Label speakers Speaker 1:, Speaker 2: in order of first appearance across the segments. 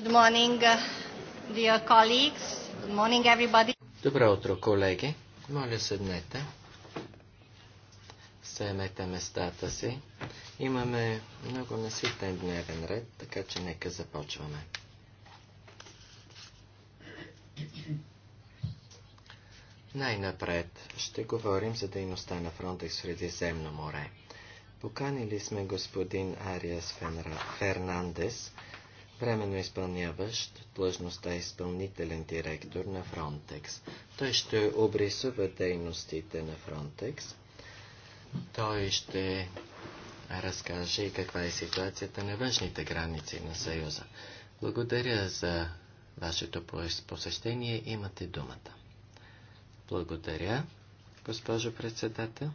Speaker 1: Good morning, uh, dear colleagues. Good morning, everybody.
Speaker 2: Добро утро, колеги. Моля, седнете. Съемете местата си. Имаме много наситен дневен ред, така че нека започваме. Най-напред ще говорим за дейността на фронта в Средиземно море. Поканили сме господин Ариас Фернандес – временно изпълняващ длъжността изпълнителен директор на Фронтекс. Той ще обрисува дейностите на Фронтекс. Той ще разкаже и каква е ситуацията на външните граници на Съюза. Благодаря за вашето посещение. Имате думата. Благодаря, госпожо председател.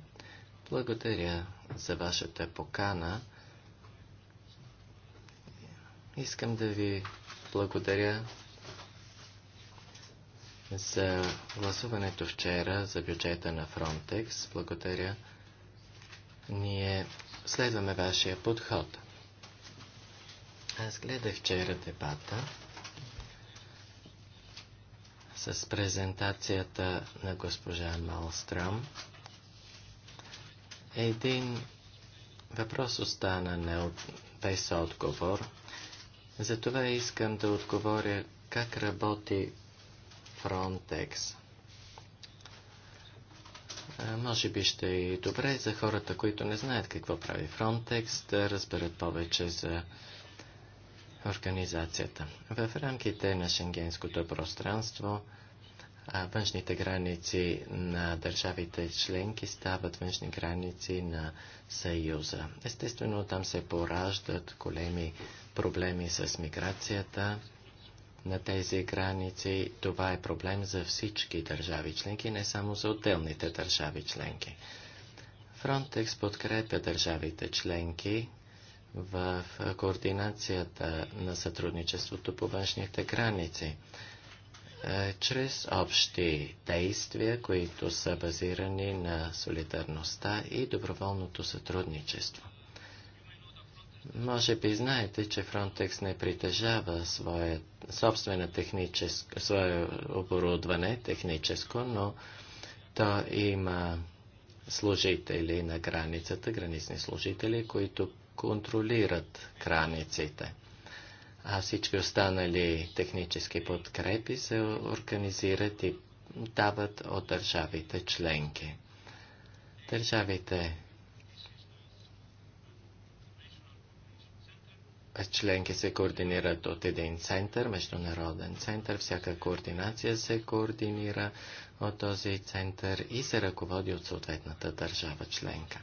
Speaker 2: Благодаря за вашата покана Искам да ви благодаря за гласуването вчера за бюджета на Frontex. Благодаря. Ние следваме вашия подход. Аз гледах вчера дебата с презентацията на госпожа Малстрам. Един въпрос остана не от... без отговор. Затова искам да отговоря как работи Frontex. Може би ще е добре за хората, които не знаят какво прави Frontex, да разберат повече за организацията. В рамките на шенгенското пространство външните граници на държавите членки стават външни граници на Съюза. Естествено, там се пораждат големи проблеми с миграцията на тези граници. Това е проблем за всички държави членки, не само за отделните държави членки. Фронтекс подкрепя държавите членки в координацията на сътрудничеството по външните граници. Е, чрез общи действия, които са базирани на солидарността и доброволното сътрудничество. Може би знаете, че Frontex не притежава своя собствена техническо, свое оборудване техническо, но то има служители на границата, гранични служители, които контролират границите а всички останали технически подкрепи се организират и дават от държавите членки. Държавите членки се координират от един център, международен център. Всяка координация се координира от този център и се ръководи от съответната държава членка.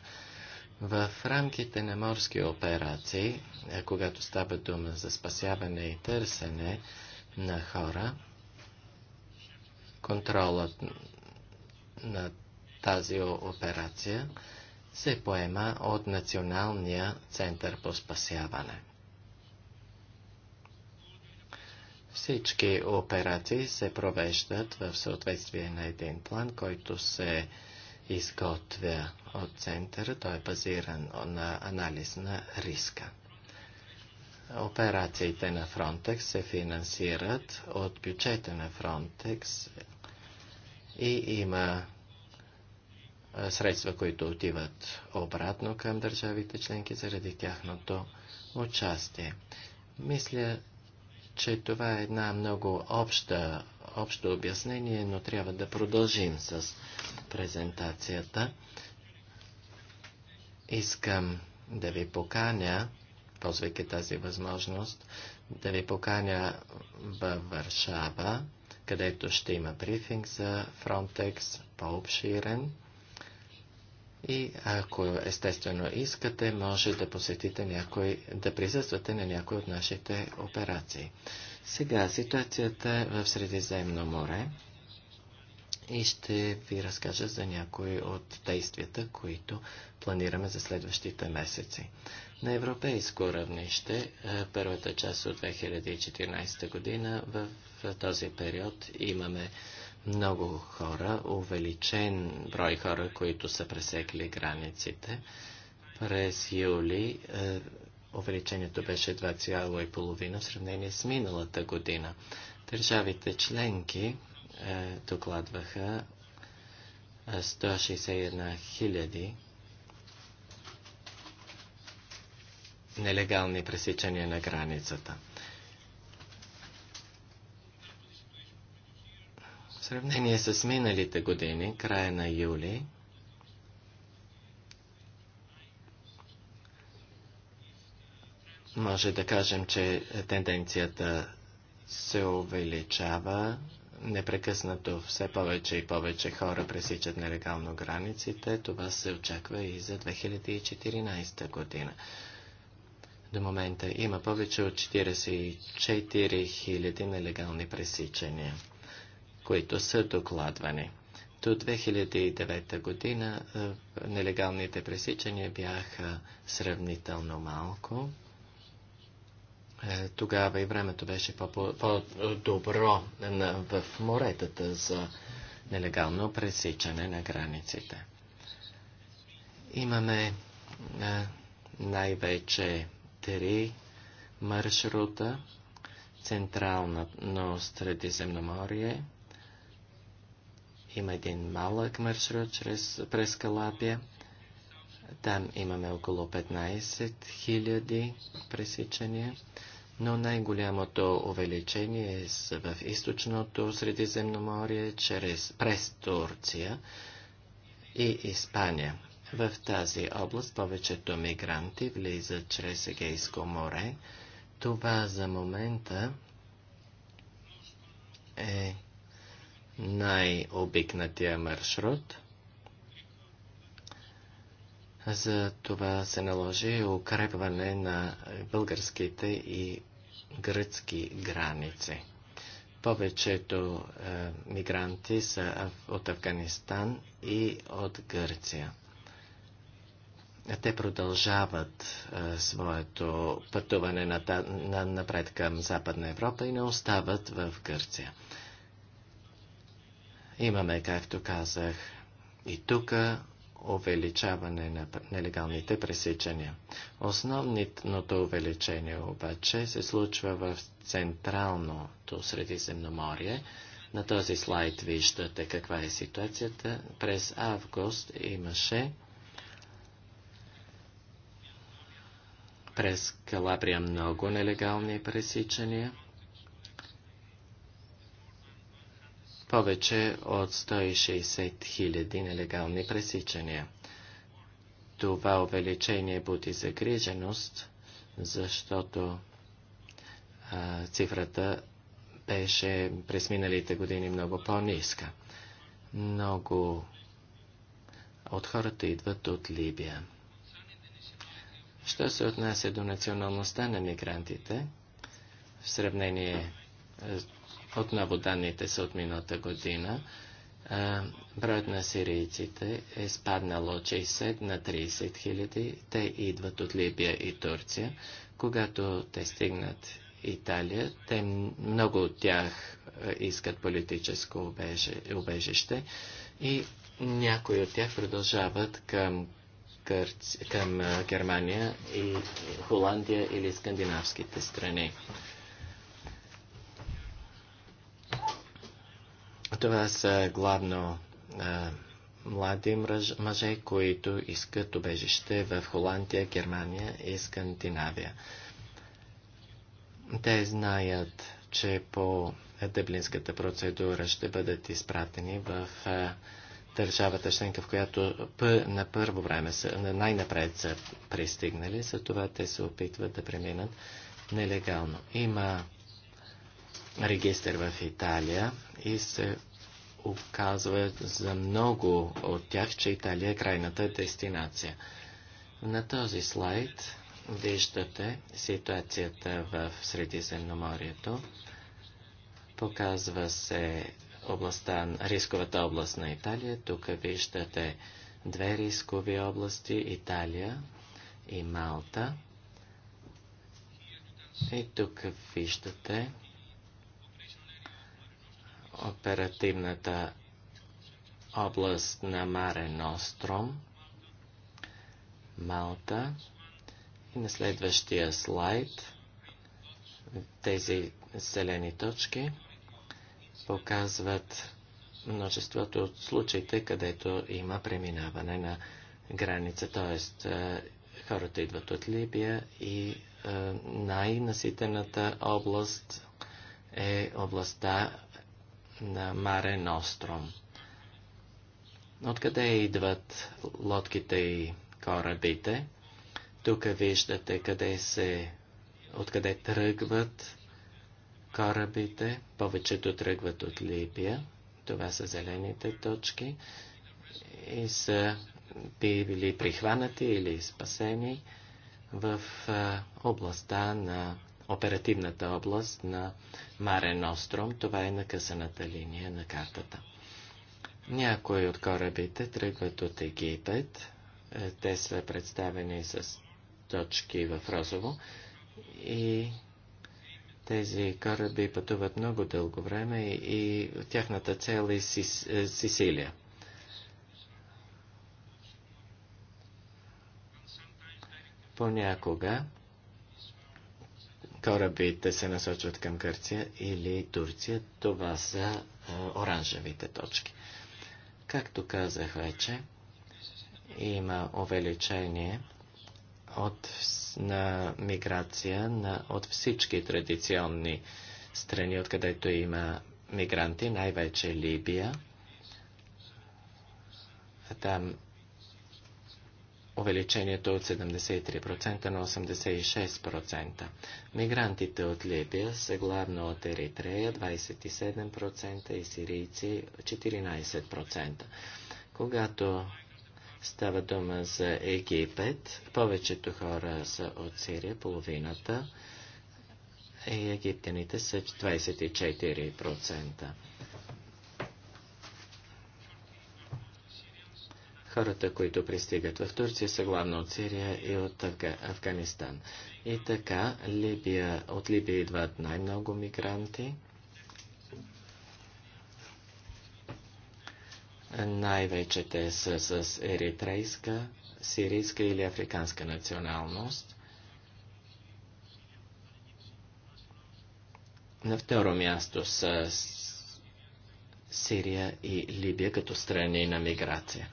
Speaker 2: В рамките на морски операции, е, когато става дума за спасяване и търсене на хора, контролът на тази операция се поема от Националния център по спасяване. Всички операции се провеждат в съответствие на един план, който се изготвя от центъра. Той е базиран на анализ на риска. Операциите на Frontex се финансират от бюджета на Frontex и има средства, които отиват обратно към държавите членки заради тяхното участие. Мисля, че това е една много обща, общо обяснение, но трябва да продължим с презентацията. Искам да ви поканя, ползвайки тази възможност, да ви поканя във Варшава, където ще има брифинг за Frontex по-обширен. И ако естествено искате, може да посетите някой, да присъствате на някой от нашите операции. Сега ситуацията в Средиземно море и ще ви разкажа за някои от действията, които планираме за следващите месеци. На европейско равнище, е, първата част от 2014 година, в този период имаме много хора, увеличен брой хора, които са пресекли границите. През юли е, увеличението беше 2,5 в сравнение с миналата година. Държавите членки е, докладваха 161 е, хиляди нелегални пресичания на границата. В сравнение с миналите години, края на юли, може да кажем, че тенденцията се увеличава непрекъснато все повече и повече хора пресичат нелегално границите. Това се очаква и за 2014 година. До момента има повече от 44 000 нелегални пресичания, които са докладвани. До 2009 година е, нелегалните пресичания бяха сравнително малко. Е, тогава и времето беше по-добро в моретата за нелегално пресичане на границите. Имаме е, най-вече три маршрута. но Средиземноморие. Има един малък маршрут чрез, през Калабия. Там имаме около 15 000 пресичания, но най-голямото увеличение е в източното Средиземноморие чрез, през Турция и Испания. В тази област повечето мигранти влизат чрез Егейско море. Това за момента е най-обикнатия маршрут – за това се наложи укрепване на българските и гръцки граници. Повечето е, мигранти са от Афганистан и от Гърция. Те продължават е, своето пътуване на, на, напред към Западна Европа и не остават в Гърция. Имаме, както казах, и тук увеличаване на нелегалните пресичания. Основното увеличение обаче се случва в Централното Средиземноморие. На този слайд виждате каква е ситуацията. През август имаше през Калабрия много нелегални пресичания – повече от 160 хиляди нелегални пресичания. Това увеличение буди загриженост, защото а, цифрата беше през миналите години много по-ниска. Много от хората идват от Либия. Що се отнася до националността на мигрантите, в сравнение отново данните са от миналата година. Броят на сирийците е спаднал от 60 на 30 хиляди. Те идват от Либия и Турция. Когато те стигнат Италия, те, много от тях искат политическо убежище и някои от тях продължават към, Гърци, към Германия и Холандия или скандинавските страни. Това са главно а, млади мъж, мъже, които искат убежище в Холандия, Германия и Скандинавия. Те знаят, че по дъблинската процедура ще бъдат изпратени в а, държавата членка, в която на първо време са, най-напред са пристигнали, за това те се опитват да преминат нелегално. Има регистър в Италия и се оказва за много от тях, че Италия е крайната дестинация. На този слайд виждате ситуацията в Средиземноморието. Показва се областта, рисковата област на Италия. Тук виждате две рискови области Италия и Малта. И тук виждате оперативната област на Маре Ностром, Малта. И на следващия слайд тези зелени точки показват множеството от случаите, където има преминаване на граница, т.е. хората идват от Либия и е, най-наситената област е областта на Маре Ностром. Откъде идват лодките и корабите? Тук виждате къде се, откъде тръгват корабите. Повечето тръгват от Либия. Това са зелените точки. И са били прихванати или спасени в областта на оперативната област на Маре Ностром. Това е накъсаната линия на картата. Някои от корабите тръгват от Египет. Е, те са представени с точки в розово и тези кораби пътуват много дълго време и тяхната цел е, е Сисилия. Понякога корабите се насочват към Гърция или Турция. Това са оранжевите точки. Както казах вече, има увеличение от, на миграция на, от всички традиционни страни, откъдето има мигранти, най-вече Либия. Там Увеличението е от 73% на 86%. Мигрантите от Либия са главно от Еритрея 27% и сирийци 14%. Когато става дума за Египет, повечето хора са от Сирия, половината, и египтяните са 24%. Хората, които пристигат в Турция, са главно от Сирия и от Афганистан. И така, Либия, от Либия идват най-много мигранти. Най-вече те са с еритрейска, сирийска или африканска националност. На второ място са Сирия и Либия като страни на миграция.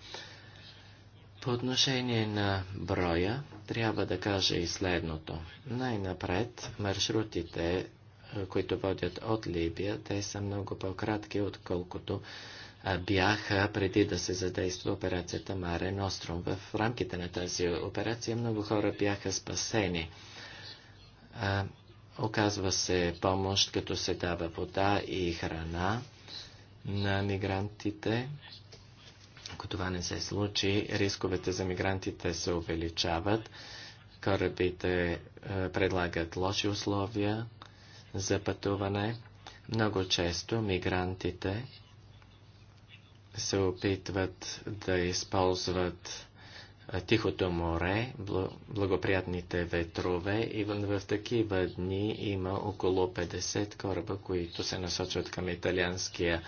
Speaker 2: По отношение на броя, трябва да кажа и следното. Най-напред, маршрутите, е, които водят от Либия, те са много по-кратки, отколкото е, бяха преди да се задейства операцията Маре Ностром. В рамките на тази операция много хора бяха спасени. Е, оказва се помощ, като се дава вода и храна на мигрантите. Ако това не се случи, рисковете за мигрантите се увеличават, корабите е, предлагат лоши условия за пътуване. Много често мигрантите се опитват да използват е, Тихото море, благоприятните ветрове и в такива дни има около 50 кораба, които се насочват към италианския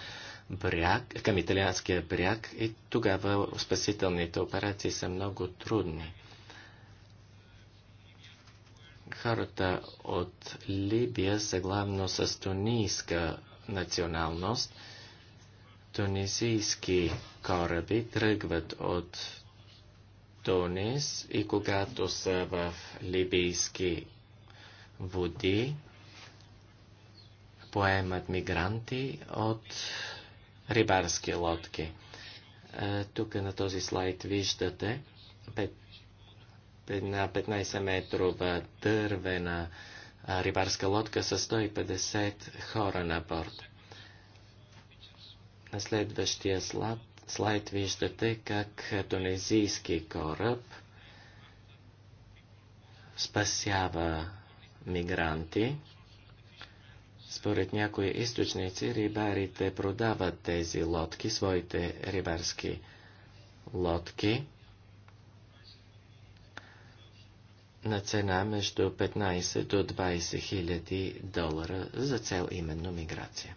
Speaker 2: бряг, към италианския бряг и тогава спасителните операции са много трудни. Хората от Либия са главно с тунийска националност. Тунисийски кораби тръгват от Тунис и когато са в либийски води, поемат мигранти от рибарски лодки. Тук на този слайд виждате една 15-метрова дървена рибарска лодка с 150 хора на борт. На следващия слайд, слайд виждате как тунезийски кораб спасява мигранти. Според някои източници, рибарите продават тези лодки, своите рибарски лодки, на цена между 15 до 20 хиляди долара за цел именно миграция.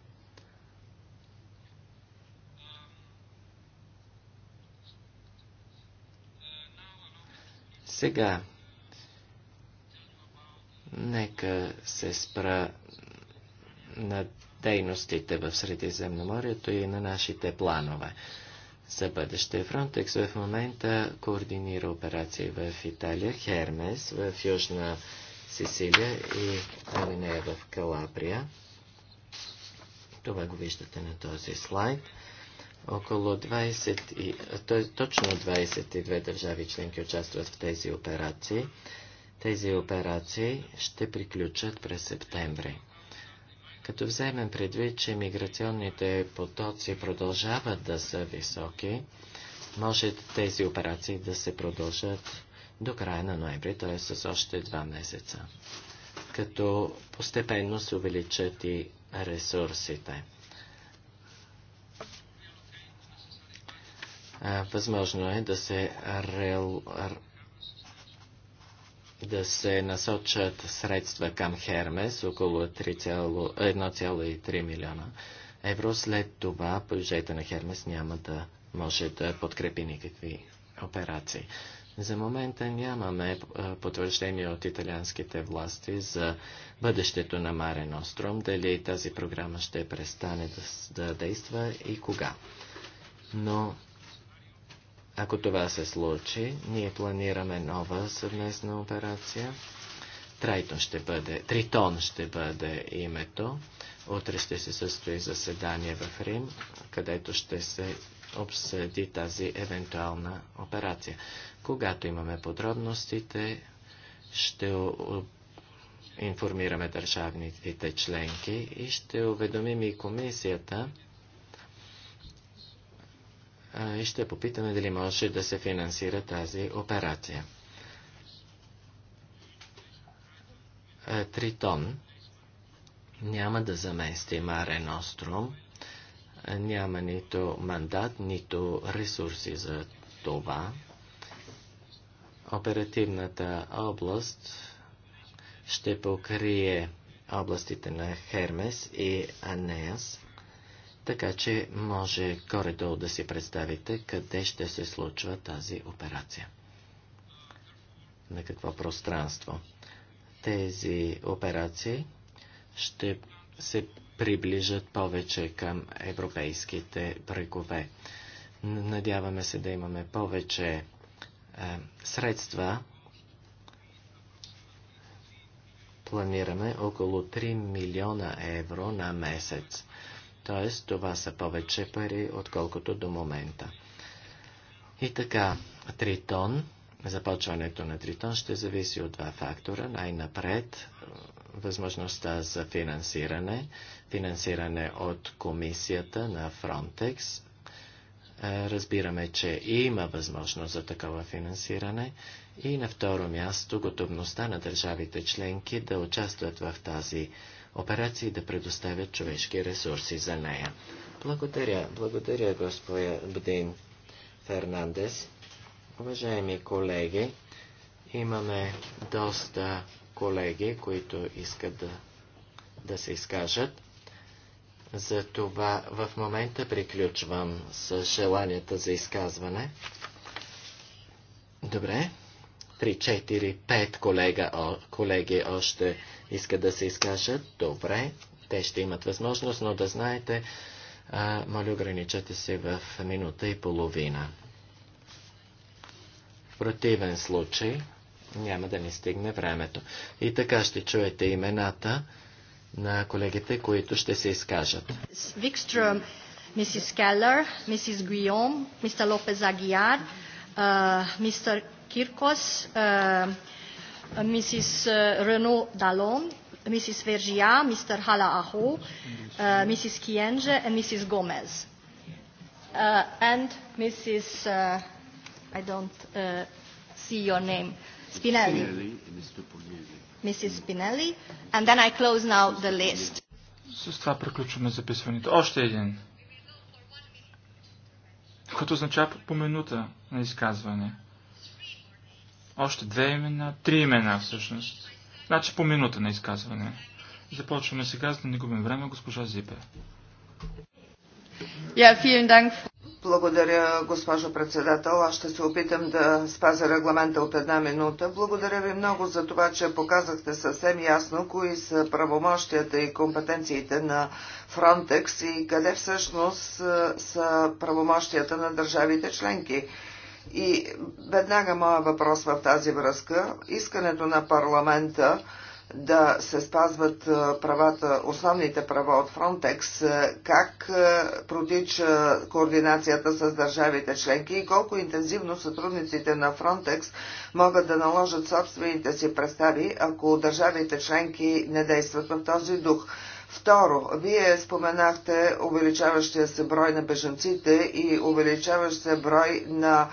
Speaker 2: Сега, нека се спра на дейностите в Средиземноморието и на нашите планове за бъдеще. Фронтекс в момента координира операции в Италия, Хермес в Южна Сицилия и Алинея в Калабрия. Това го виждате на този слайд. Около 20, и, т.е. точно 22 държави членки участват в тези операции. Тези операции ще приключат през септември. Като вземем предвид, че миграционните потоци продължават да са високи, може тези операции да се продължат до края на ноември, т.е. с още два месеца, като постепенно се увеличат и ресурсите. Възможно е да се да се насочат средства към Хермес, около 1,3 милиона евро. След това бюджета на Хермес няма да може да подкрепи никакви операции. За момента нямаме е, потвърждение от италианските власти за бъдещето на Марен Остром. дали тази програма ще престане да, да действа и кога. Но ако това се случи, ние планираме нова съвместна операция. Трайтон ще бъде, Тритон ще бъде името. Утре ще се състои заседание в Рим, където ще се обсъди тази евентуална операция. Когато имаме подробностите, ще информираме държавните членки и ще уведомим и комисията и ще попитаме дали може да се финансира тази операция. Тритон няма да замести Маре Ностром, няма нито мандат, нито ресурси за това. Оперативната област ще покрие областите на Хермес и Анеас така че може горе-долу да си представите къде ще се случва тази операция. На какво пространство. Тези операции ще се приближат повече към европейските брегове. Надяваме се да имаме повече е, средства. Планираме около 3 милиона евро на месец. Т.е. това са повече пари, отколкото до момента. И така, Тритон, започването на Тритон ще зависи от два фактора. Най-напред възможността за финансиране, финансиране от комисията на Frontex. Е, разбираме, че има възможност за такова финансиране. И на второ място готовността на държавите членки да участват в тази операции да предоставят човешки ресурси за нея. Благодаря, благодаря господин Фернандес. Уважаеми колеги, имаме доста колеги, които искат да, да се изкажат. Затова в момента приключвам с желанията за изказване. Добре. 3 4-5 колега, колеги още искат да се изкажат, добре, те ще имат възможност, но да знаете, моля, ограничете се в минута и половина. В противен случай няма да ни стигне времето. И така ще чуете имената на колегите, които ще се изкажат.
Speaker 1: Викстрюм, мисис Келър, мисис Гуйом, мистер Лопез Агиар, мистер Киркос, uh, Mrs. Renaud Dallon, Mrs. Vergia, Mr. Hala Aho, uh, Mrs. Kienge, and Mrs. Gomez. Uh, and Mrs. Uh, I don't uh, see your name, Spinelli. Mrs. Spinelli. And then I close now the list.
Speaker 3: С това приключваме записването. Още един. Което означава по минута на изказване. Още две имена, три имена всъщност. Значи по минута на изказване. Започваме сега, за да не губим време, госпожа Зипе.
Speaker 4: Yeah, Благодаря, госпожо председател. Аз ще се опитам да спазя регламента от една минута. Благодаря ви много за това, че показахте съвсем ясно кои са правомощията и компетенциите на Фронтекс и къде всъщност е, са правомощията на държавите членки. И веднага моя въпрос в тази връзка. Искането на парламента да се спазват е, правата, основните права от Фронтекс, е, как е, протича координацията с държавите членки и колко интензивно сътрудниците на Фронтекс могат да наложат собствените си представи, ако държавите членки не действат в този дух. Второ, вие споменахте увеличаващия се брой на бежанците и увеличаващ се брой на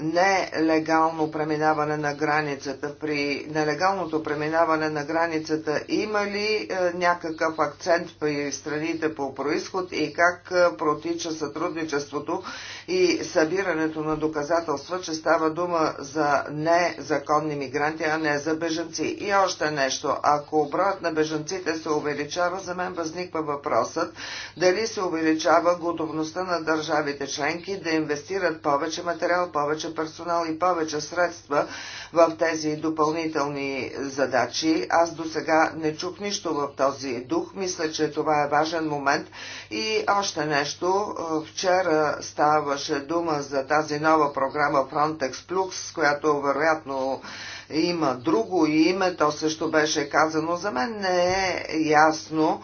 Speaker 4: нелегално преминаване на границата. При нелегалното преминаване на границата има ли е, някакъв акцент при страните по происход и как е, протича сътрудничеството и събирането на доказателства, че става дума за незаконни мигранти, а не за бежанци? И още нещо. Ако броят на бежанците се увеличава, за мен възниква въпросът дали се увеличава готовността на държавите членки да инвестират повече материал, повече повече персонал и повече средства в тези допълнителни задачи. Аз до сега не чух нищо в този дух. Мисля, че това е важен момент. И още нещо. Вчера ставаше дума за тази нова програма Frontex Plus, която вероятно има друго име. То също беше казано. За мен не е ясно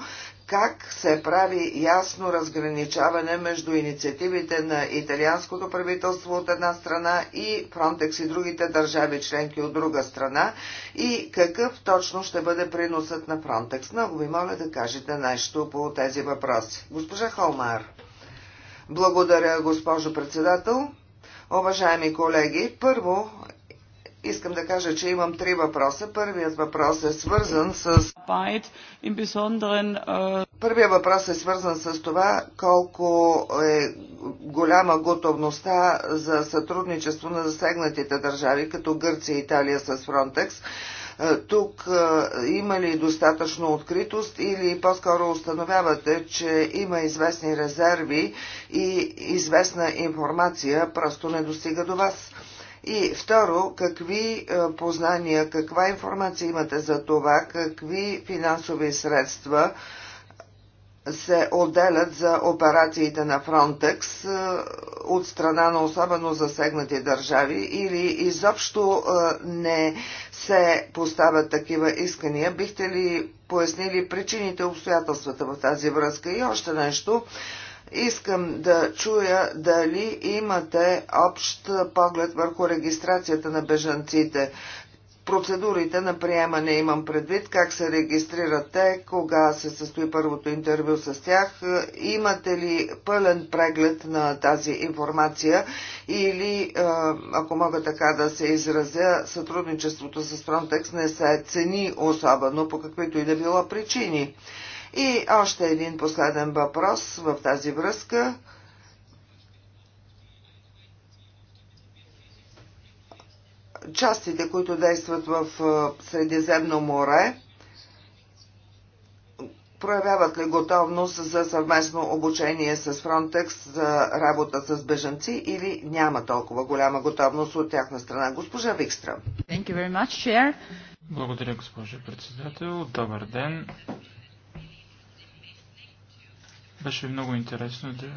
Speaker 4: как се прави ясно разграничаване между инициативите на италианското правителство от една страна и Фронтекс и другите държави членки от друга страна и какъв точно ще бъде приносът на Фронтекс. Много ви моля да кажете нещо по тези въпроси. Госпожа Холмар. Благодаря, госпожо председател. Уважаеми колеги, първо искам да кажа, че имам три въпроса. Първият въпрос е свързан с... Э, Първият въпрос е свързан с това колко е голяма готовността за сътрудничество на засегнатите държави, като Гърция и Италия с Фронтекс. Э, тук э, има ли достатъчно откритост или по-скоро установявате, че има известни резерви и известна информация просто не достига до вас? И второ, какви е, познания, каква информация имате за това, какви финансови средства се отделят за операциите на Фронтекс от страна на особено засегнати държави или изобщо е, не се поставят такива искания. Бихте ли пояснили причините, обстоятелствата в тази връзка? И още нещо. Искам да чуя дали имате общ поглед върху регистрацията на бежанците. Процедурите на приемане имам предвид, как се регистрират те, кога се състои първото интервю с тях. Имате ли пълен преглед на тази информация или, е, ако мога така да се изразя, сътрудничеството с Frontex не се цени особено по каквито и да било причини? И още един последен въпрос в тази връзка. Частите, които действат в Средиземно море, проявяват ли готовност за съвместно обучение с Frontex за работа с бежанци или няма толкова голяма готовност от тяхна страна? Госпожа Викстра.
Speaker 3: Благодаря, госпожа председател. Добър ден. Беше много интересно да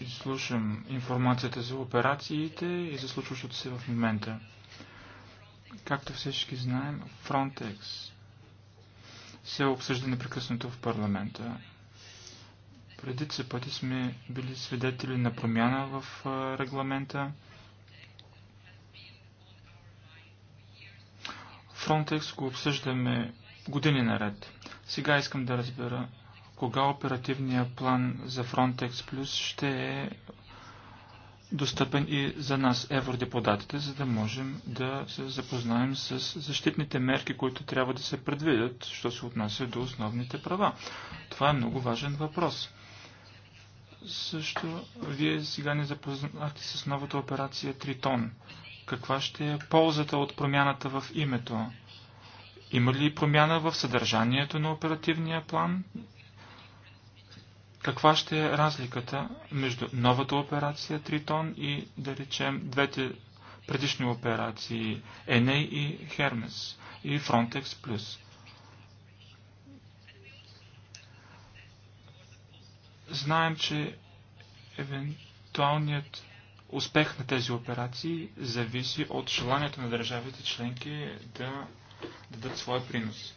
Speaker 3: изслушам информацията за операциите и за случващото се в момента. Както всички знаем, Frontex се обсъжда непрекъснато в парламента. Предица пъти сме били свидетели на промяна в регламента. Frontex го обсъждаме години наред. Сега искам да разбера кога оперативният план за Frontex Plus ще е достъпен и за нас, евродепутатите, за да можем да се запознаем с защитните мерки, които трябва да се предвидят, що се отнася до основните права. Това е много важен въпрос. Също вие сега не запознахте с новата операция Тритон. Каква ще е ползата от промяната в името? Има ли промяна в съдържанието на оперативния план каква ще е разликата между новата операция Тритон и, да речем, двете предишни операции Еней и Хермес и Фронтекс Плюс. Знаем, че евентуалният успех на тези операции зависи от желанието на държавите членки да дадат своя принос.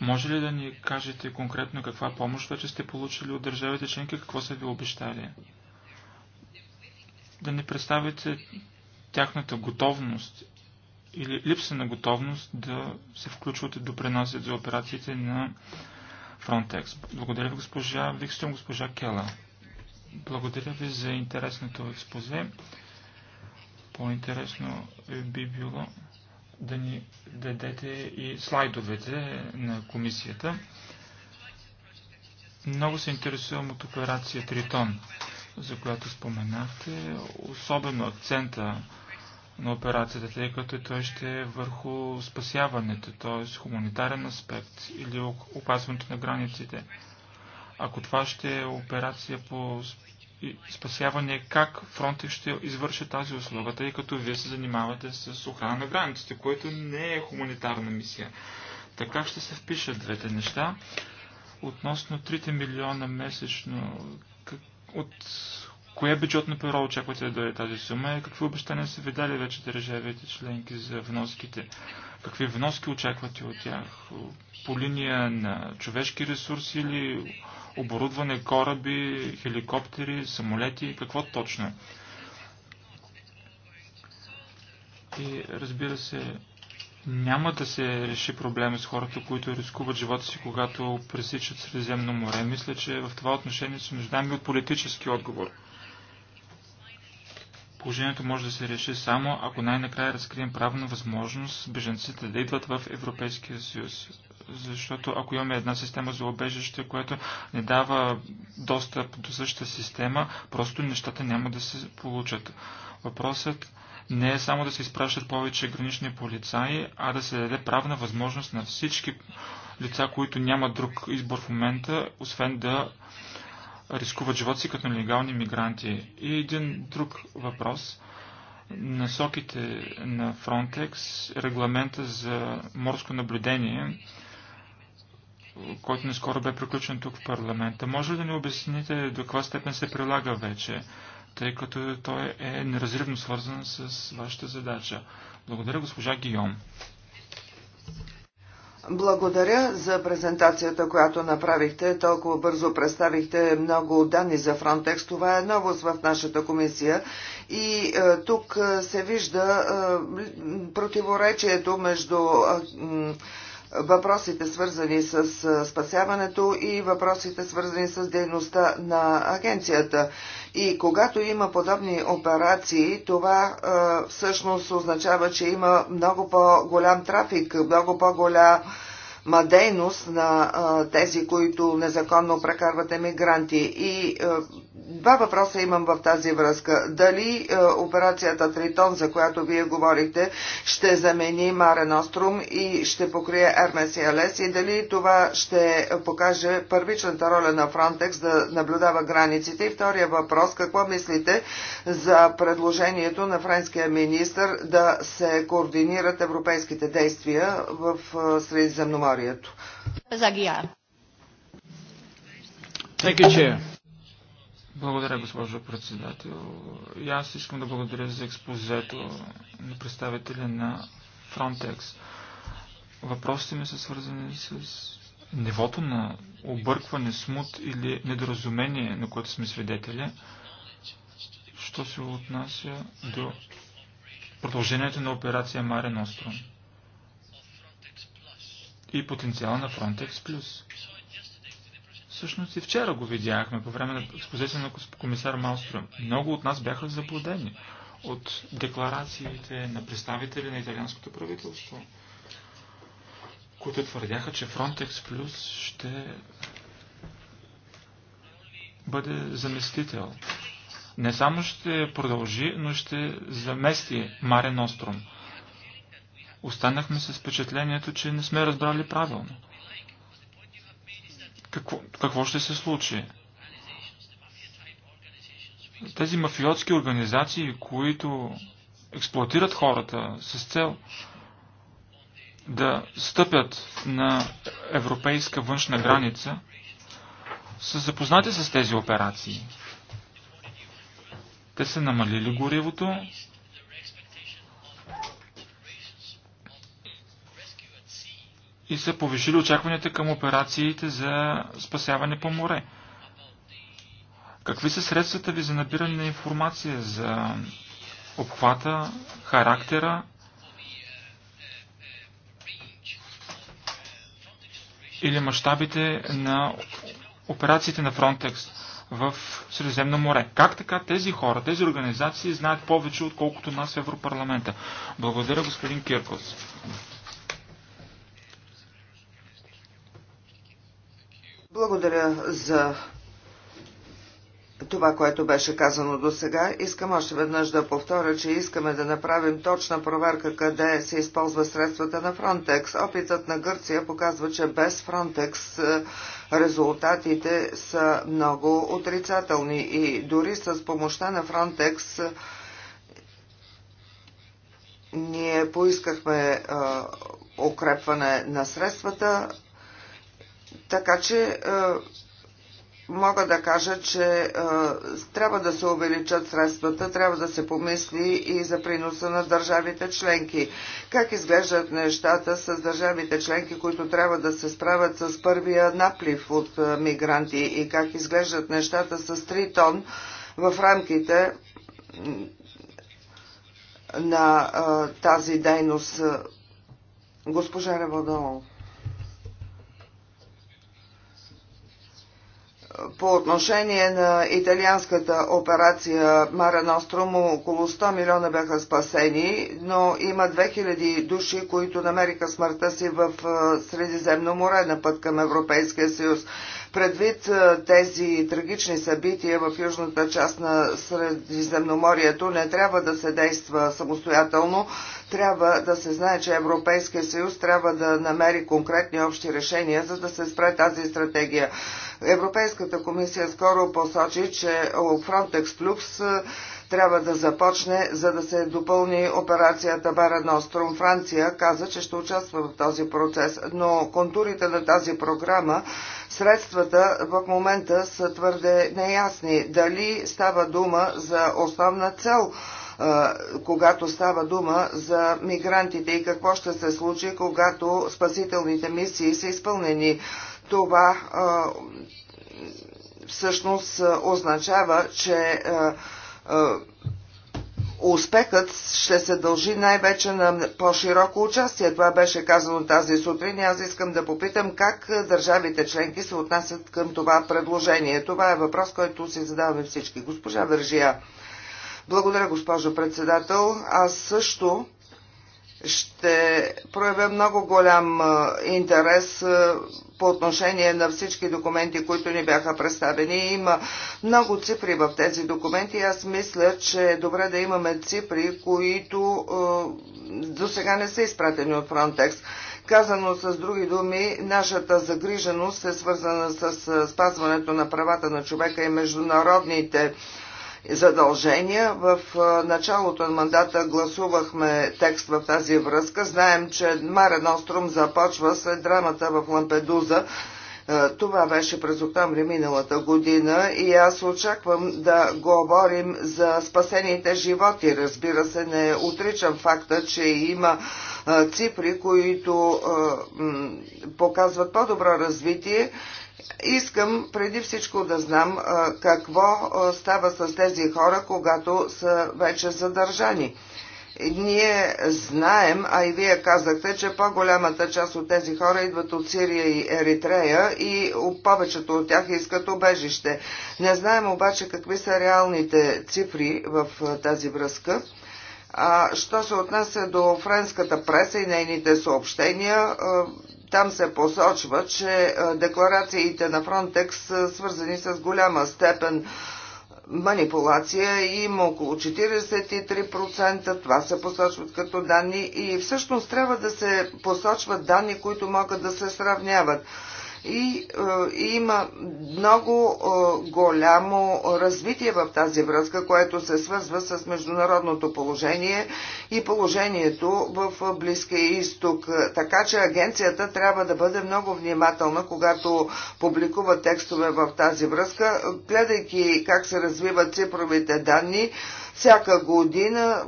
Speaker 3: Може ли да ни кажете конкретно каква помощ вече сте получили от държавите членки, какво са ви обещали? Да ни представите тяхната готовност или липса на готовност да се включват и допринасят за операциите на Frontex. Благодаря ви, госпожа Викстюм, госпожа Кела. Благодаря ви за интересното експозе. По-интересно би било да ни дадете и слайдовете на комисията. Много се интересувам от операция Тритон, за която споменахте, особено акцента на операцията, тъй като той ще е върху спасяването, т.е. хуманитарен аспект или опазването на границите. Ако това ще е операция по спасяване, как фронтът ще извърши тази услуга, тъй като вие се занимавате с охрана на границите, което не е хуманитарна мисия. Така ще се впишат двете неща. Относно 3 милиона месечно, как, от кое бюджетно перо очаквате да дойде тази сума и какви обещания са ви дали вече държавите членки за вноските? Какви вноски очаквате от тях? По линия на човешки ресурси или оборудване, кораби, хеликоптери, самолети, какво точно. Е. И разбира се, няма да се реши проблема с хората, които рискуват живота си, когато пресичат Средиземно море. Мисля, че в това отношение се нуждаем и от политически отговор. Положението може да се реши само, ако най-накрая разкрием правна възможност беженците да идват в Европейския съюз защото ако имаме една система за обежище, която не дава достъп до същата система, просто нещата няма да се получат. Въпросът не е само да се изпращат повече гранични полицаи, а да се даде правна възможност на всички лица, които нямат друг избор в момента, освен да рискуват живота си като нелегални мигранти. И един друг въпрос. Насоките на Frontex, регламента за морско наблюдение, който скоро бе приключен тук в парламента. Може ли да ни обясните до каква степен се прилага вече, тъй като той е неразривно свързан с вашата задача? Благодаря, госпожа Гийом.
Speaker 4: Благодаря за презентацията, която направихте. Толкова бързо представихте много данни за Frontex. Това е новост в нашата комисия. И е, тук е, се вижда е, противоречието между. Е, въпросите свързани с спасяването и въпросите свързани с дейността на агенцията. И когато има подобни операции, това всъщност означава, че има много по-голям трафик, много по-голям дейност на а, тези, които незаконно прекарват емигранти. И а, два въпроса имам в тази връзка. Дали а, операцията Тритон, за която вие говорихте, ще замени Маре Нострум и ще покрие Ермес и Алес и дали това ще покаже първичната роля на Фронтекс да наблюдава границите? И втория въпрос, какво мислите за предложението на френския министр да се координират европейските действия в Средиземномори?
Speaker 1: заглавието.
Speaker 3: Благодаря, госпожо председател. И аз искам да благодаря за експозето на представителя на Frontex. Въпросите ми са свързани с нивото на объркване, смут или недоразумение, на което сме свидетели, що се отнася до продължението на операция Маре Остров и потенциала на Frontex+. Всъщност и вчера го видяхме по време на експозиция на комисар Малстрюм. Много от нас бяха заблудени от декларациите на представители на италианското правителство, които твърдяха, че Frontex Plus ще бъде заместител. Не само ще продължи, но ще замести Маре Ностром. Останахме с впечатлението, че не сме разбрали правилно. Какво, какво ще се случи? Тези мафиотски организации, които експлуатират хората с цел да стъпят на европейска външна граница, са запознати с тези операции. Те са намалили горивото, и са повишили очакванията към операциите за спасяване по море. Какви са средствата ви за набиране на информация за обхвата, характера или мащабите на операциите на Frontex в Средиземно море. Как така тези хора, тези организации знаят повече, отколкото нас в Европарламента? Благодаря, господин Киркос.
Speaker 4: Благодаря за това, което беше казано до сега, искам още веднъж да повторя, че искаме да направим точна проверка къде се използва средствата на Фронтекс. Опитът на Гърция показва, че без Фронтекс резултатите са много отрицателни и дори с помощта на Фронтекс ние поискахме е, укрепване на средствата, така че е, мога да кажа, че е, трябва да се увеличат средствата, трябва да се помисли и за приноса на държавите членки. Как изглеждат нещата с държавите членки, които трябва да се справят с първия наплив от е, мигранти и как изглеждат нещата с тритон в рамките на тази дейност. Госпожа Реводолов. по отношение на италианската операция Мара Ностром около 100 милиона бяха спасени, но има 2000 души, които намериха смъртта си в Средиземно море на път към Европейския съюз. Предвид тези трагични събития в южната част на Средиземноморието не трябва да се действа самостоятелно, трябва да се знае, че Европейския съюз трябва да намери конкретни общи решения, за да се спре тази стратегия. Европейската комисия скоро посочи, че Frontex Plus трябва да започне, за да се допълни операцията Бара Ностром. Франция каза, че ще участва в този процес, но контурите на тази програма, средствата в момента са твърде неясни. Дали става дума за основна цел – когато става дума за мигрантите и какво ще се случи, когато спасителните мисии са изпълнени. Това всъщност означава, че Успехът ще се дължи най-вече на по-широко участие. Това беше казано тази сутрин и аз искам да попитам как държавите членки се отнасят към това предложение. Това е въпрос, който си задаваме всички. Госпожа Вържия. Благодаря, госпожо председател. Аз също ще проявя много голям интерес по отношение на всички документи, които ни бяха представени. Има много цифри в тези документи. Аз мисля, че е добре да имаме цифри, които до сега не са изпратени от Frontex. Казано с други думи, нашата загриженост е свързана с спазването на правата на човека и международните задължения. В началото на мандата гласувахме текст в тази връзка. Знаем, че Маре Ностром започва след драмата в Лампедуза. Това беше през октомври миналата година и аз очаквам да говорим за спасените животи. Разбира се, не отричам факта, че има цифри, които показват по-добро развитие Искам преди всичко да знам какво става с тези хора, когато са вече задържани. Ние знаем, а и вие казахте, че по-голямата част от тези хора идват от Сирия и Еритрея и повечето от тях искат обежище. Не знаем обаче какви са реалните цифри в тази връзка. А, що се отнася до френската преса и нейните съобщения, там се посочва, че декларациите на Фронтекс са свързани с голяма степен манипулация. Има около 43%. Това се посочват като данни и всъщност трябва да се посочват данни, които могат да се сравняват и е, има много е, голямо развитие в тази връзка, което се свързва с международното положение и положението в е, Близкия изток. Така че агенцията трябва да бъде много внимателна, когато публикува текстове в тази връзка, гледайки как се развиват цифровите данни всяка година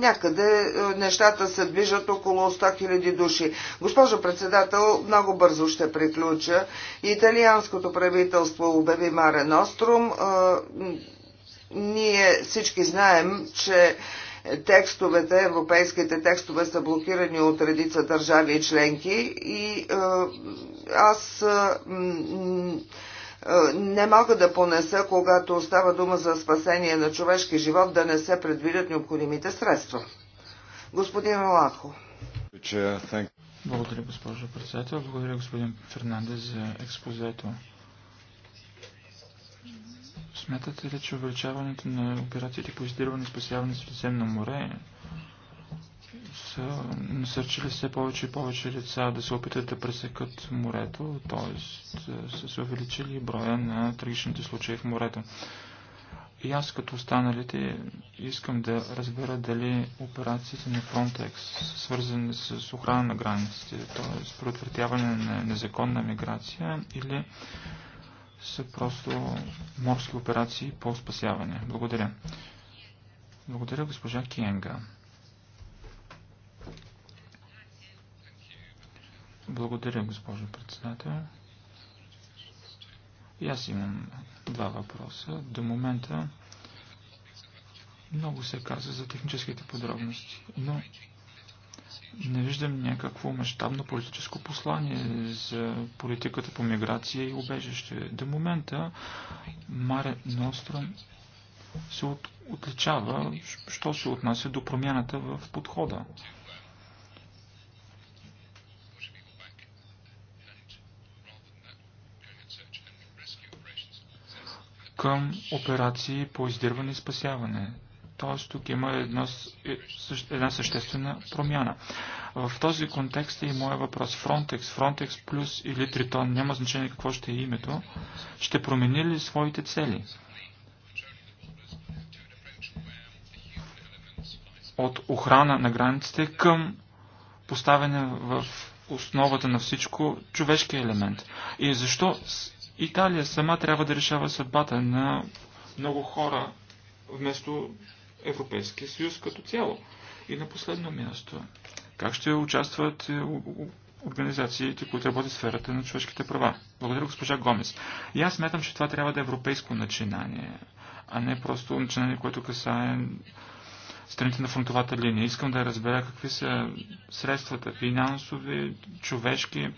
Speaker 4: някъде е, нещата се движат около 100 000 души. Госпожо председател, много бързо ще приключа. Италианското правителство обяви Маре Ностром. Е, ние всички знаем, че текстовете, европейските текстове са блокирани от редица държави и членки и е, аз е, не мога да понеса, когато става дума за спасение на човешки живот, да не се предвидят необходимите средства. Господин Лахо.
Speaker 3: Благодаря, госпожо председател. Благодаря, господин Фернандес, за експозето. Смятате ли, че увеличаването на операциите по издирване и спасяване в Средиземно море са насърчили все повече и повече лица да се опитат да пресекат морето, т.е. са се увеличили броя на трагичните случаи в морето. И аз като останалите искам да разбера дали операциите на Frontex, свързани с охрана на границите, т.е. предотвратяване на незаконна миграция или са просто морски операции по спасяване. Благодаря. Благодаря госпожа Киенга. Благодаря, госпожо председател. И аз имам два въпроса. До момента много се каза за техническите подробности, но не виждам някакво мащабно политическо послание за политиката по миграция и убежище. До момента Маре Ностром се от, отличава, що се отнася до промяната в подхода. към операции по издирване и спасяване. Т.е. тук има едно, е, една съществена промяна. В този контекст е и моя въпрос. Frontex, Frontex плюс или Тритон, няма значение какво ще е името, ще промени ли своите цели? От охрана на границите към поставяне в основата на всичко човешкия елемент. И защо Италия сама трябва да решава съдбата на много хора вместо Европейския съюз като цяло. И на последно място, как ще участват е, организациите, които работят в сферата на човешките права. Благодаря госпожа Гомес. И аз смятам, че това трябва да е европейско начинание, а не просто начинание, което касае страните на фронтовата линия. Искам да разбера какви са средствата, финансови, човешки,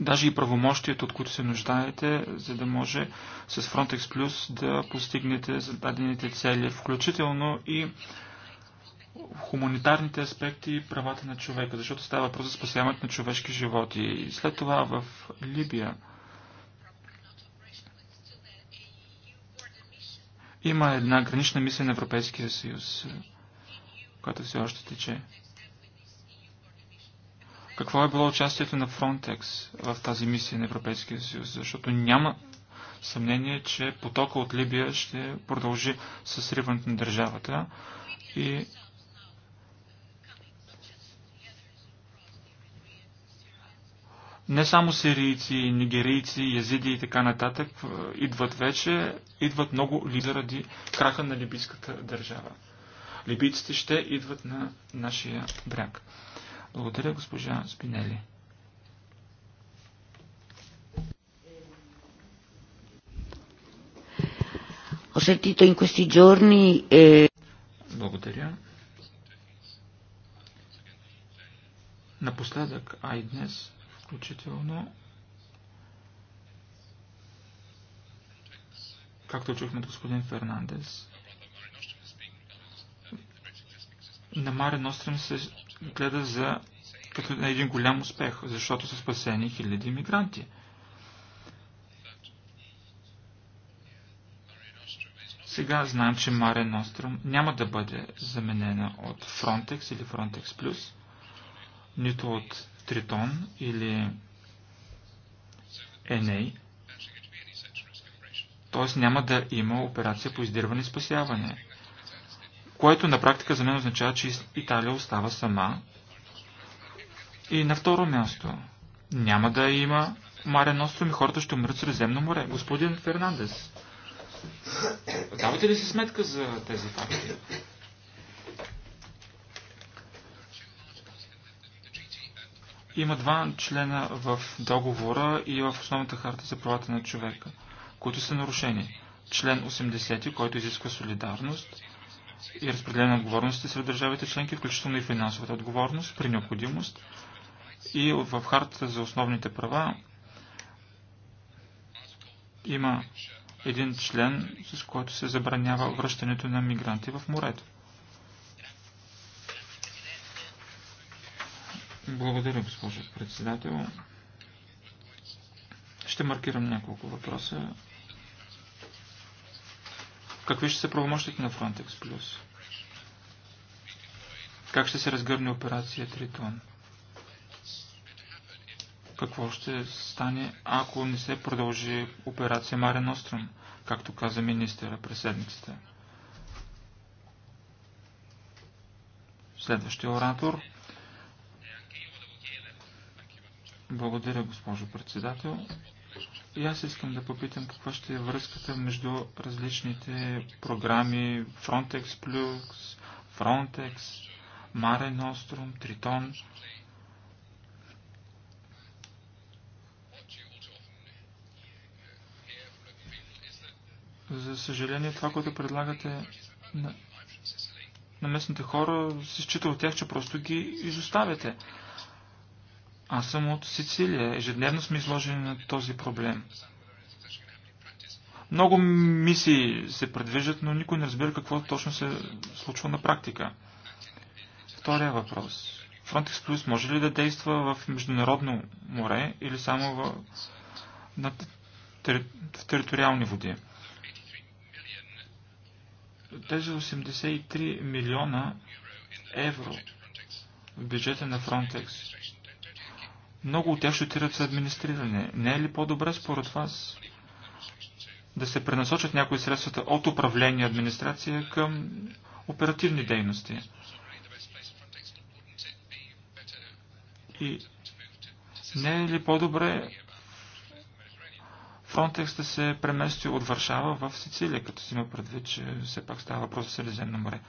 Speaker 3: даже и правомощието, от които се нуждаете, за да може с Frontex Plus да постигнете зададените цели, включително и хуманитарните аспекти и правата на човека, защото става въпрос за спасяването на човешки животи. И след това в Либия има една гранична мисия на Европейския съюз, която все още тече какво е било участието на Frontex в тази мисия на Европейския съюз, защото няма съмнение, че потока от Либия ще продължи с сриването на държавата и не само сирийци, нигерийци, язиди и така нататък е, идват вече, идват много ли заради краха на либийската държава. Либийците ще идват на нашия бряг. Благодаря, госпожа Спинели. Ho
Speaker 4: sentito in questi giorni e...
Speaker 3: Благодаря. Напоследък, а и днес включително, както чухме от господин Фернандес, на Маре Нострем се гледа за, като на един голям успех, защото са спасени хиляди мигранти. Сега знаем, че Маре Ностром няма да бъде заменена от Frontex или Frontex Plus, нито от Тритон или Еней. Т.е. няма да има операция по издирване и спасяване което на практика за мен означава, че Италия остава сама. И на второ място, няма да има Марен Ностром и хората ще умрат в Средиземно море. Господин Фернандес, давате ли си сметка за тези факти? Има два члена в договора и в основната харта за правата на човека, които са нарушени. Член 80, който изисква солидарност, и разпределение на отговорности сред държавите членки, включително и финансовата отговорност при необходимост и в хартата за основните права има един член, с който се забранява връщането на мигранти в морето. Благодаря, госпожо председател. Ще маркирам няколко въпроса, Какви ще са правомощите на Frontex Plus? Как ще се разгърне операция Тритон? Какво ще стане, ако не се продължи операция Маре Остром, както каза министъра през седмицата? Следващия оратор. Благодаря, госпожо председател. И аз искам да попитам каква ще е връзката между различните програми Frontex Plus, Frontex, Mare Nostrum, Triton. За съжаление, това, което предлагате на, на местните хора, се счита от тях, че просто ги изоставяте. Аз съм от Сицилия. Ежедневно сме изложени на този проблем. Много мисии се предвиждат, но никой не разбира какво точно се случва на практика. Втория въпрос. Frontex Plus може ли да действа в международно море или само в, на, тери, в териториални води? Тези 83 милиона евро в бюджета на Frontex много от тях ще отират за администриране. Не е ли по-добре според вас да се пренасочат някои средствата от управление администрация към оперативни дейности? И не е ли по-добре Фронтекс да се премести от Варшава в Сицилия, като си има предвид, че все пак става въпрос за Средиземно море?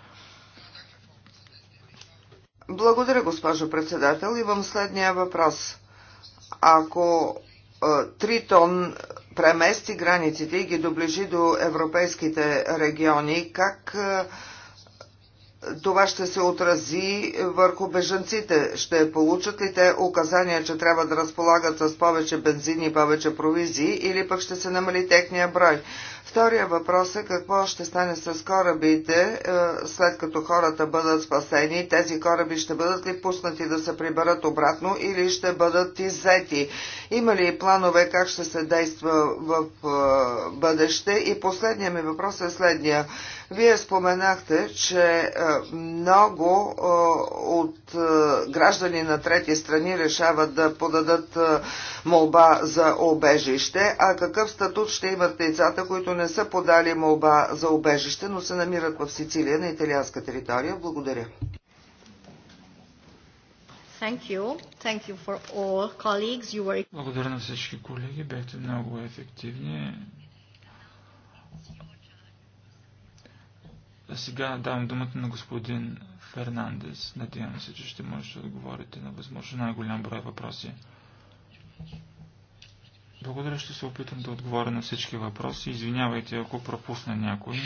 Speaker 4: Благодаря, госпожо председател. Имам следния въпрос ако 3 е, тон премести границите и ги доближи до европейските региони, как е, това ще се отрази върху бежанците. Ще получат ли те указания, че трябва да разполагат с повече бензин и повече провизии или пък ще се намали техния брой? Втория въпрос е какво ще стане с корабите, е, след като хората бъдат спасени. Тези кораби ще бъдат ли пуснати да се приберат обратно или ще бъдат иззети? Има ли планове как ще се действа в е, бъдеще? И последният ми въпрос е следния. Вие споменахте, че е, много от граждани на трети страни решават да подадат молба за обежище, а какъв статут ще имат лицата, които не са подали молба за убежище, но се намират в Сицилия на италианска територия. Благодаря.
Speaker 1: Thank you. Thank you for all colleagues. You were...
Speaker 3: Благодаря на всички колеги. Бяхте много ефективни. А сега давам думата на господин Фернандес. Надявам се, че ще можете да отговорите на възможно най-голям брой въпроси. Благодаря, ще се опитам да отговоря на всички въпроси. Извинявайте, ако пропусна някой.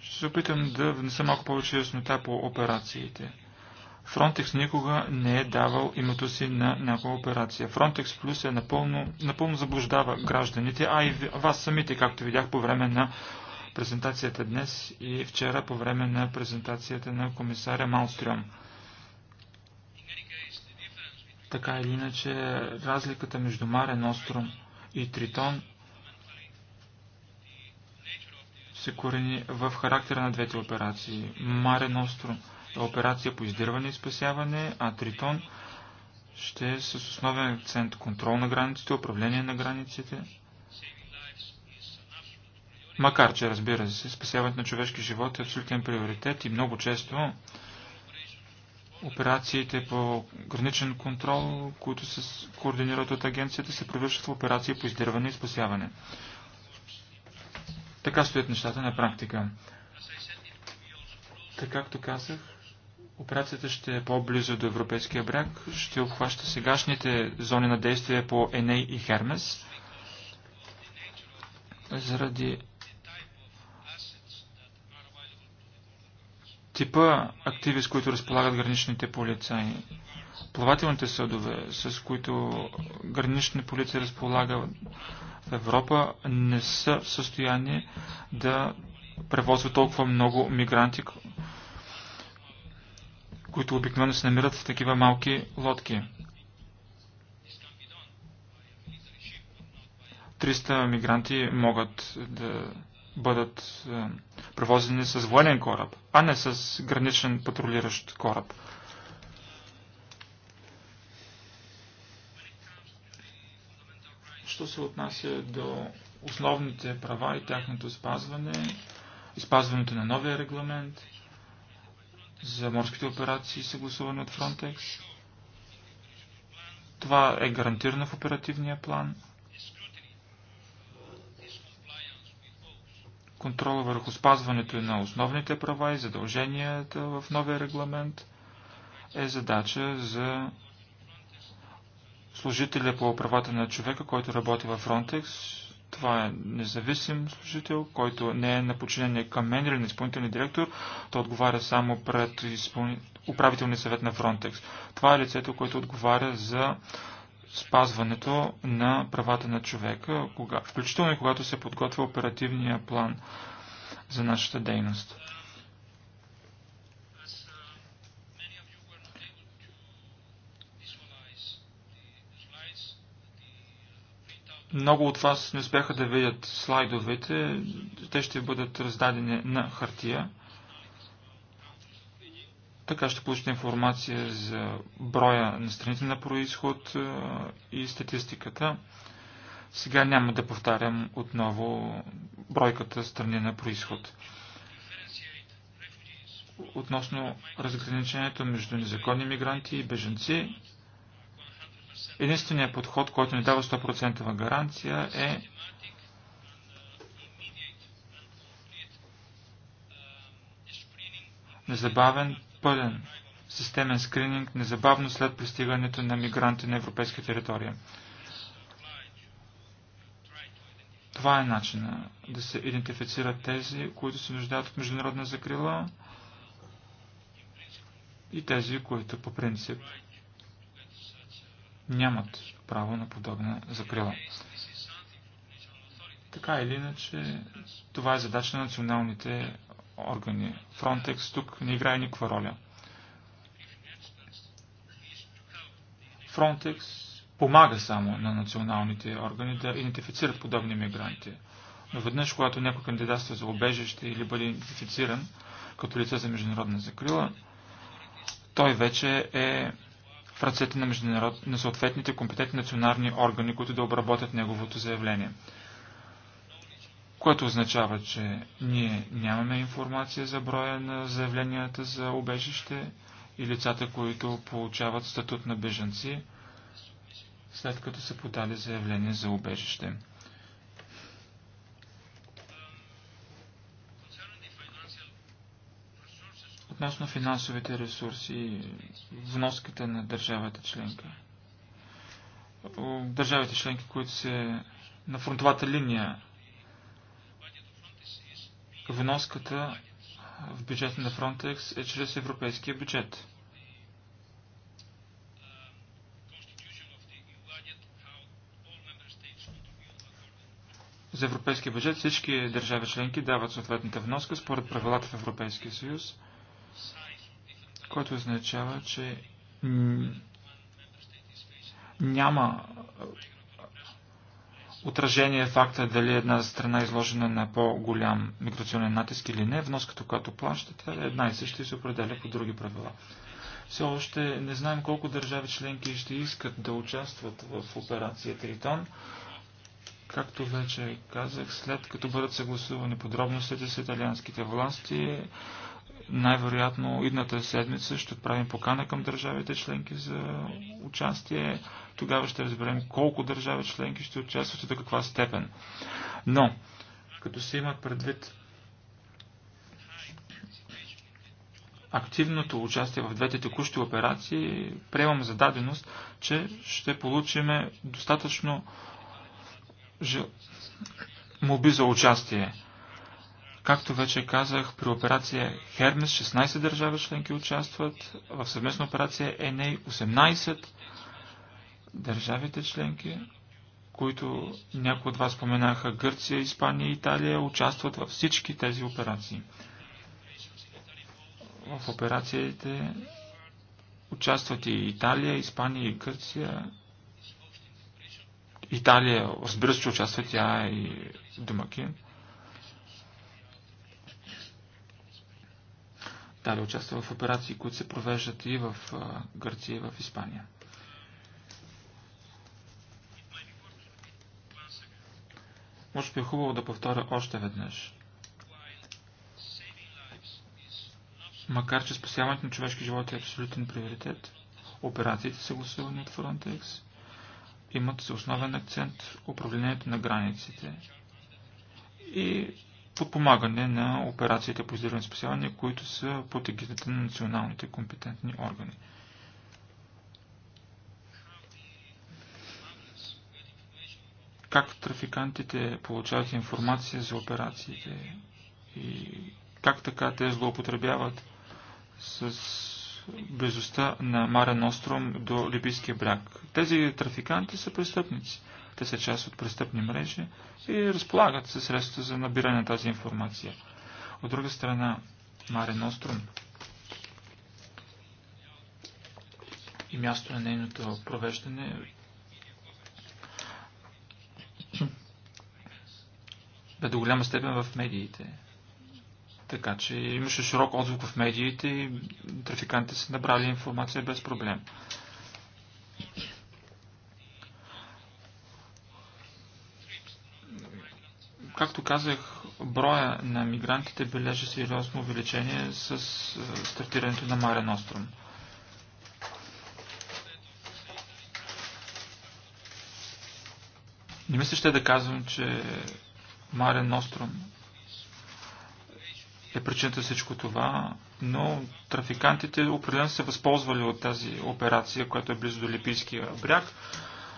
Speaker 3: Ще се опитам да внеса малко повече яснота по операциите. Фронтекс никога не е давал името си на някоя операция. Фронтекс Плюс е напълно, напълно заблуждава гражданите, а и вас самите, както видях по време на презентацията днес и вчера по време на презентацията на комисаря Малстрюм. Така или иначе, разликата между Марен Остром и Тритон се корени в характера на двете операции. Марен Остром – операция по издирване и спасяване, а Тритон ще е с основен акцент контрол на границите, управление на границите. Макар, че разбира се, спасяването на човешки живот е абсолютен приоритет и много често операциите по граничен контрол, които се координират от агенцията, се превръщат в операции по издирване и спасяване. Така стоят нещата на практика. Така както казах, Операцията ще е по-близо до европейския бряг, ще обхваща сегашните зони на действие по Еней и Хермес. Заради типа активи, с които разполагат граничните полицаи, плавателните съдове, с които гранични полиция разполага в Европа, не са в състояние да превозват толкова много мигранти, които обикновено се намират в такива малки лодки. 300 мигранти могат да бъдат е, превозени с военен кораб, а не с граничен патрулиращ кораб. Що се отнася до основните права и тяхното спазване, изпазването на новия регламент, за морските операции, съгласувани от Frontex. Това е гарантирано в оперативния план. Контрола върху спазването на основните права и задълженията в новия регламент е задача за служителя по правата на човека, който работи във Frontex това е независим служител, който не е на подчинение към мен или на изпълнителния директор. Той отговаря само пред управителния съвет на Фронтекс. Това е лицето, което отговаря за спазването на правата на човека, кога... включително и когато се подготвя оперативния план за нашата дейност. Много от вас не успяха да видят слайдовете. Те ще бъдат раздадени на хартия. Така ще получите информация за броя на страните на происход и статистиката. Сега няма да повтарям отново бройката страни на происход. Относно разграничението между незаконни мигранти и беженци, Единственият подход, който ни дава 100% гаранция е незабавен, пълен системен скрининг незабавно след пристигането на мигранти на европейска територия. Това е начина да се идентифицират тези, които се нуждаят от международна закрила и тези, които по принцип нямат право на подобна закрила. Така или иначе, това е задача на националните органи. Фронтекс тук не играе никаква роля. Фронтекс помага само на националните органи да идентифицират подобни мигранти. Но веднъж, когато някой кандидатства за обежище или бъде идентифициран като лице за международна закрила, той вече е в ръцете на, международ... на съответните компетентни национални органи, които да обработят неговото заявление. Което означава, че ние нямаме информация за броя на заявленията за убежище и лицата, които получават статут на бежанци, след като са подали заявление за убежище. Относно финансовите ресурси и вноската на държавата членка. Държавите членки, които се на фронтовата линия, вноската в бюджета на Frontex е чрез европейския бюджет. За европейския бюджет всички държави членки дават съответната вноска според правилата в Европейския съюз – което означава, че няма е, отражение факта дали една страна е изложена на по-голям миграционен натиск или не. Вноската, която плащате, е една и съща и се определя по други правила. Все още не знаем колко държави членки ще искат да участват в операция Тритон. Както вече казах, след като бъдат съгласувани подробностите с италианските власти, най-вероятно идната седмица ще отправим покана към държавите членки за участие. Тогава ще разберем колко държави членки ще участват и до каква степен. Но, като се има предвид активното участие в двете текущи операции, приемам за даденост, че ще получим достатъчно моби за участие. Както вече казах, при операция Хермес 16 държави членки участват, в съвместна операция ЕНЕЙ 18 държавите членки, които някои от вас споменаха Гърция, Испания и Италия, участват във всички тези операции. В операциите участват и Италия, Испания и Гърция. Италия, разбира се, че участва тя и домакин. Италия участва в операции, които се провеждат и в Гърция, и в Испания. Може би е хубаво да повторя още веднъж. Макар, че спасяването на човешки живот е абсолютен приоритет, операциите съгласувани от Frontex имат за основен акцент управлението на границите и подпомагане на операциите по издирване спасяване, които са под егидата на националните компетентни органи. Как трафикантите получават информация за операциите и как така те злоупотребяват с близостта на Марен Остром до Либийския бряг. Тези трафиканти са престъпници – те са част от престъпни мрежи и разполагат със средства за набиране на тази информация. От друга страна, Маре Острум и място на нейното провеждане бе до голяма степен в медиите. Така че имаше широк отзвук в медиите и трафикантите са набрали информация без проблем. Както казах, броя на мигрантите бележи сериозно увеличение с е, стартирането на Марен Остром. Не мисля ще да казвам, че Марен Остром е причината всичко това, но трафикантите определено се възползвали от тази операция, която е близо до Липийския бряг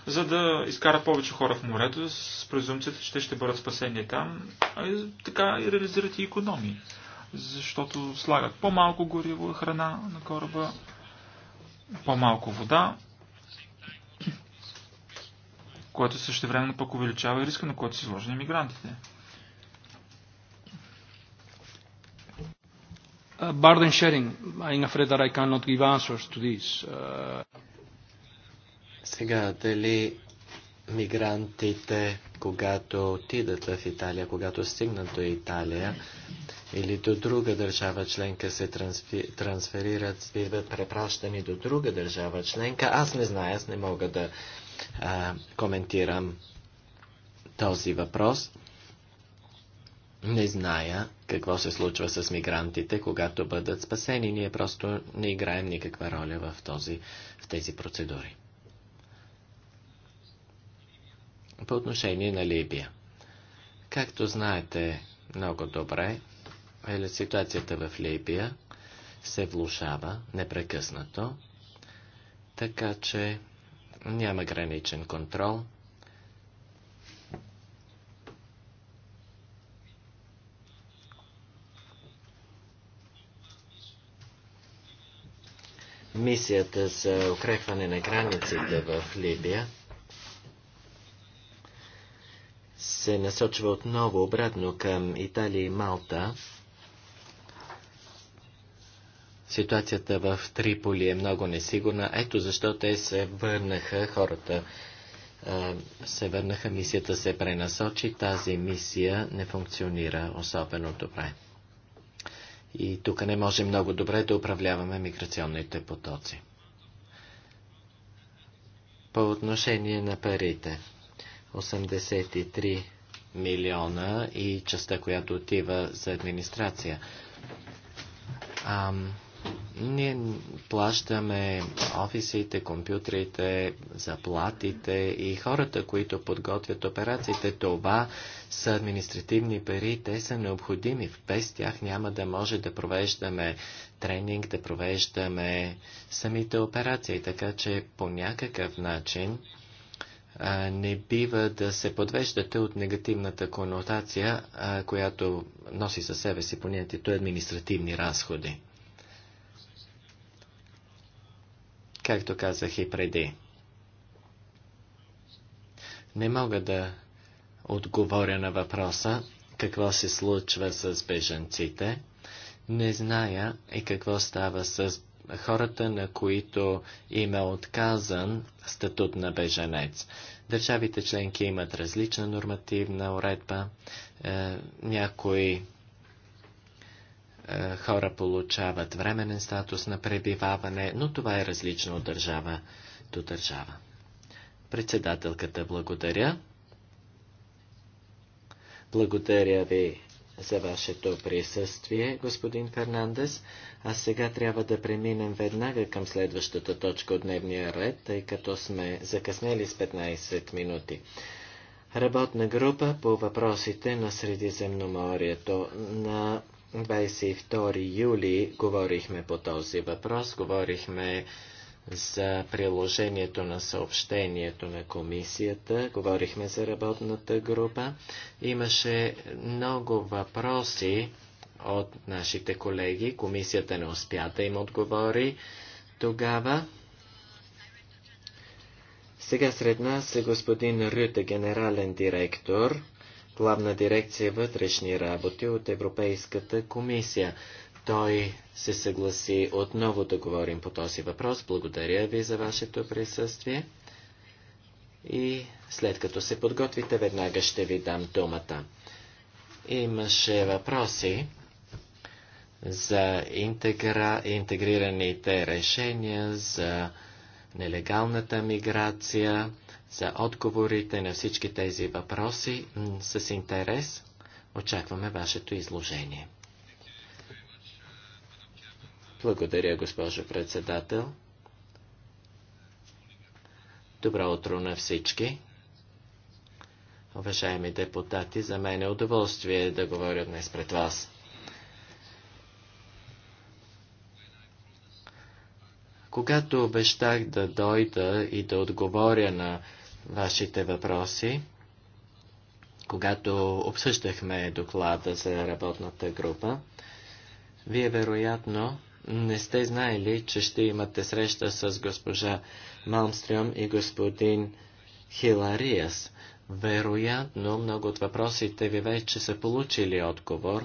Speaker 3: за да изкарат повече хора в морето с презумцията, че те ще бъдат спасени там, а и, така и реализират и економии, защото слагат по-малко гориво и храна на кораба, по-малко вода, което също време пък увеличава и риска, на който са изложени мигрантите. Uh, burden sharing,
Speaker 2: I'm afraid that I cannot give answers to this. Uh, сега, дали мигрантите, когато отидат в Италия, когато стигнат до Италия или до друга държава членка, се трансферират, биват препращани до друга държава членка, аз не зная, аз не мога да а, коментирам този въпрос. Не зная какво се случва с мигрантите, когато бъдат спасени. Ние просто не играем никаква роля в, този, в тези процедури. по отношение на Либия. Както знаете много добре, е ситуацията в Либия се влушава непрекъснато, така че няма граничен контрол. Мисията за укрепване на границите в Либия – се насочва отново обратно към Италия и Малта. Ситуацията в Триполи е много несигурна. Ето защо те се върнаха хората. Се върнаха, мисията се пренасочи. Тази мисия не функционира особено добре. И тук не може много добре да управляваме миграционните потоци. По отношение на парите – 83 милиона и частта, която отива за администрация. А, ние плащаме офисите, компютрите, заплатите и хората, които подготвят операциите. Това са административни пари, те са необходими. Без тях няма да може да провеждаме тренинг, да провеждаме самите операции. Така че по някакъв начин не бива да се подвеждате от негативната конотация, която носи със себе си понятието административни разходи. Както казах и преди, не мога да отговоря на въпроса какво се случва с бежанците, не зная и какво става с хората, на които им е отказан статут на беженец. Държавите членки имат различна нормативна уредба. Е, някои е, хора получават временен статус на пребиваване, но това е различно от държава до държава. Председателката благодаря. Благодаря ви за вашето присъствие, господин Фернандес. А сега трябва да преминем веднага към следващата точка от дневния ред, тъй като сме закъснели с 15 минути. Работна група по въпросите на Средиземноморието на 22 юли говорихме по този въпрос, говорихме за приложението на съобщението на комисията, говорихме за работната група. Имаше много въпроси от нашите колеги. Комисията не успя да им отговори тогава. Сега сред нас е господин Рюте, генерален директор, главна дирекция вътрешни работи от Европейската комисия. Той се съгласи отново да говорим по този въпрос. Благодаря ви за вашето присъствие. И след като се подготвите, веднага ще ви дам думата. Имаше въпроси за интегра, интегрираните решения, за нелегалната миграция, за отговорите на всички тези въпроси. С интерес очакваме вашето изложение. Благодаря, госпожо председател. Добро утро на всички. Уважаеми депутати, за мен е удоволствие да говоря днес пред вас. Когато обещах да дойда и да отговоря на вашите въпроси, когато обсъждахме доклада за работната група, вие вероятно не сте знаели, че ще имате среща с госпожа Малмстрюм и господин Хилариас. Вероятно, много от въпросите ви вече са получили отговор,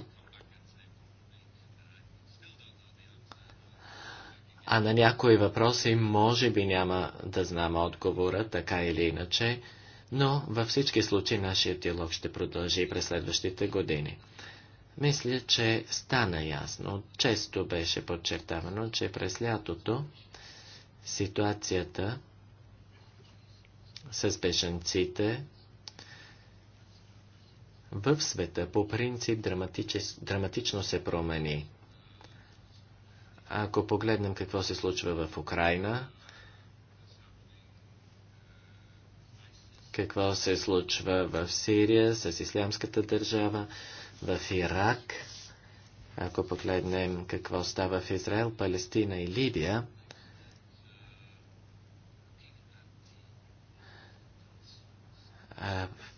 Speaker 2: а на някои въпроси може би няма да знам отговора, така или иначе, но във всички случаи нашия диалог ще продължи през следващите години. Мисля, че стана ясно. Често беше подчертавано, че през лятото ситуацията с бежанците в света по принцип драматич... драматично се промени. Ако погледнем какво се случва в Украина, какво се случва в Сирия с Ислямската държава, в Ирак, ако погледнем какво става в Израел, Палестина и Либия,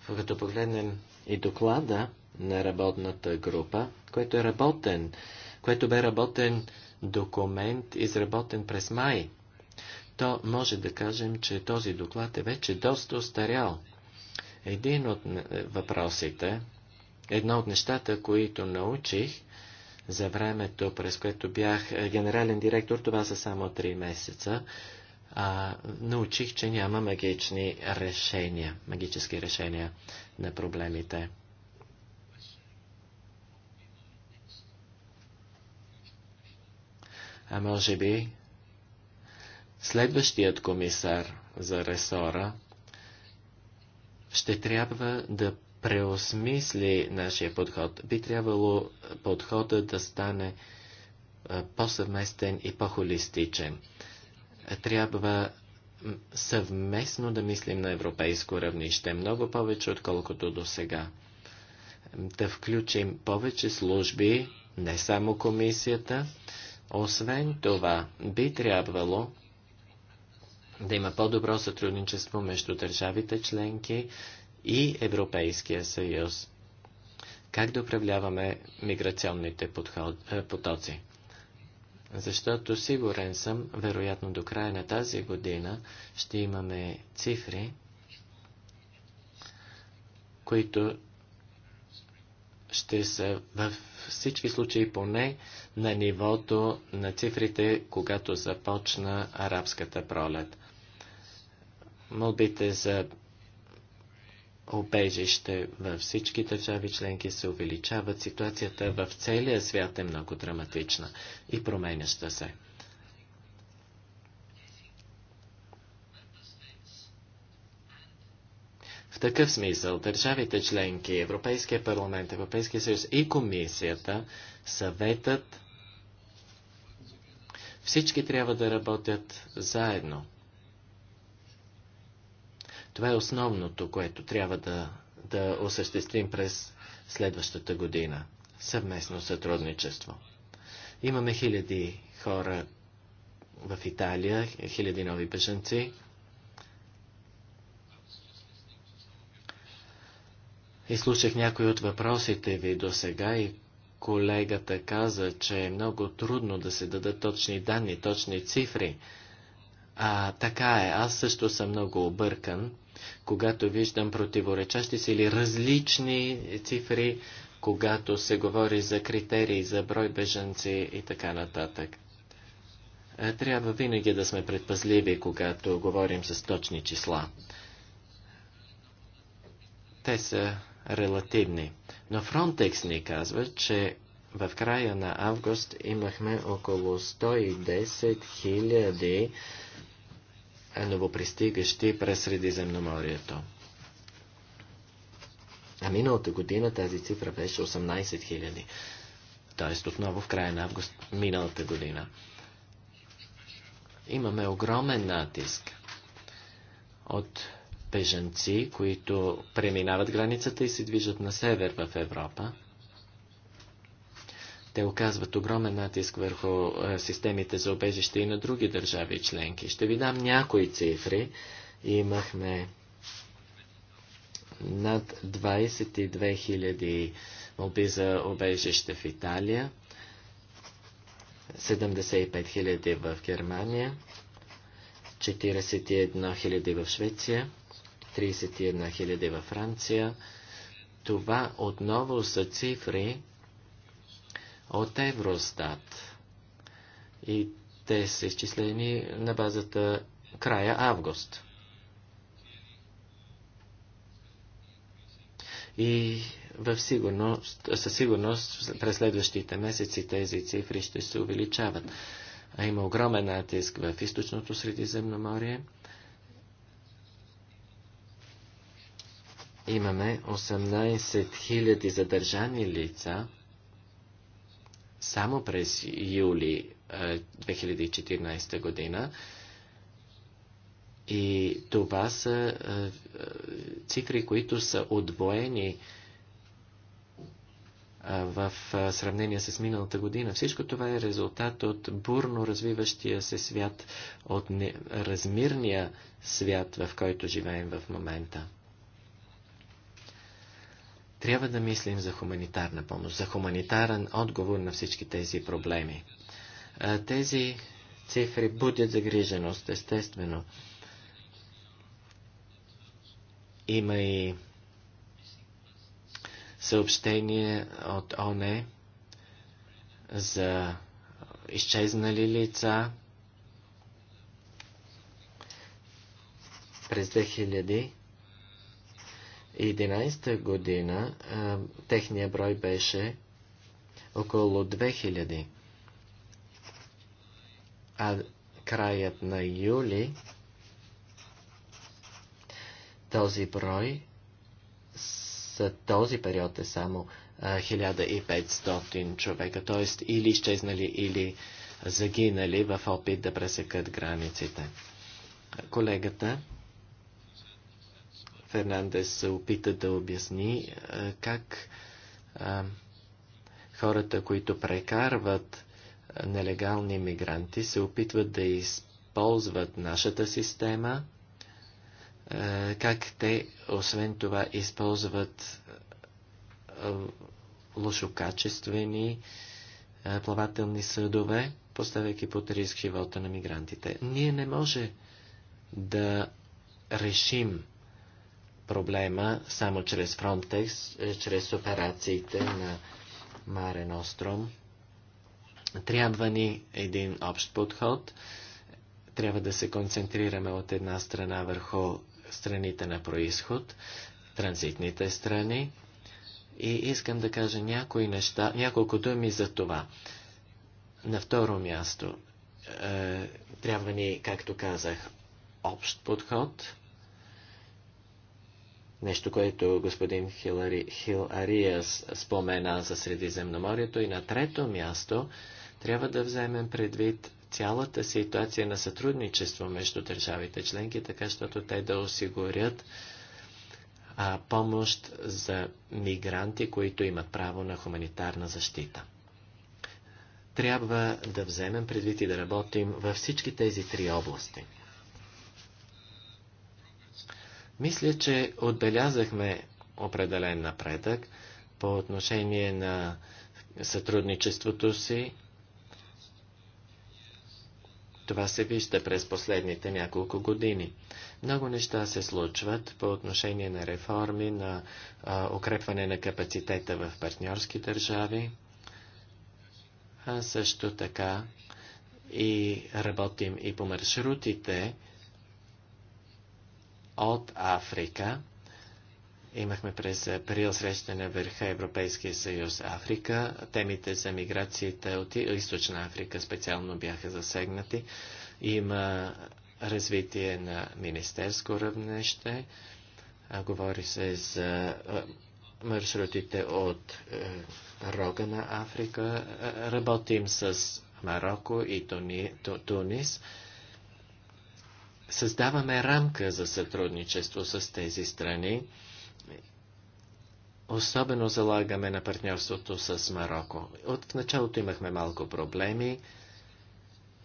Speaker 2: като погледнем и доклада на работната група, който е работен, който бе работен документ, изработен през май. То може да кажем, че този доклад е вече доста остарял. Един от е, въпросите, едно от нещата, които научих за времето, през което бях е, генерален директор, това са само 3 месеца, а, научих, че няма магични решения, магически решения на проблемите. а може би следващият комисар за ресора ще трябва да преосмисли нашия подход. Би трябвало подхода да стане по-съвместен и по-холистичен. Трябва съвместно да мислим на европейско равнище, много повече отколкото до сега. Да включим повече служби, не само комисията, освен това, би трябвало да има по-добро сътрудничество между държавите членки и Европейския съюз. Как да управляваме миграционните подход, е, потоци? Защото сигурен съм, вероятно до края на тази година ще имаме цифри, които ще са в всички случаи поне на нивото на цифрите, когато започна арабската пролет. Молбите за обежище във всички държави членки се увеличават. Ситуацията в целия свят е много драматична и променяща се. В такъв смисъл държавите членки, Европейския парламент, Европейския съюз и комисията, съветът, всички трябва да работят заедно. Това е основното, което трябва да, да осъществим през следващата година. Съвместно сътрудничество. Имаме хиляди хора в Италия, хиляди нови бежанци. Изслушах някои от въпросите ви до сега и колегата каза, че е много трудно да се дадат точни данни, точни цифри. А, така е, аз също съм много объркан, когато виждам противоречащи си или различни цифри, когато се говори за критерии, за брой беженци и така нататък. Е, трябва винаги да сме предпазливи, когато говорим с точни числа. Те са релативни. Но Фронтекс ни казва, че в края на август имахме около 110 000 новопристигащи през Средиземноморието. А миналата година тази цифра беше 18 000. Тоест отново в края на август миналата година. Имаме огромен натиск от бежанци, които преминават границата и се движат на север в Европа. Те оказват огромен натиск върху е, системите за обежище и на други държави членки. Ще ви дам някои цифри. Имахме над 22 000 молби за обежище в Италия, 75 000 в Германия, 41 000 в Швеция, 31 000 във Франция. Това отново са цифри от Евростат. И те са изчислени на базата края август. И в сигурност, със сигурност през следващите месеци тези цифри ще се увеличават. А има огромен натиск в източното Средиземноморие. имаме 18 000 задържани лица само през юли 2014 е, година. И това са е, е, цифри, които са отвоени в сравнение с миналата година. Всичко това е резултат от бурно развиващия се свят, от размирния свят, в който живеем в момента. Трябва да мислим за хуманитарна помощ, за хуманитарен отговор на всички тези проблеми. Тези цифри будят загриженост, естествено. Има и съобщение от ОНЕ за изчезнали лица през 2000 2011 година а, техния брой беше около 2000. А краят на юли този брой за този период е само а, 1500 човека, т.е. или изчезнали, или загинали в опит да пресекат границите. Колегата Фернандес се опита да обясни е, как е, хората, които прекарват е, нелегални мигранти, се опитват да използват нашата система, как те, освен това, използват лошокачествени плавателни съдове, поставяйки под риск живота на мигрантите. Ние не може да решим проблема само чрез Frontex, е, чрез операциите на Маре Ностром. Трябва ни един общ подход. Трябва да се концентрираме от една страна върху страните на происход, транзитните страни. И искам да кажа някои неща, няколко думи за това. На второ място, е, трябва ни, както казах, общ подход – Нещо, което господин Хилари, Хил Ариас спомена за Средиземноморието. И на трето място трябва да вземем предвид цялата ситуация на сътрудничество между държавите членки, така защото те да осигурят а, помощ за мигранти, които имат право на хуманитарна защита. Трябва да вземем предвид и да работим във всички тези три области. Мисля, че отбелязахме определен напредък по отношение на сътрудничеството си. Това се вижда през последните няколко години. Много неща се случват по отношение на реформи, на а, укрепване на капацитета в партньорски държави, а също така и работим и по маршрутите от Африка. Имахме през април среща на върха Европейския съюз Африка. Темите за миграцията от Източна Африка специално бяха засегнати. Има развитие на министерско равнище. Говори се за маршрутите от е, рога на Африка. Работим с Марокко и Туни, Тунис създаваме рамка за сътрудничество с тези страни. Особено залагаме на партньорството с Марокко. От началото имахме малко проблеми,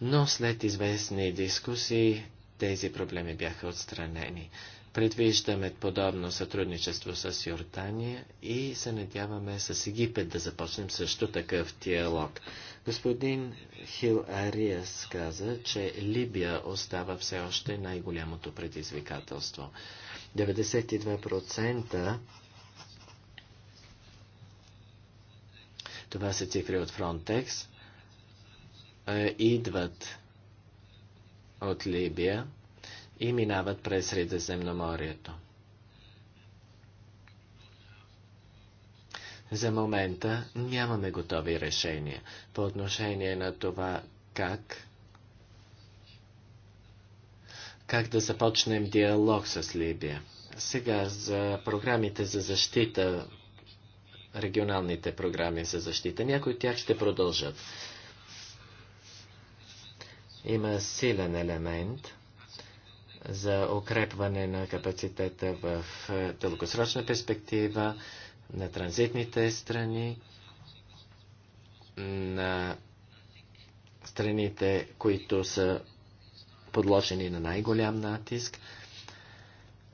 Speaker 2: но след известни дискусии тези проблеми бяха отстранени. Предвиждаме подобно сътрудничество с Йордания и се надяваме с Египет да започнем също такъв диалог. Господин Хил Ариас каза, че Либия остава все още най-голямото предизвикателство. 92% това са цифри от Frontex, е, идват от Либия и минават през Средиземноморието. За момента нямаме готови решения по отношение на това как как да започнем диалог с Либия. Сега за програмите за защита, регионалните програми за защита, някои от тях ще продължат. Има силен елемент – за укрепване на капацитета в е, дългосрочна перспектива на транзитните страни, на страните, които са подложени на най-голям натиск –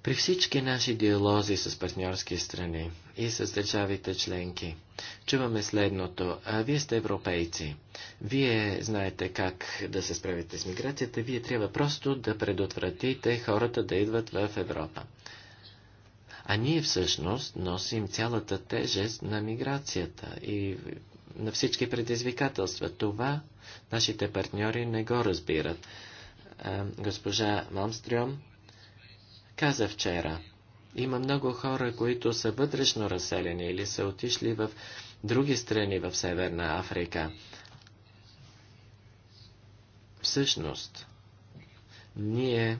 Speaker 2: при всички наши диалози с партньорски страни и с държавите членки, чуваме следното. А вие сте европейци. Вие знаете как да се справите с миграцията. Вие трябва просто да предотвратите хората да идват в Европа. А ние всъщност носим цялата тежест на миграцията и на всички предизвикателства. Това нашите партньори не го разбират. Госпожа Малмстрюм, каза вчера. Има много хора, които са вътрешно разселени или са отишли в други страни в Северна Африка. Всъщност, ние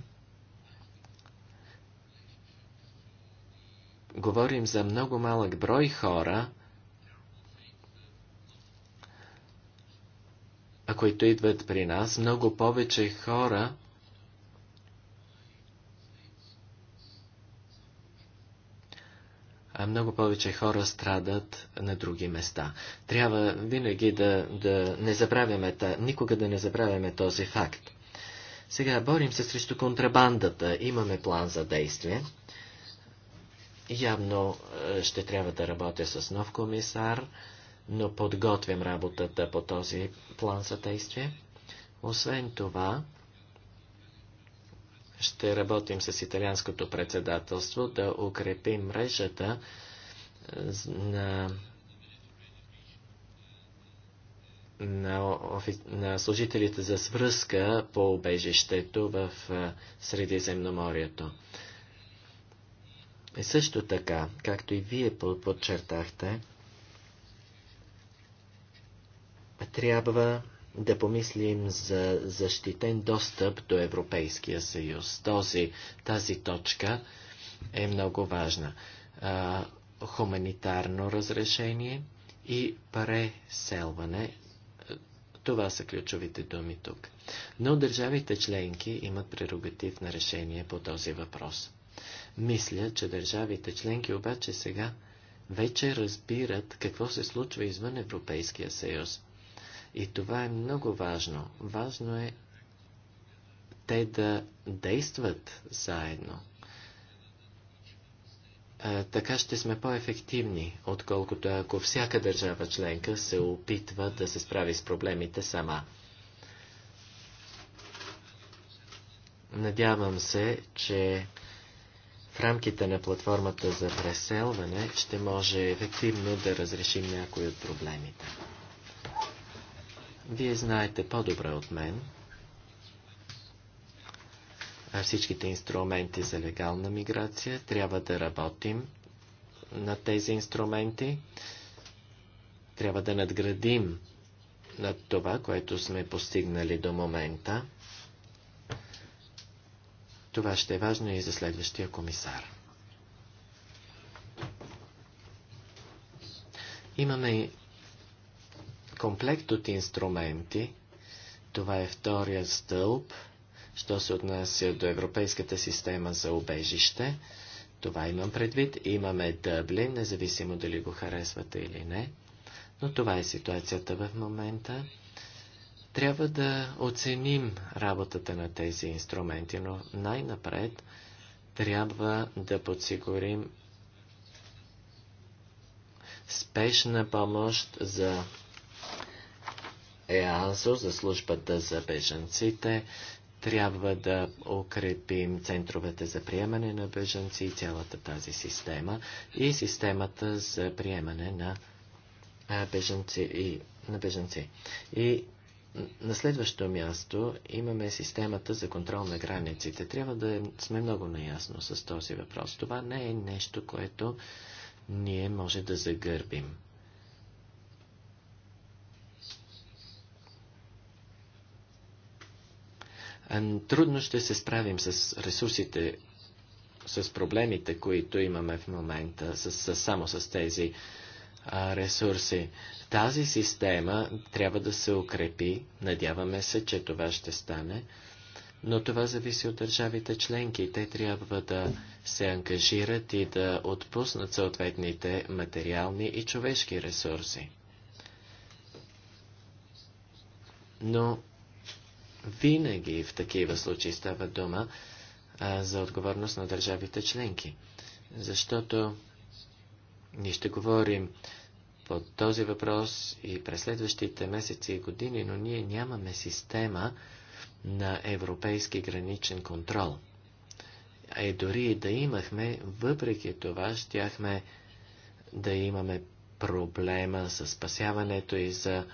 Speaker 2: говорим за много малък брой хора, а които идват при нас, много повече хора много повече хора страдат на други места. Трябва винаги да, да не забравяме, никога да не забравяме този факт. Сега борим се срещу контрабандата. Имаме план за действие. Явно е, ще трябва да работя с нов комисар, но подготвям работата по този план за действие. Освен това, ще работим с италианското председателство да укрепим мрежата е, на на, офи... на служителите за свръзка по убежището в е, Средиземноморието. И също така, както и вие подчертахте, трябва да помислим за защитен достъп до Европейския съюз. Този, тази точка е много важна. А, хуманитарно разрешение и преселване. Това са ключовите думи тук. Но държавите членки имат прерогатив на решение по този въпрос. Мисля, че държавите членки обаче сега вече разбират какво се случва извън Европейския съюз. И това е много важно. Важно е те да действат заедно. А, така ще сме по-ефективни, отколкото ако всяка държава членка се опитва да се справи с проблемите сама. Надявам се, че в рамките на платформата за преселване ще може ефективно да разрешим някои от проблемите. Вие знаете по-добре от мен всичките инструменти за легална миграция. Трябва да работим на тези инструменти. Трябва да надградим над това, което сме постигнали до момента. Това ще е важно и за следващия комисар. Имаме комплект от инструменти. Това е втория стълб, що се отнася до Европейската система за обежище. Това имам предвид. Имаме Дъблин, независимо дали го харесвате или не. Но това е ситуацията в момента. Трябва да оценим работата на тези инструменти, но най-напред трябва да подсигурим спешна помощ за ЕАЗО, за службата за бежанците. Трябва да укрепим центровете за приемане на бежанци и цялата тази система и системата за приемане на бежанци и на бежанци. И на следващо място имаме системата за контрол на границите. Трябва да сме много наясно с този въпрос. Това не е нещо, което ние може да загърбим. Трудно ще се справим с ресурсите, с проблемите, които имаме в момента, с, с, само с тези а, ресурси. Тази система трябва да се укрепи. Надяваме се, че това ще стане. Но това зависи от държавите членки. Те трябва да се ангажират и да отпуснат съответните материални и човешки ресурси. Но винаги в такива случаи става дума а, за отговорност на държавите членки. Защото ние ще говорим по този въпрос и през следващите месеци и години, но ние нямаме система на европейски граничен контрол. А е, и дори да имахме, въпреки това щяхме да имаме проблема с спасяването и за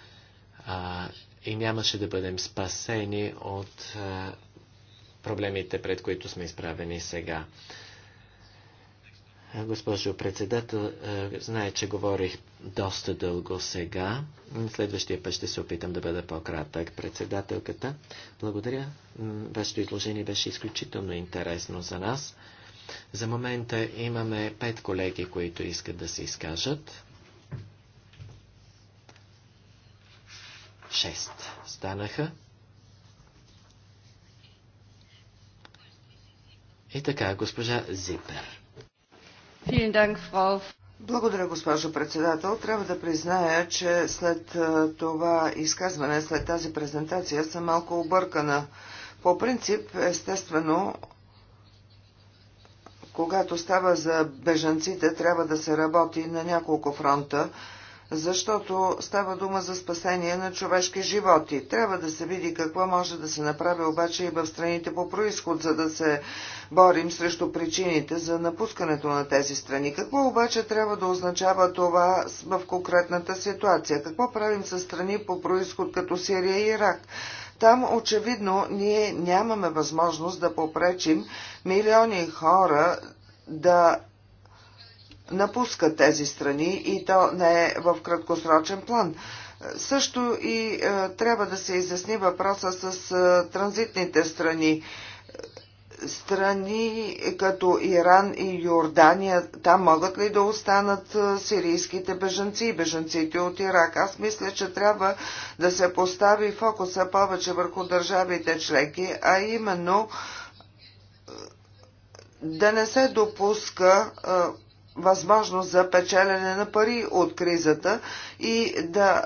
Speaker 2: а, и нямаше да бъдем спасени от е, проблемите, пред които сме изправени сега. Госпожо председател, е, знае, че говорих доста дълго сега. Следващия път ще се опитам да бъда по-кратък. Председателката, благодаря. Вашето изложение беше изключително интересно за нас. За момента имаме пет колеги, които искат да се изкажат. 6 станаха. И така, госпожа Зипер.
Speaker 4: Благодаря, госпожо председател. Трябва да призная, че след това изказване, след тази презентация съм малко объркана. По принцип, естествено, когато става за бежанците, трябва да се работи на няколко фронта защото става дума за спасение на човешки животи. Трябва да се види какво може да се направи обаче и в страните по происход, за да се борим срещу причините за напускането на тези страни. Какво обаче трябва да означава това в конкретната ситуация? Какво правим с страни по происход като Сирия и Ирак? Там очевидно ние нямаме възможност да попречим милиони хора да напускат тези страни и то не е в краткосрочен план. Също и е, трябва да се изясни въпроса с е, транзитните страни. Страни като Иран и Йордания, там могат ли да останат е, сирийските бежанци и бежанците от Ирак? Аз мисля, че трябва да се постави фокуса повече върху държавите членки, а именно е, да не се допуска е, възможност за печелене на пари от кризата и да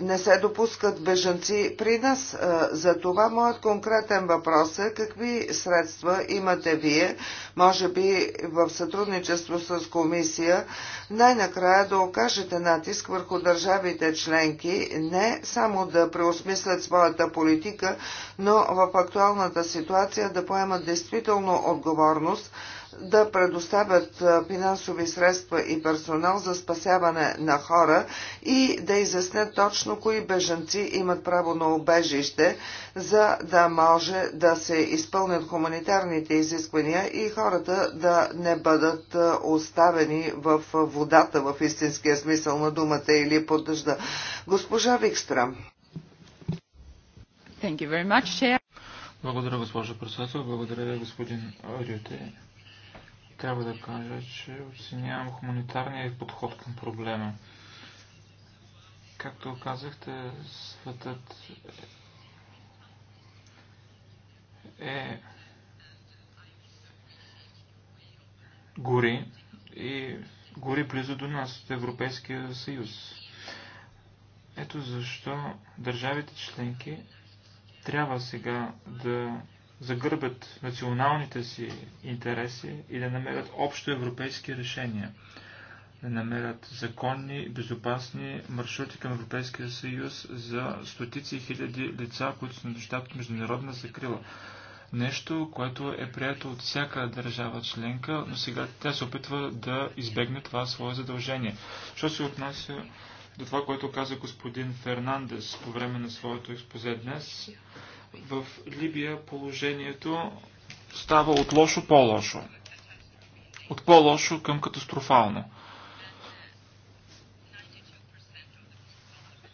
Speaker 4: не се допускат бежанци при нас. Е, за това моят конкретен въпрос е какви средства имате вие, може би в сътрудничество с комисия, най-накрая да окажете натиск върху държавите членки, не само да преосмислят своята политика, но в актуалната ситуация да поемат действително отговорност да предоставят финансови средства и персонал за спасяване на хора и да изяснят точно кои бежанци имат право на убежище, за да може да се изпълнят хуманитарните изисквания и хората да не бъдат оставени в водата в истинския смисъл на думата или под дъжда. Госпожа Викстра.
Speaker 3: Благодаря, госпожо председател. Благодаря, господин Рюте. Трябва да кажа, че оценявам хуманитарния подход към проблема. Както казахте, светът е гори и гори близо до нас от Европейския съюз. Ето защо държавите членки трябва сега да загърбят националните си интереси и да намерят общо европейски решения, да намерят законни, безопасни маршрути към Европейския съюз за стотици хиляди лица, които са нуждаят международна закрила. Нещо, което е прието от всяка държава членка, но сега тя се опитва да избегне това свое задължение. Що се отнася до това, което каза господин Фернандес по време на своето експозе днес, в Либия положението става от лошо по-лошо. От по-лошо към катастрофално.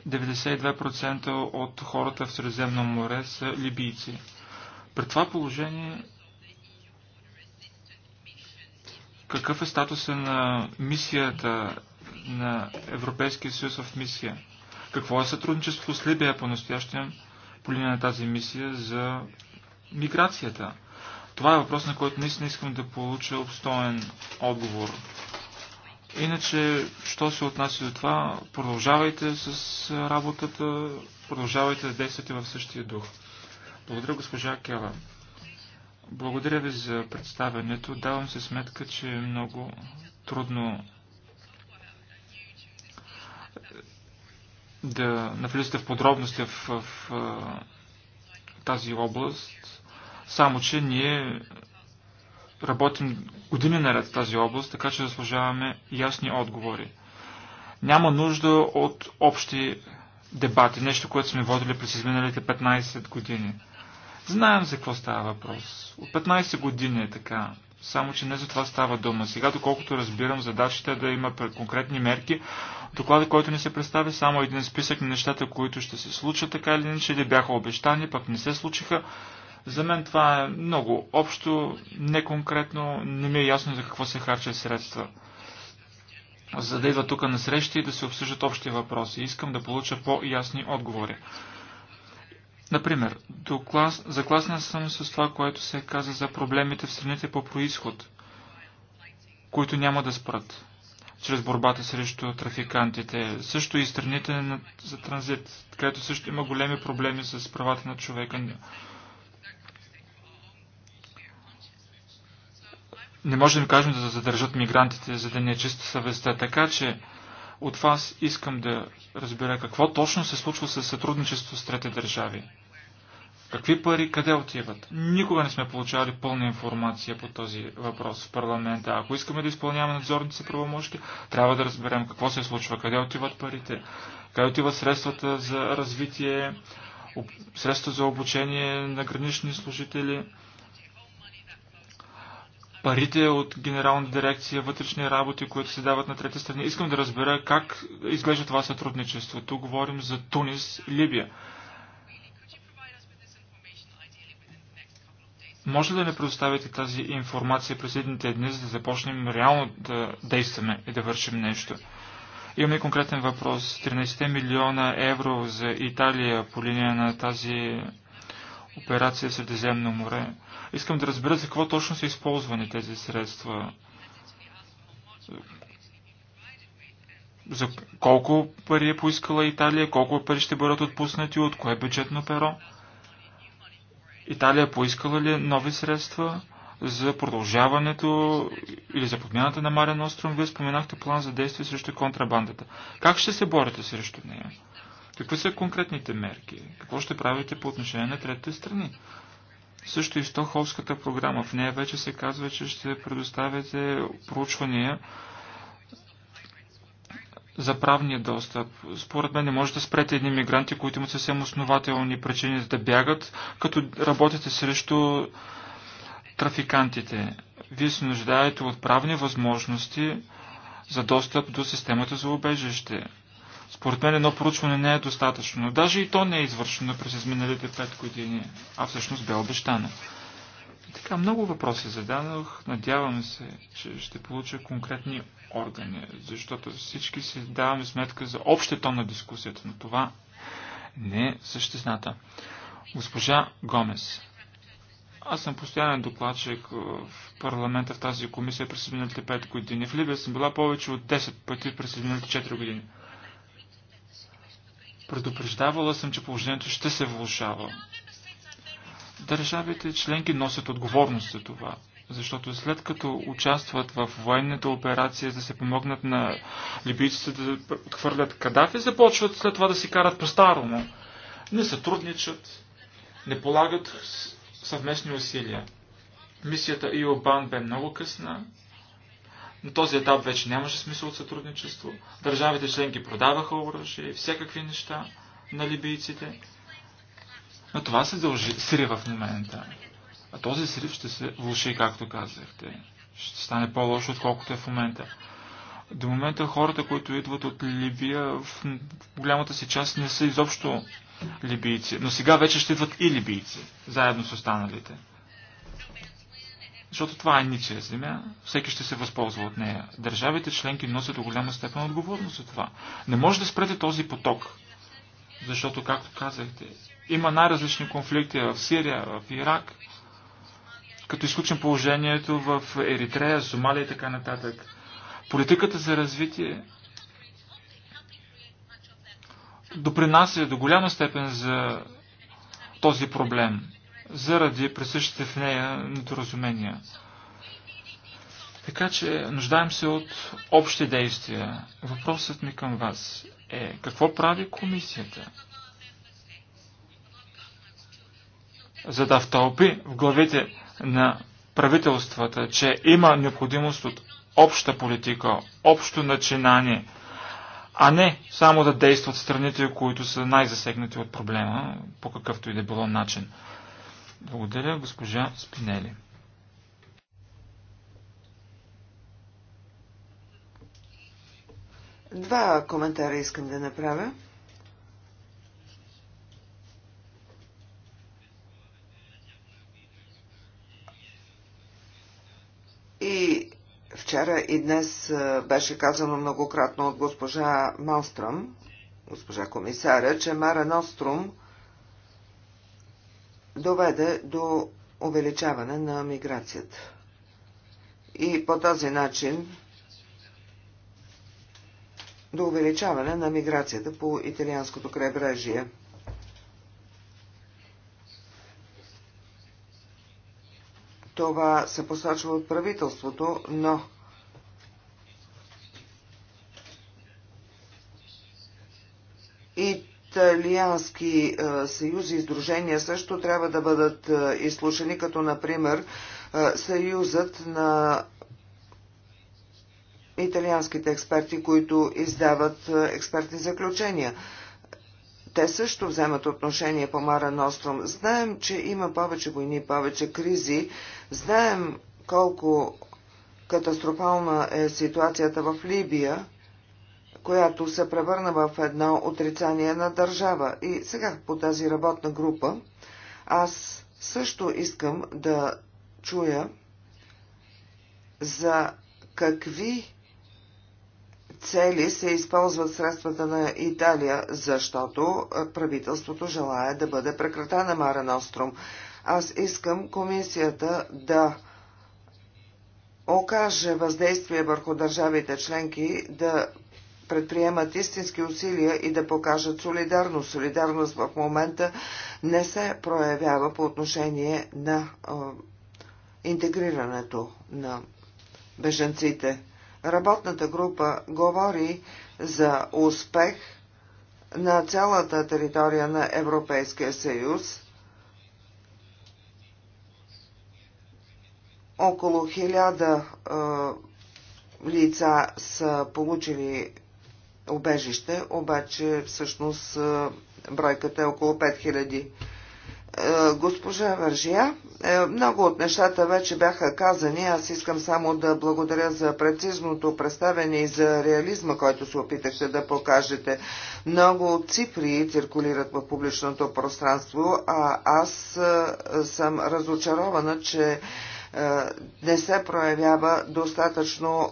Speaker 3: 92% от хората в Средиземно море са либийци. При това положение какъв е статуса на мисията на Европейския съюз в мисия? Какво е сътрудничество с Либия по-настоящем? по линия на тази мисия за миграцията? Това е въпрос, на който наистина искам да получа обстоен отговор. Иначе, що се отнася до това, продължавайте с работата, продължавайте да действате в същия дух. Благодаря, госпожа Кела. Благодаря ви за представянето. Давам се сметка, че е много трудно да навлизате в подробности в, в, в тази област, само че ние работим години наред в тази област, така че заслужаваме ясни отговори. Няма нужда от общи дебати, нещо, което сме водили през изминалите 15 години. Знаем за какво става въпрос. От 15 години е така. Само, че не за това става дума. Сега, доколкото разбирам, задачата е да има конкретни мерки, доклада, който ни се представи, само един списък на нещата, които ще се случат, така или иначе, или бяха обещани, пък не се случиха. За мен това е много общо, неконкретно, не ми е ясно за какво се харчат средства. За да идва тук на срещи и да се обсъждат общи въпроси. Искам да получа по-ясни отговори. Например, клас... закласна съм с това, което се каза за проблемите в страните по происход, които няма да спрат чрез борбата срещу трафикантите. Също и страните за транзит, където също има големи проблеми с правата на човека. Не можем да кажем да задържат мигрантите, за да не е чиста съвестта. Така че от вас искам да разбера какво точно се случва с сътрудничество с трети държави. Какви пари, къде отиват? Никога не сме получавали пълна информация по този въпрос в парламента. Ако искаме да изпълняваме надзорните си правомощи, трябва да разберем какво се случва, къде отиват парите, къде отиват средствата за развитие, средства за обучение на гранични служители, парите от Генерална дирекция, вътрешни работи, които се дават на трети страни. Искам да разбера как изглежда това сътрудничество. Тук говорим за Тунис, Либия. Може ли да ни предоставите тази информация през едните дни, за да започнем реално да действаме и да вършим нещо? Имаме конкретен въпрос. 13 милиона евро за Италия по линия на тази операция в Средиземно море. Искам да разбера за какво точно са използвани тези средства. За колко пари е поискала Италия, колко пари ще бъдат отпуснати, от кое бюджетно перо? Италия поискала ли нови средства за продължаването или за подмяната на Марен Остром, Вие споменахте план за действие срещу контрабандата. Как ще се борите срещу нея? Какви са конкретните мерки? Какво ще правите по отношение на третите страни? Също и Стохолската програма. В нея вече се казва, че ще предоставяте проучвания за правния достъп. Според мен не можете да спрете едни мигранти, които имат съвсем основателни причини да бягат, като работите срещу трафикантите. Вие се нуждаете от правни възможности за достъп до системата за убежище. Според мен едно проучване не е достатъчно. Даже и то не е извършено през изминалите 5 години, а всъщност бе обещано. Така, много въпроси зададох. Надявам се, че ще получа конкретни органи, защото всички си даваме сметка за общия тон на дискусията, но това не е същината. Госпожа Гомес. Аз съм постоянен докладчик в парламента в тази комисия през следните 5 години. В Либия съм била повече от 10 пъти през следните 4 години. Предупреждавала съм, че положението ще се влушава. Държавите членки носят отговорност за това. Защото след като участват в военната операция, за да се помогнат на либийците да отхвърлят Кадафи, започват след това да си карат по-старому. Не сътрудничат, не полагат съвместни усилия. Мисията Иобан бе много късна. На този етап вече нямаше смисъл от сътрудничество. Държавите членки продаваха оръжие и всякакви неща на либийците. Но това се дължи срива в момента. А този срив ще се влуши, както казахте. Ще стане по-лошо, отколкото е в момента. До момента хората, които идват от Либия, в голямата си част не са изобщо либийци. Но сега вече ще идват и либийци, заедно с останалите. Защото това е ничия земя, всеки ще се възползва от нея. Държавите членки носят до голяма степен отговорност за това. Не може да спрете този поток, защото, както казахте, има най-различни конфликти в Сирия, в Ирак, като изключим положението в Еритрея, Сомалия и така нататък. Политиката за развитие допринася до голяма степен за този проблем, заради присъщите в нея недоразумения. Така че нуждаем се от общи действия. Въпросът ми към вас е какво прави комисията? За да втълпи в главите на правителствата, че има необходимост от обща политика, общо начинание, а не само да действат страните, които са най-засегнати от проблема, по какъвто и да било начин. Благодаря, госпожа Спинели.
Speaker 4: Два коментара искам да направя. И вчера и днес беше казано многократно от госпожа Малстрам, госпожа комисаря, че Мара Нострум доведе до увеличаване на миграцията. И по този начин до увеличаване на миграцията по италианското крайбрежие. Това се посочва от правителството, но италиански е, съюзи и издружения също трябва да бъдат е, изслушани, като например е, съюзът на италианските експерти, които издават експертни заключения те също вземат отношение по Мара Ностром. Знаем, че има повече войни, повече кризи. Знаем колко катастрофална е ситуацията в Либия, която се превърна в едно отрицание на държава. И сега по тази работна група аз също искам да чуя за какви цели се използват средствата на Италия, защото правителството желая да бъде прекратена Мара Ностром. Аз искам комисията да окаже въздействие върху държавите членки да предприемат истински усилия и да покажат солидарност. Солидарност в момента не се проявява по отношение на интегрирането на беженците. Работната група говори за успех на цялата територия на Европейския съюз. Около хиляда лица са получили убежище, обаче всъщност бройката е около 5000. Е, госпожа Вържия, е, много от нещата вече бяха казани. Аз искам само да благодаря за прецизното представяне и за реализма, който се опитахте да покажете. Много цифри циркулират в публичното пространство, а аз е, съм разочарована, че не се проявява достатъчно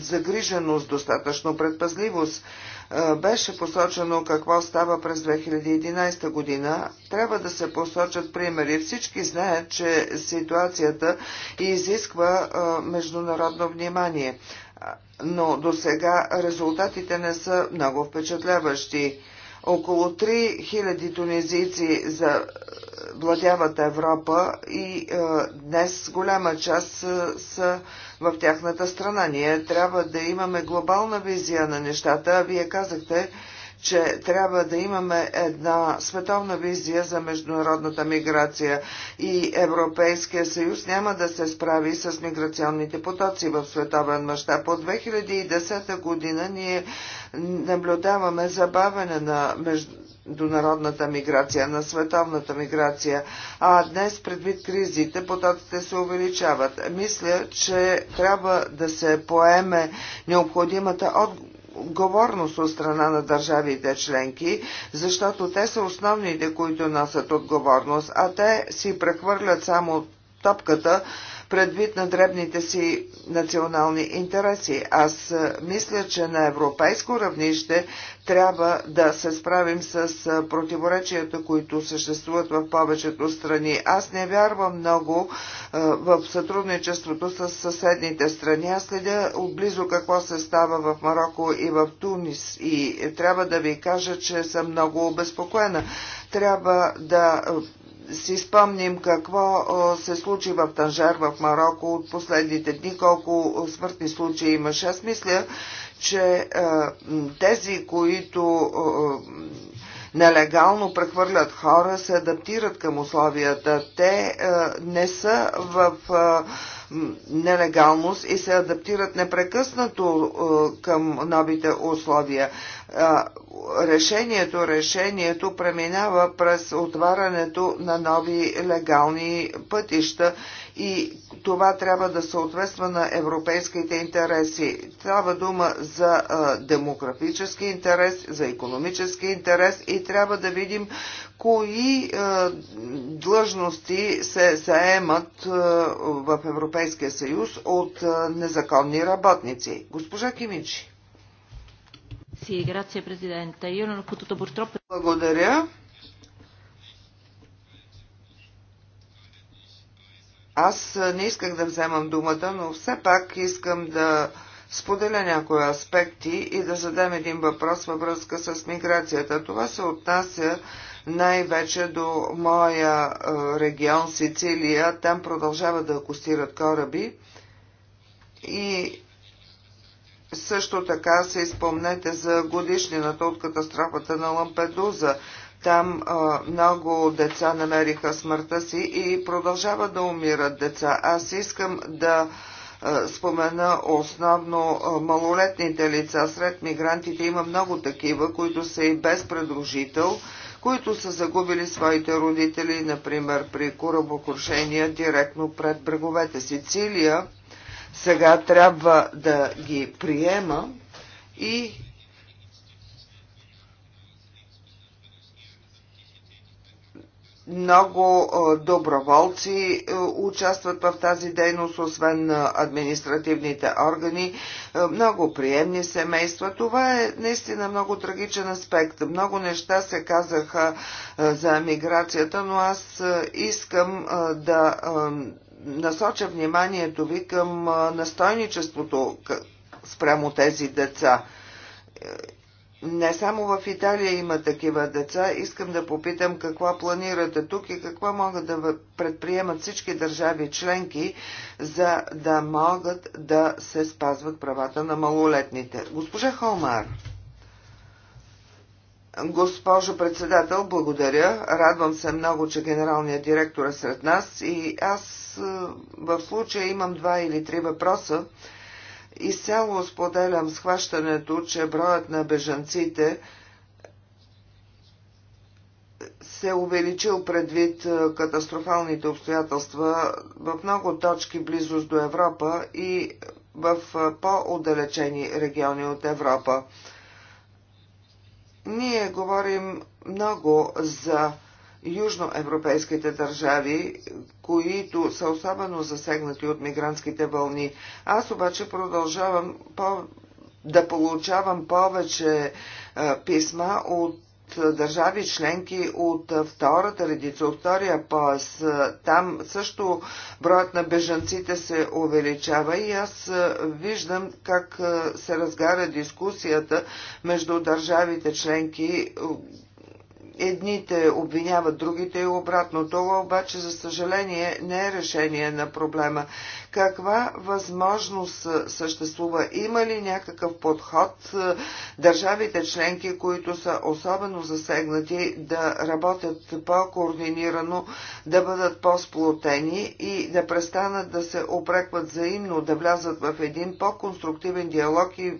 Speaker 4: загриженост, достатъчно предпазливост. Е, беше посочено какво става през 2011 година, трябва да се посочат примери. Всички знаят, че ситуацията изисква е, международно внимание, е, но до сега резултатите не са много впечатляващи. Около 3000 тунизийци за владяват Европа и днес голяма част са, са в тяхната страна. Ние трябва да имаме глобална визия на нещата, а вие казахте, че трябва да имаме една световна визия за международната миграция и Европейския съюз няма да се справи с миграционните потоци в световен мащаб. От 2010 година ние наблюдаваме забавене на между до народната миграция, на световната миграция, а днес предвид кризите потоците се увеличават. Мисля, че трябва да се поеме необходимата отговорност отговорност от страна на държавите членки, защото те са основните, които носят отговорност, а те си прехвърлят само топката предвид на дребните си национални интереси. Аз мисля, че на европейско равнище трябва да се справим с противоречията, които съществуват в повечето страни. Аз не вярвам много в сътрудничеството с съседните страни. Аз следя отблизо какво се става в Марокко и в Тунис и трябва да ви кажа, че съм много обезпокоена. Трябва да си спомним какво се случи в Танжар, в Марокко от последните дни, колко смъртни случаи имаше. Аз мисля, че тези, които нелегално прехвърлят хора, се адаптират към условията. Те не са в нелегалност и се адаптират непрекъснато е, към новите условия. Е, решението, решението преминава през отварянето на нови легални пътища и това трябва да съответства на европейските интереси. Трябва дума за демографически интерес, за економически интерес и трябва да видим кои длъжности се заемат в Европейския съюз от незаконни работници. Госпожа Кимичи. Благодаря. Аз не исках да вземам думата, но все пак искам да споделя някои аспекти и да задам един въпрос във връзка с миграцията. Това се отнася най-вече до моя регион Сицилия. Там продължават да акустират кораби и също така се изпомнете за годишнината от катастрофата на Лампедуза. Там а, много деца намериха смъртта си и продължават да умират деца. Аз искам да а, спомена основно а, малолетните лица. Сред мигрантите има много такива, които са и без предружител, които са загубили своите родители, например при корабокрушения директно пред бреговете Сицилия. Сега трябва да ги приема и Много доброволци участват в тази дейност, освен на административните органи. Много приемни семейства. Това е наистина много трагичен аспект. Много неща се казаха за миграцията, но аз искам да насоча вниманието ви към настойничеството спрямо тези деца не само в Италия има такива деца. Искам да попитам какво планирате тук и какво могат да предприемат всички държави членки, за да могат да се спазват правата на малолетните. Госпожа Холмар. Госпожо председател, благодаря. Радвам се много, че генералният директор е сред нас и аз е, в случая имам два или три въпроса. Изцяло споделям схващането, че броят на бежанците се е увеличил предвид е, катастрофалните обстоятелства в много точки близост до Европа и в е, по-отдалечени региони от Европа. Ние говорим много за южноевропейските държави, които са особено засегнати от мигрантските вълни. Аз обаче продължавам по... да получавам повече е, писма от държави членки от втората редица, от втория пояс. Е, там също броят на бежанците се увеличава и аз е, виждам как се разгаря дискусията между държавите членки, Едните обвиняват другите и обратно. Това обаче, за съжаление, не е решение на проблема. Каква възможност съществува? Има ли някакъв подход държавите членки, които са особено засегнати, да работят по-координирано, да бъдат по-сплотени и да престанат да се опрекват взаимно, да влязат в един по-конструктивен диалог и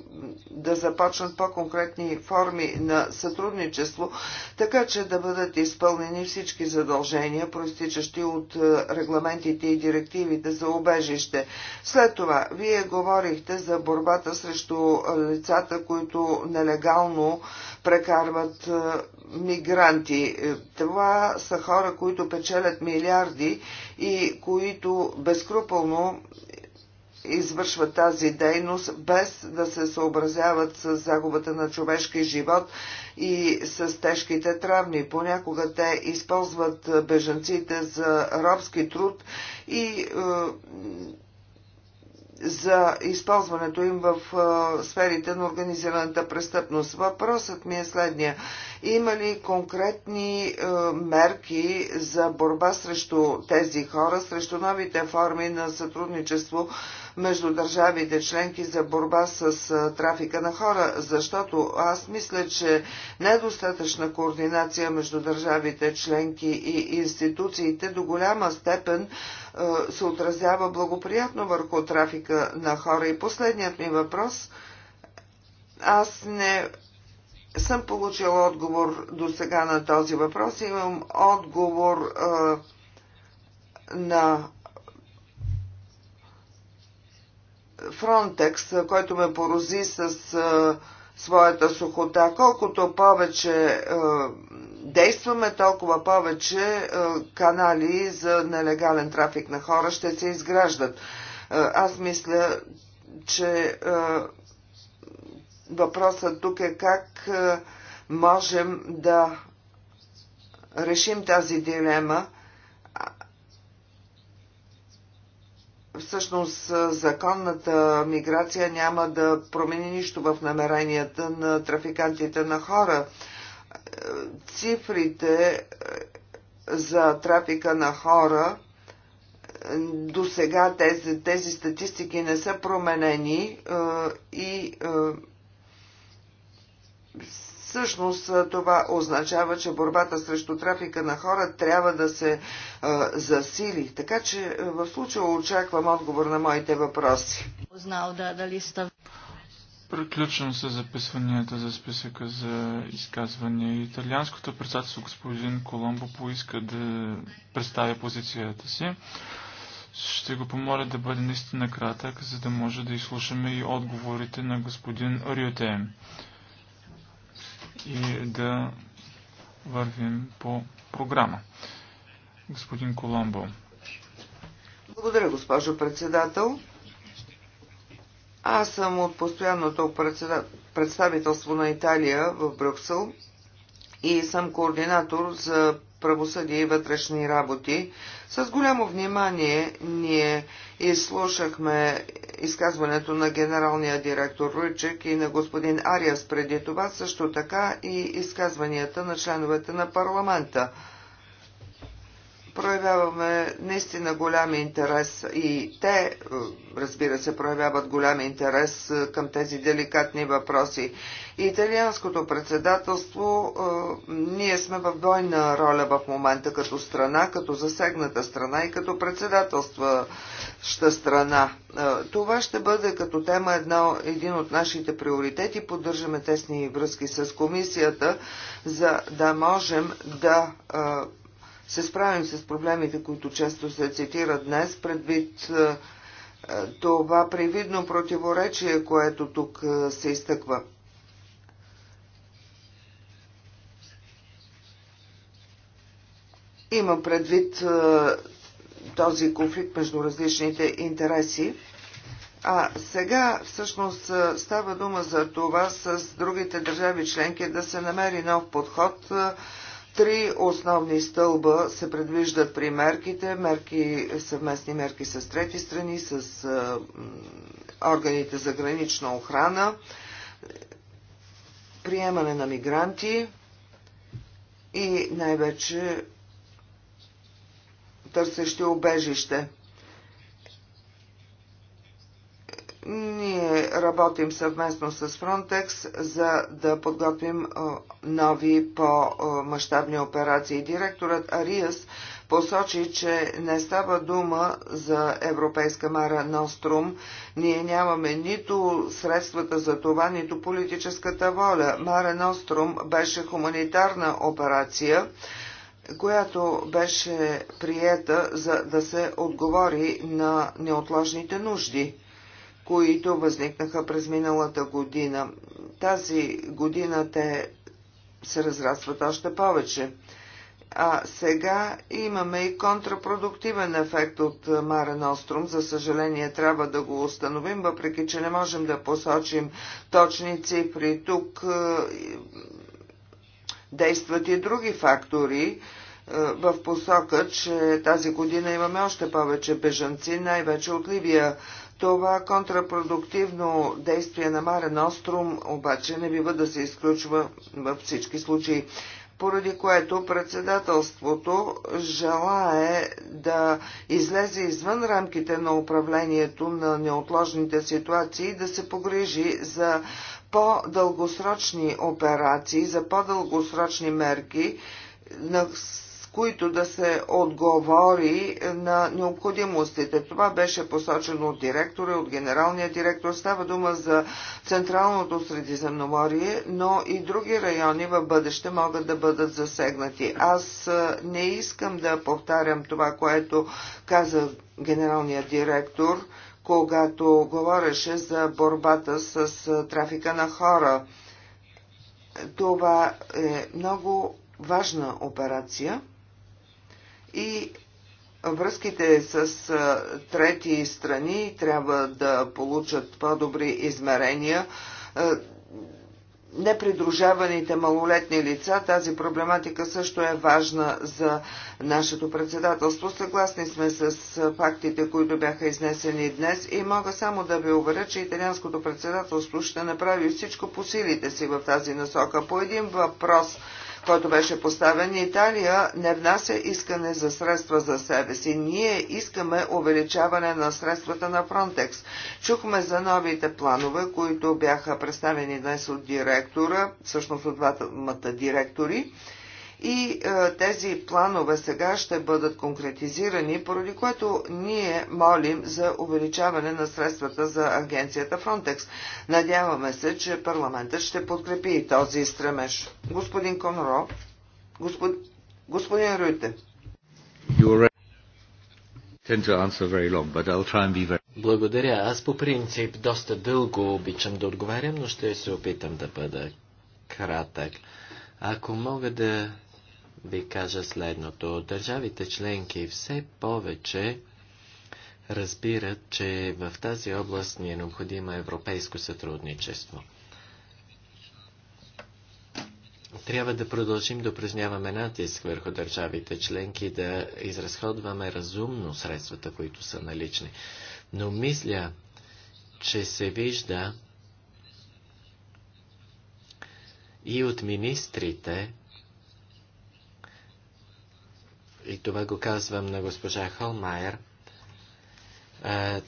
Speaker 4: да започнат по-конкретни форми на сътрудничество, така че да бъдат изпълнени всички задължения, проистичащи от регламентите и директивите за обежище? равнище. След това, вие говорихте за борбата срещу лицата, които нелегално прекарват е, мигранти. Е, това са хора, които печелят милиарди и които безкруполно извършват тази дейност без да се съобразяват с загубата на човешки живот и с тежките травми. Понякога те използват бежанците за робски труд и е, за използването им в е, сферите на организираната престъпност. Въпросът ми е следния. Има ли конкретни е, мерки за борба срещу тези хора, срещу новите форми на сътрудничество между държавите членки за борба с трафика на хора, защото аз мисля, че недостатъчна координация между държавите членки и институциите до голяма степен се отразява благоприятно върху трафика на хора. И последният ми въпрос. Аз не съм получила отговор до сега на този въпрос. Имам отговор а, на Фронтекс, който ме порози с своята сухота. Колкото повече а, действаме, толкова повече а, канали за нелегален трафик на хора ще се изграждат. А, аз мисля, че а, въпросът тук е как а, можем да решим тази дилема всъщност законната миграция няма да промени нищо в намеренията на трафикантите на хора. Е, цифрите е, за трафика на хора е, до сега тези, тези статистики не са променени и Всъщност това означава, че борбата срещу трафика на хора трябва да се а, засили. Така че в случая очаквам отговор на моите въпроси.
Speaker 1: Узнал да, дали
Speaker 3: сте... Приключвам се записванията за списъка за изказвания. Италианското председателство господин Коломбо поиска да представя позицията си. Ще го помоля да бъде наистина кратък, за да може да изслушаме и отговорите на господин Риотеем и да вървим по програма. Господин Коломбо.
Speaker 4: Благодаря, госпожо председател. Аз съм от постоянното представителство на Италия в Брюксел и съм координатор за правосъдие и вътрешни работи. С голямо внимание ние изслушахме изказването на генералния директор Руйчек и на господин Ариас преди това, също така и изказванията на членовете на парламента проявяваме наистина голям интерес и те, разбира се, проявяват голям интерес към тези деликатни въпроси. Италианското председателство, ние сме в двойна роля в момента като страна, като засегната страна и като председателстваща страна. Това ще бъде като тема една, един от нашите приоритети. Поддържаме тесни връзки с комисията, за да можем да се справим с проблемите, които често се цитират днес, предвид е, е, това привидно противоречие, което тук е, се изтъква. Има предвид този конфликт между различните интереси. А сега всъщност става дума за това с другите държави членки да се намери нов подход, Три основни стълба се предвиждат при мерките, мерки, съвместни мерки с трети страни, с органите за гранична охрана, приемане на мигранти и най-вече търсещи обежище. Ние работим съвместно с Frontex, за да подготвим нови по-масштабни операции. Директорът Ариас посочи, че не става дума за европейска мара Нострум. Ние нямаме нито средствата за това, нито политическата воля. Мара Нострум беше хуманитарна операция която беше приета за да се отговори на неотложните нужди които възникнаха през миналата година. Тази година те се разрастват още повече. А сега имаме и контрапродуктивен ефект от Мара Нострум. За съжаление, трябва да го установим, въпреки че не можем да посочим точни цифри. Тук е, действат и други фактори е, в посока, че тази година имаме още повече бежанци, най-вече от Ливия. Това контрапродуктивно действие на Марен Острум обаче не бива да се изключва във всички случаи, поради което председателството желае да излезе извън рамките на управлението на неотложните ситуации и да се погрижи за по-дългосрочни операции, за по-дългосрочни мерки, на които да се отговори на необходимостите. Това беше посочено от директора и от генералния директор. Става дума за Централното Средиземноморие, но и други райони в бъдеще могат да бъдат засегнати. Аз не искам да повтарям това, което каза генералният директор, когато говореше за борбата с трафика на хора. Това е много важна операция и връзките с трети страни трябва да получат по-добри измерения. Непридружаваните малолетни лица, тази проблематика също е важна за нашето председателство. Съгласни сме с фактите, които бяха изнесени днес и мога само да ви уверя, че италианското председателство ще направи всичко по силите си в тази насока. По един въпрос – който беше поставен, Италия не внася искане за средства за себе си. Ние искаме увеличаване на средствата на Frontex. Чухме за новите планове, които бяха представени днес от директора, всъщност от двамата директори и а, е, тези планове сега ще бъдат конкретизирани, поради което ние молим за увеличаване на средствата за агенцията Frontex. Надяваме се, че парламентът ще подкрепи и този стремеж. Господин Конро, господ... господин Рюйте.
Speaker 2: Благодаря. Аз по принцип доста дълго обичам да отговарям, но ще се опитам да бъда кратък. Ако мога да ви кажа следното. Държавите членки все повече разбират, че в тази област ни е необходимо европейско сътрудничество. Трябва да продължим да упражняваме натиск върху държавите членки, да изразходваме разумно средствата, които са налични. Но мисля, че се вижда и от министрите, и това го казвам на госпожа Холмайер,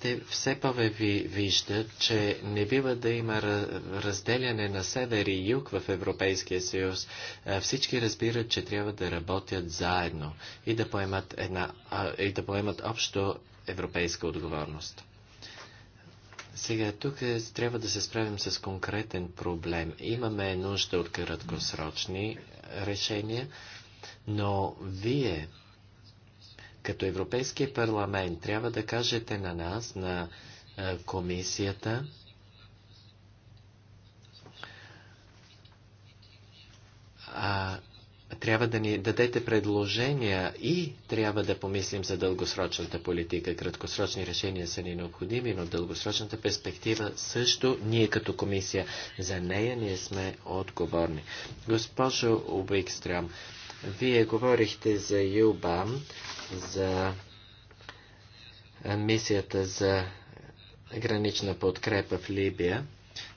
Speaker 2: те все пове ви виждат, че не бива да има разделяне на север и юг в Европейския съюз. Всички разбират, че трябва да работят заедно и да поемат, една, и да поемат общо европейска отговорност. Сега тук е, трябва да се справим с конкретен проблем. Имаме нужда от краткосрочни решения, но вие като Европейския парламент трябва да кажете на нас, на е, комисията, а, трябва да ни дадете предложения и трябва да помислим за дългосрочната политика. Краткосрочни решения са ни необходими, но дългосрочната перспектива също ние като комисия за нея ние сме отговорни. Госпожо Уикстрам, вие говорихте за ЮБАМ, за мисията за гранична подкрепа в Либия.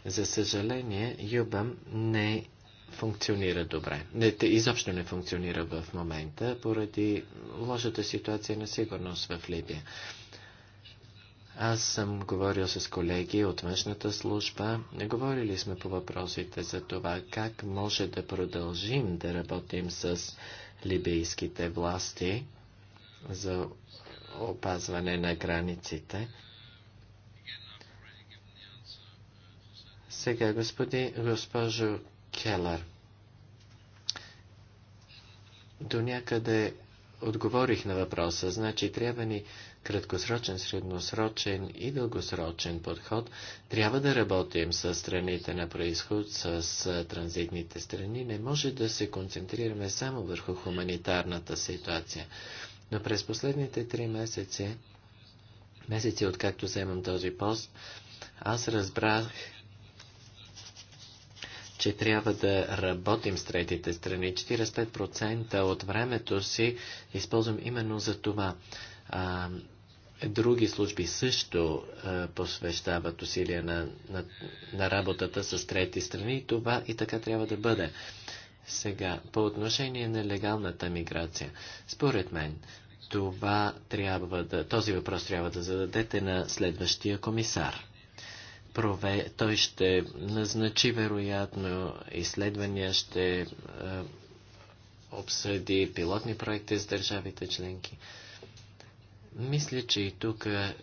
Speaker 2: За съжаление, ЮБАМ не функционира добре. Не, изобщо не функционира в момента, поради лошата ситуация на сигурност в Либия. Аз съм говорил с колеги от външната служба. Говорили сме по въпросите за това как може да продължим да работим с либийските власти за опазване на границите. Сега, господи, госпожо Келър, до някъде отговорих на въпроса. Значи, трябва ни краткосрочен, средносрочен и дългосрочен подход, трябва да работим с страните на происход, с транзитните страни. Не може да се концентрираме само върху хуманитарната ситуация. Но през последните три месеци, месеци откакто вземам този пост, аз разбрах, че трябва да работим с третите страни. 45% от времето си използвам именно за това. Други служби също посвещават усилия на, на, на работата с трети страни. И това и така трябва да бъде. Сега, по отношение на легалната миграция, според мен, това трябва да, този въпрос трябва да зададете на следващия комисар. Прове, той ще назначи вероятно изследвания, ще е, обсъди пилотни проекти с държавите членки. Мисля, че и тук е,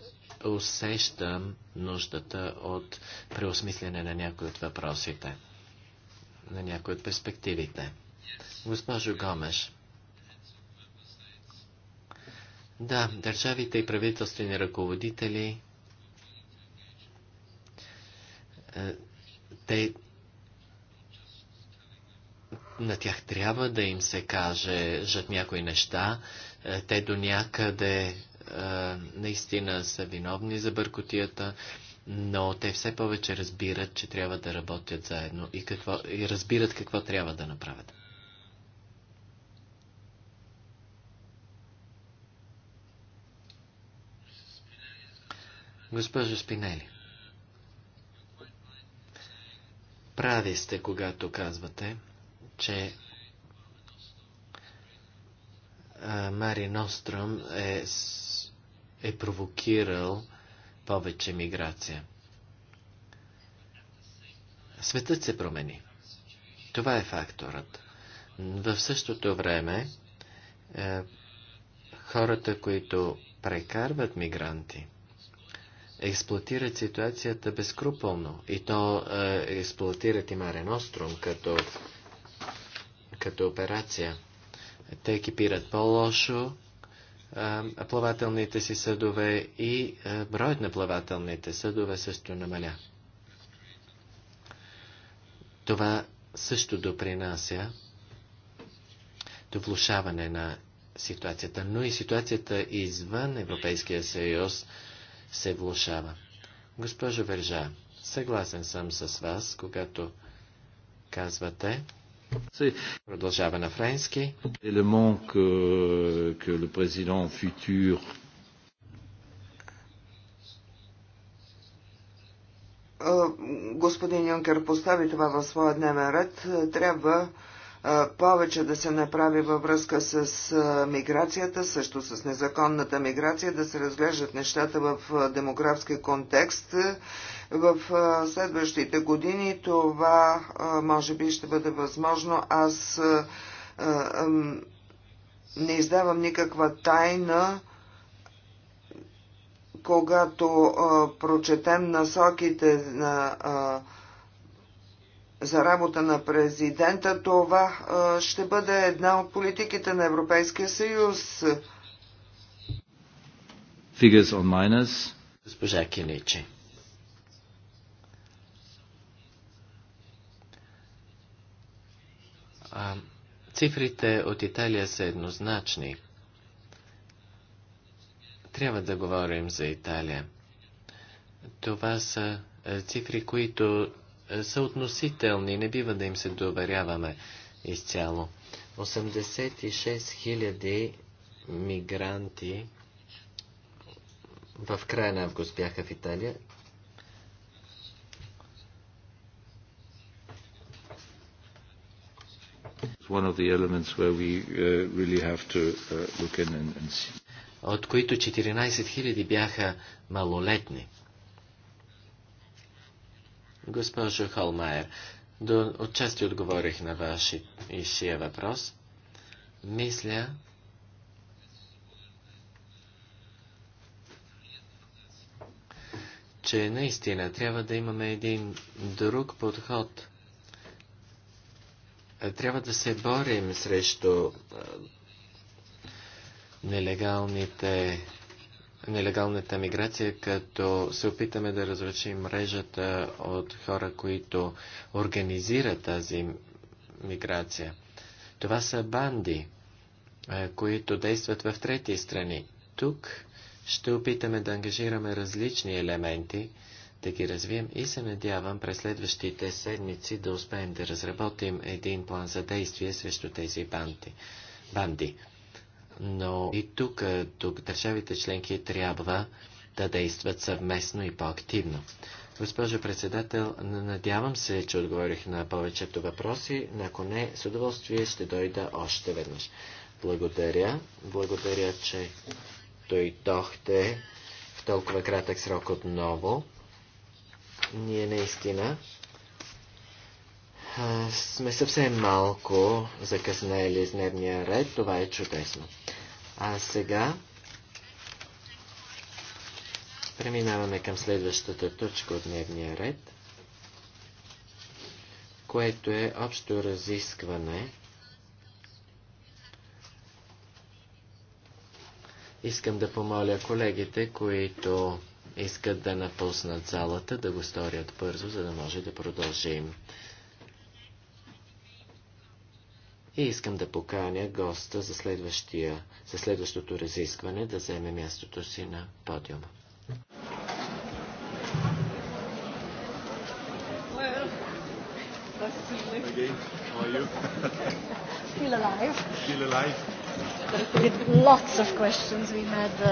Speaker 2: усещам нуждата от преосмислене на някои от въпросите, на някои от перспективите. Госпожо Гомеш, да, държавите и правителствени ръководители, е, те на тях трябва да им се каже жат някои неща. Е, те до някъде наистина са виновни за бъркотията, но те все повече разбират, че трябва да работят заедно и, какво, и разбират какво трябва да направят. Госпожо Спинели, прави сте, когато казвате, че Мари Ностром е е провокирал повече миграция. Светът се промени. Това е факторът. В същото време, е, хората, които прекарват мигранти, експлуатират ситуацията безкруполно. И то е, експлуатират и Марен Остром като, като операция. Те екипират по-лошо, плавателните си съдове и броят на плавателните съдове също намаля. Това също допринася до влушаване на ситуацията, но и ситуацията извън Европейския съюз се влушава. Госпожо Вержа, съгласен съм с вас, когато казвате, Продължава на френски.
Speaker 1: Елемент, que, que le président futur
Speaker 4: е, господин Юнкер постави това в своя дневен ред, трябва повече да се направи във връзка с миграцията, също с незаконната миграция, да се разглеждат нещата в демографски контекст. В следващите години това може би ще бъде възможно. Аз не издавам никаква тайна когато а, прочетем насоките на а, за работа на президента, това ще бъде една от политиките на Европейския съюз.
Speaker 2: Figures on minus. Госпожа Кеничи. цифрите от Италия са еднозначни. Трябва да говорим за Италия. Това са цифри, които са относителни, не бива да им се доверяваме изцяло. 86 000 мигранти в края на август бяха в Италия. One of the elements where we uh, really have to uh, look in and see. От които 14 000 бяха малолетни. Госпожо Холмайер, до отчасти отговорих на вашия въпрос. Мисля, че наистина трябва да имаме един друг подход. Е, трябва да се борим срещу е, нелегалните нелегалната миграция, като се опитаме да разрушим мрежата от хора, които организират тази миграция. Това са банди, които действат в трети страни. Тук ще опитаме да ангажираме различни елементи, да ги развием и се надявам през следващите седмици да успеем да разработим един план за действие срещу тези банди. банди но и тук, е, тук държавите членки трябва да действат съвместно и по-активно. Госпожо председател, надявам се, че отговорих на повечето въпроси. Ако не, с удоволствие ще дойда още веднъж. Благодаря. Благодаря, че дойдохте в толкова кратък срок отново. Ние наистина сме съвсем малко закъснели с дневния ред. Това е чудесно. А сега преминаваме към следващата точка от дневния ред, което е общо разискване. Искам да помоля колегите, които искат да напуснат залата, да го сторят бързо, за да може да продължим и искам да поканя госта за, следващия, за следващото разискване да вземе мястото си на подиума. Well, Still alive. Still alive.
Speaker 1: With lots of questions we had. Uh...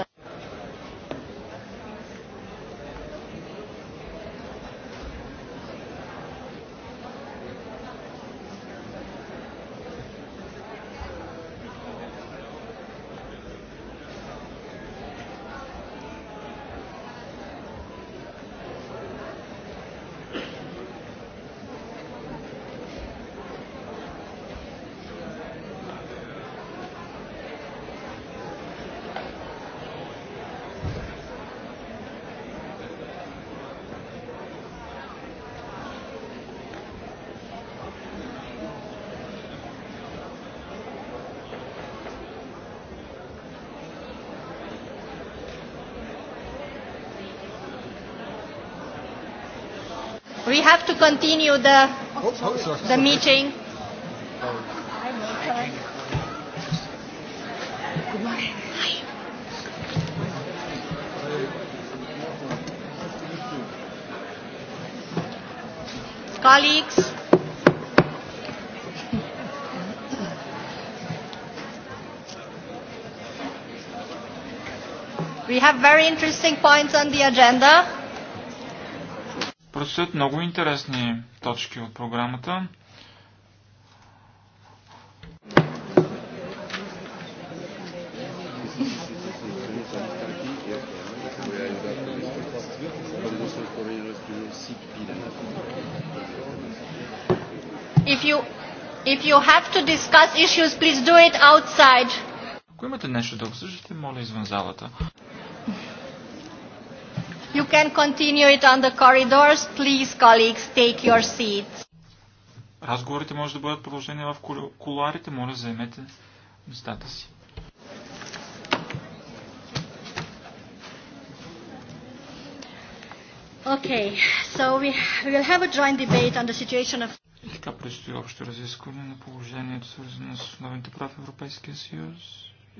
Speaker 1: We have to continue the, the meeting. colleagues. We have very interesting points on the agenda.
Speaker 3: Предстоят много интересни точки от програмата.
Speaker 1: If you, if you have to discuss issues, please do it outside.
Speaker 3: Ако имате нещо да обсъждате, моля извън залата.
Speaker 1: You can continue it on the corridors. Please, colleagues, take your seats.
Speaker 3: Разговорите може да бъдат продължени в кулуарите. Моля, заемете местата си.
Speaker 1: Okay, so we, we will have a joint debate on the situation of...
Speaker 3: И така предстои общо разискване на положението, свързано с основните прав в Европейския съюз.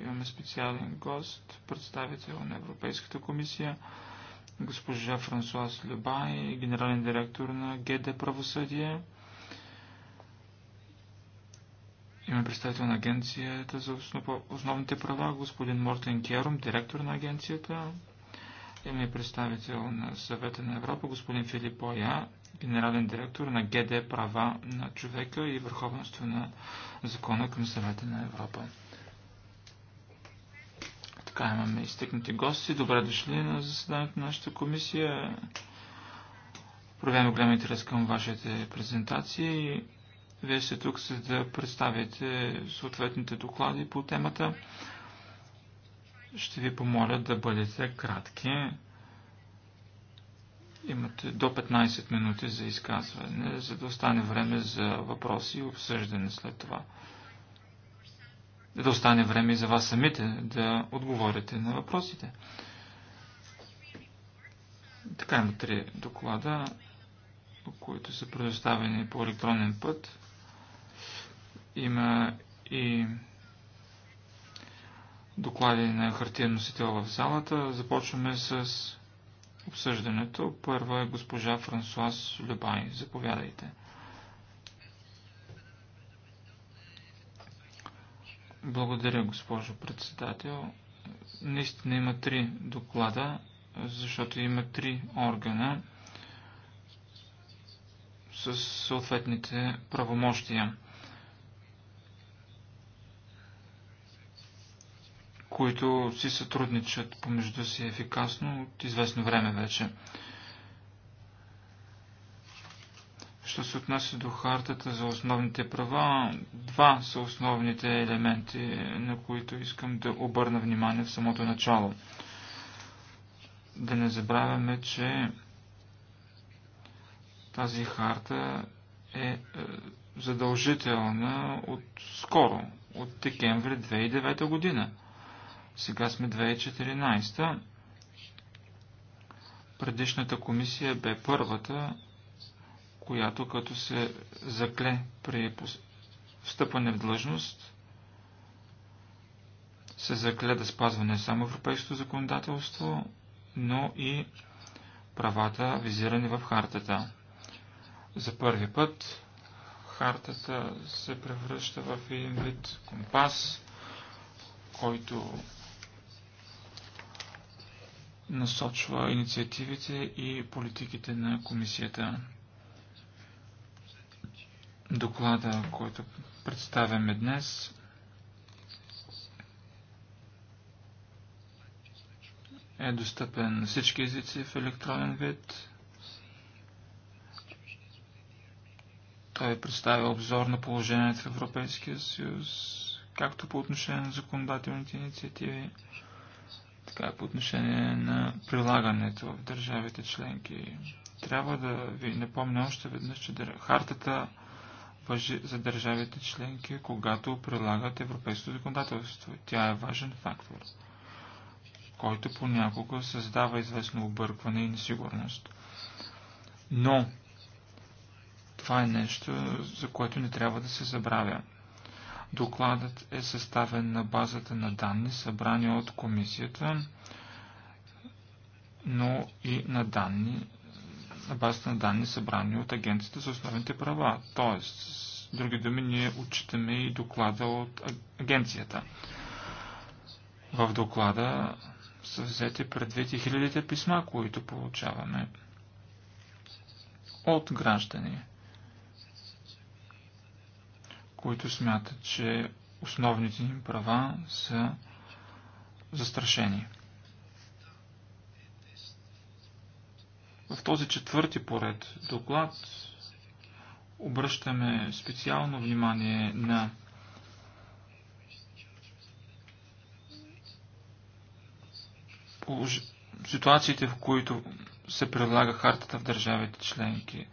Speaker 3: Имаме специален гост, представител на Европейската комисия госпожа Франсуас Любай, генерален директор на ГД Правосъдие. Има представител на Агенцията за основните права, господин Мортен Керум, директор на агенцията. Има представител на Съвета на Европа, господин Филип Оя, генерален директор на ГД Права на човека и върховенство на закона към Съвета на Европа. Така имаме изтъкнати гости. Добре дошли на заседанието на нашата комисия. Проявяваме голям интерес към вашите презентации. Вие сте тук, за да представите съответните доклади по темата. Ще ви помоля да бъдете кратки. Имате до 15 минути за изказване, за да остане време за въпроси и обсъждане след това да остане време и за вас самите да отговорите на въпросите. Така има три доклада, които са предоставени по електронен път. Има и доклади на хартиен носител в залата. Започваме с обсъждането. Първа е госпожа Франсуаз Любай. Заповядайте. Благодаря, госпожо председател. Наистина има три доклада, защото има три органа с съответните правомощия, които си сътрудничат помежду си ефикасно от известно време вече. Що се отнася до хартата за основните права, два са основните елементи, на които искам да обърна внимание в самото начало. Да не забравяме, че тази харта е, е задължителна от скоро, от декември 2009 година. Сега сме 2014. Предишната комисия бе първата, която като се закле при встъпане в длъжност, се закле да спазва не само европейското законодателство, но и правата, визирани в хартата. За първи път хартата се превръща в един вид компас, който насочва инициативите и политиките на комисията доклада, който представяме днес, е достъпен на всички езици в електронен вид. Той представя обзор на положението в Европейския съюз, както по отношение на законодателните инициативи, така и по отношение на прилагането в държавите членки. Трябва да ви напомня още веднъж, че хартата важи за държавите членки, когато прилагат европейското законодателство. Тя е важен фактор, който понякога създава известно объркване и несигурност. Но това е нещо, за което не трябва да се забравя. Докладът е съставен на базата на данни, събрани от комисията, но и на данни, на базата на данни събрани от Агенцията за основните права. Тоест, с други думи, ние отчитаме и доклада от Агенцията. В доклада са взети предвид и хилядите писма, които получаваме от граждани, които смятат, че основните им права са застрашени. В този четвърти поред доклад обръщаме специално внимание на ситуациите, в които се предлага хартата в държавите членки.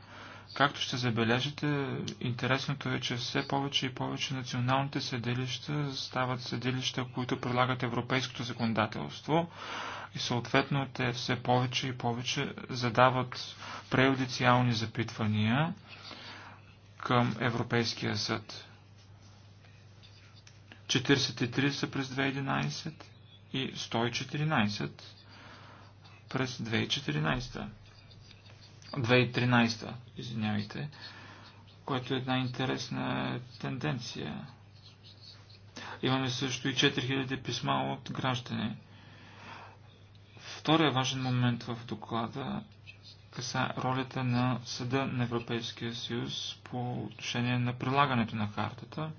Speaker 3: Както ще забележите, интересното е, че все повече и повече националните съдилища стават съдилища, които предлагат европейското законодателство, и съответно те все повече и повече задават преюдициални запитвания към Европейския съд. 43 са през 2011 и 114 през 2014. 2013, извинявайте, което е една интересна тенденция. Имаме също и 4000 писма от граждани Втория важен момент в доклада каса ролята на Съда на Европейския съюз по отношение на прилагането на картата.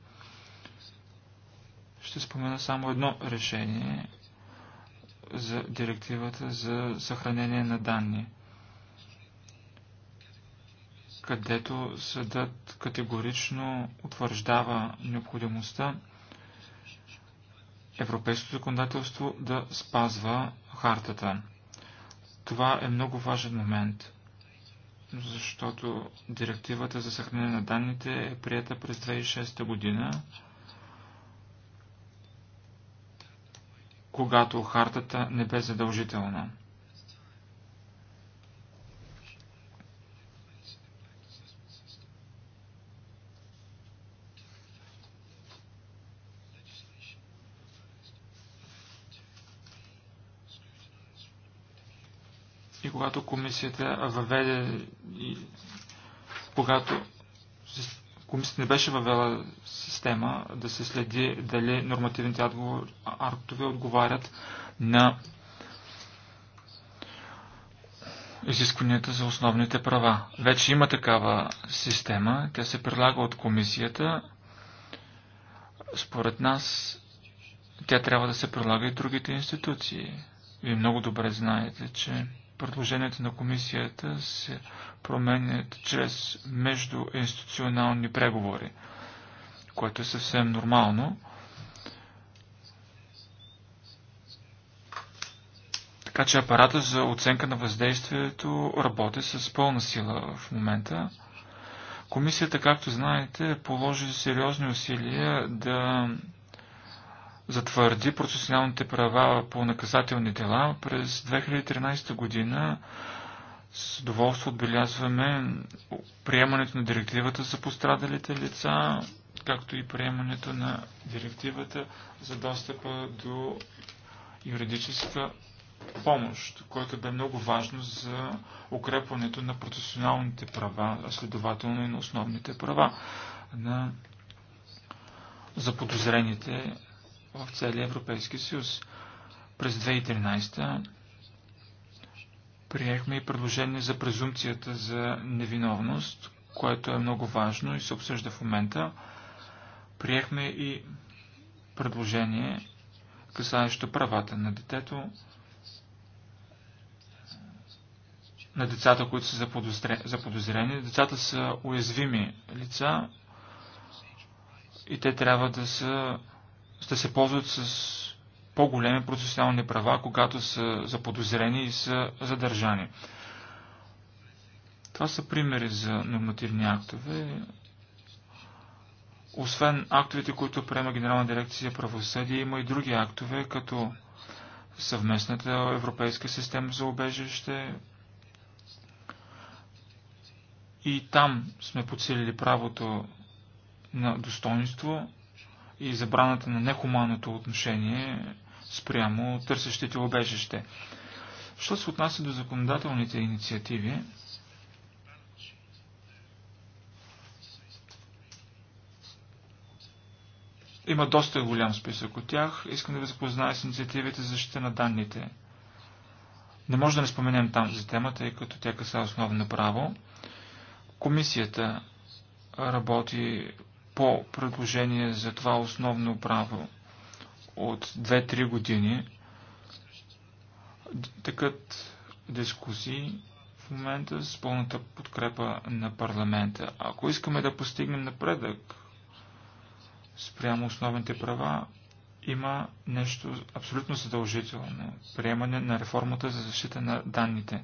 Speaker 3: Ще спомена само едно решение за директивата за съхранение на данни, където съдът категорично утвърждава необходимостта европейското законодателство да спазва хартата. Това е много важен момент, защото директивата за съхранение на данните е прията през 2006 година, когато хартата не бе задължителна. когато комисията въведе и когато комисията не беше въвела система да се следи дали нормативните актове отговарят на изискванията за основните права. Вече има такава система, тя се предлага от комисията. Според нас тя трябва да се прилага и другите институции. Вие много добре знаете, че предложенията на комисията се променят чрез междуинституционални преговори, което е съвсем нормално. Така че апарата за оценка на въздействието работи с пълна сила в момента. Комисията, както знаете, положи сериозни усилия да затвърди процесионалните права по наказателни дела. През 2013 година с удоволство отбелязваме приемането на директивата за пострадалите лица, както и приемането на директивата за достъпа до юридическа помощ, което бе много важно за укрепването на професионалните права, а следователно и на основните права на заподозрените в целия Европейски съюз. През 2013 приехме и предложение за презумпцията за невиновност, което е много важно и се обсъжда в момента. Приехме и предложение, касаещо правата на детето, на децата, които са заподозрени. Децата са уязвими лица и те трябва да са ще се ползват с по-големи процесуални права, когато са заподозрени и са задържани. Това са примери за нормативни актове. Освен актовете, които приема Генерална дирекция правосъдие, има и други актове, като съвместната европейска система за обежище. И там сме подсилили правото на достоинство и забраната на нехуманното отношение спрямо търсещите обежище. Що се отнася до законодателните инициативи, Има доста голям списък от тях. Искам да ви запозная с инициативите за защита на данните. Не може да не споменем там за темата, тъй като тя касае основно право. Комисията работи по предложение за това основно право от 2-3 години. Такът дискусии в момента с пълната подкрепа на парламента. Ако искаме да постигнем напредък спрямо основните права, има нещо абсолютно задължително. Приемане на реформата за защита на данните.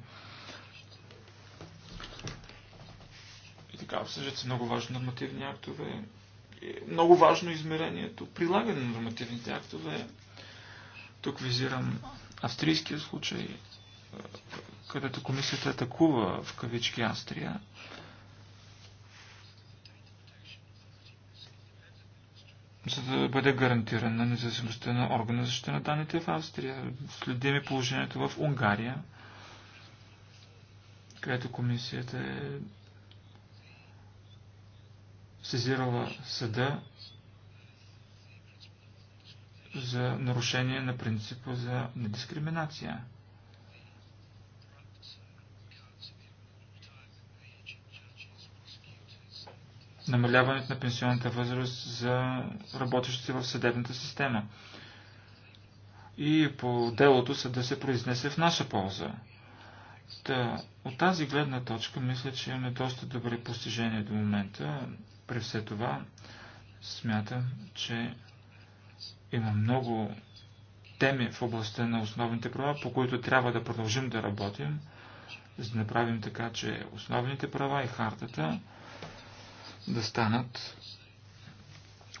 Speaker 3: И така обсъждат се много важни нормативни актове, е много важно измерението прилагане на нормативните актове. Тук визирам австрийския случай, е, където комисията атакува в кавички Австрия. за да бъде гарантирана независимостта на органа за защита на данните в Австрия. Следим и положението в Унгария, където комисията е сезирала съда за нарушение на принципа за недискриминация. Намаляването на пенсионната възраст за работещите в съдебната система. И по делото съда се произнесе в наша полза. Та, от тази гледна точка мисля, че имаме доста добри постижения до момента. При все това смятам, че има много теми в областта на основните права, по които трябва да продължим да работим, за да направим така, че основните права и хартата да станат,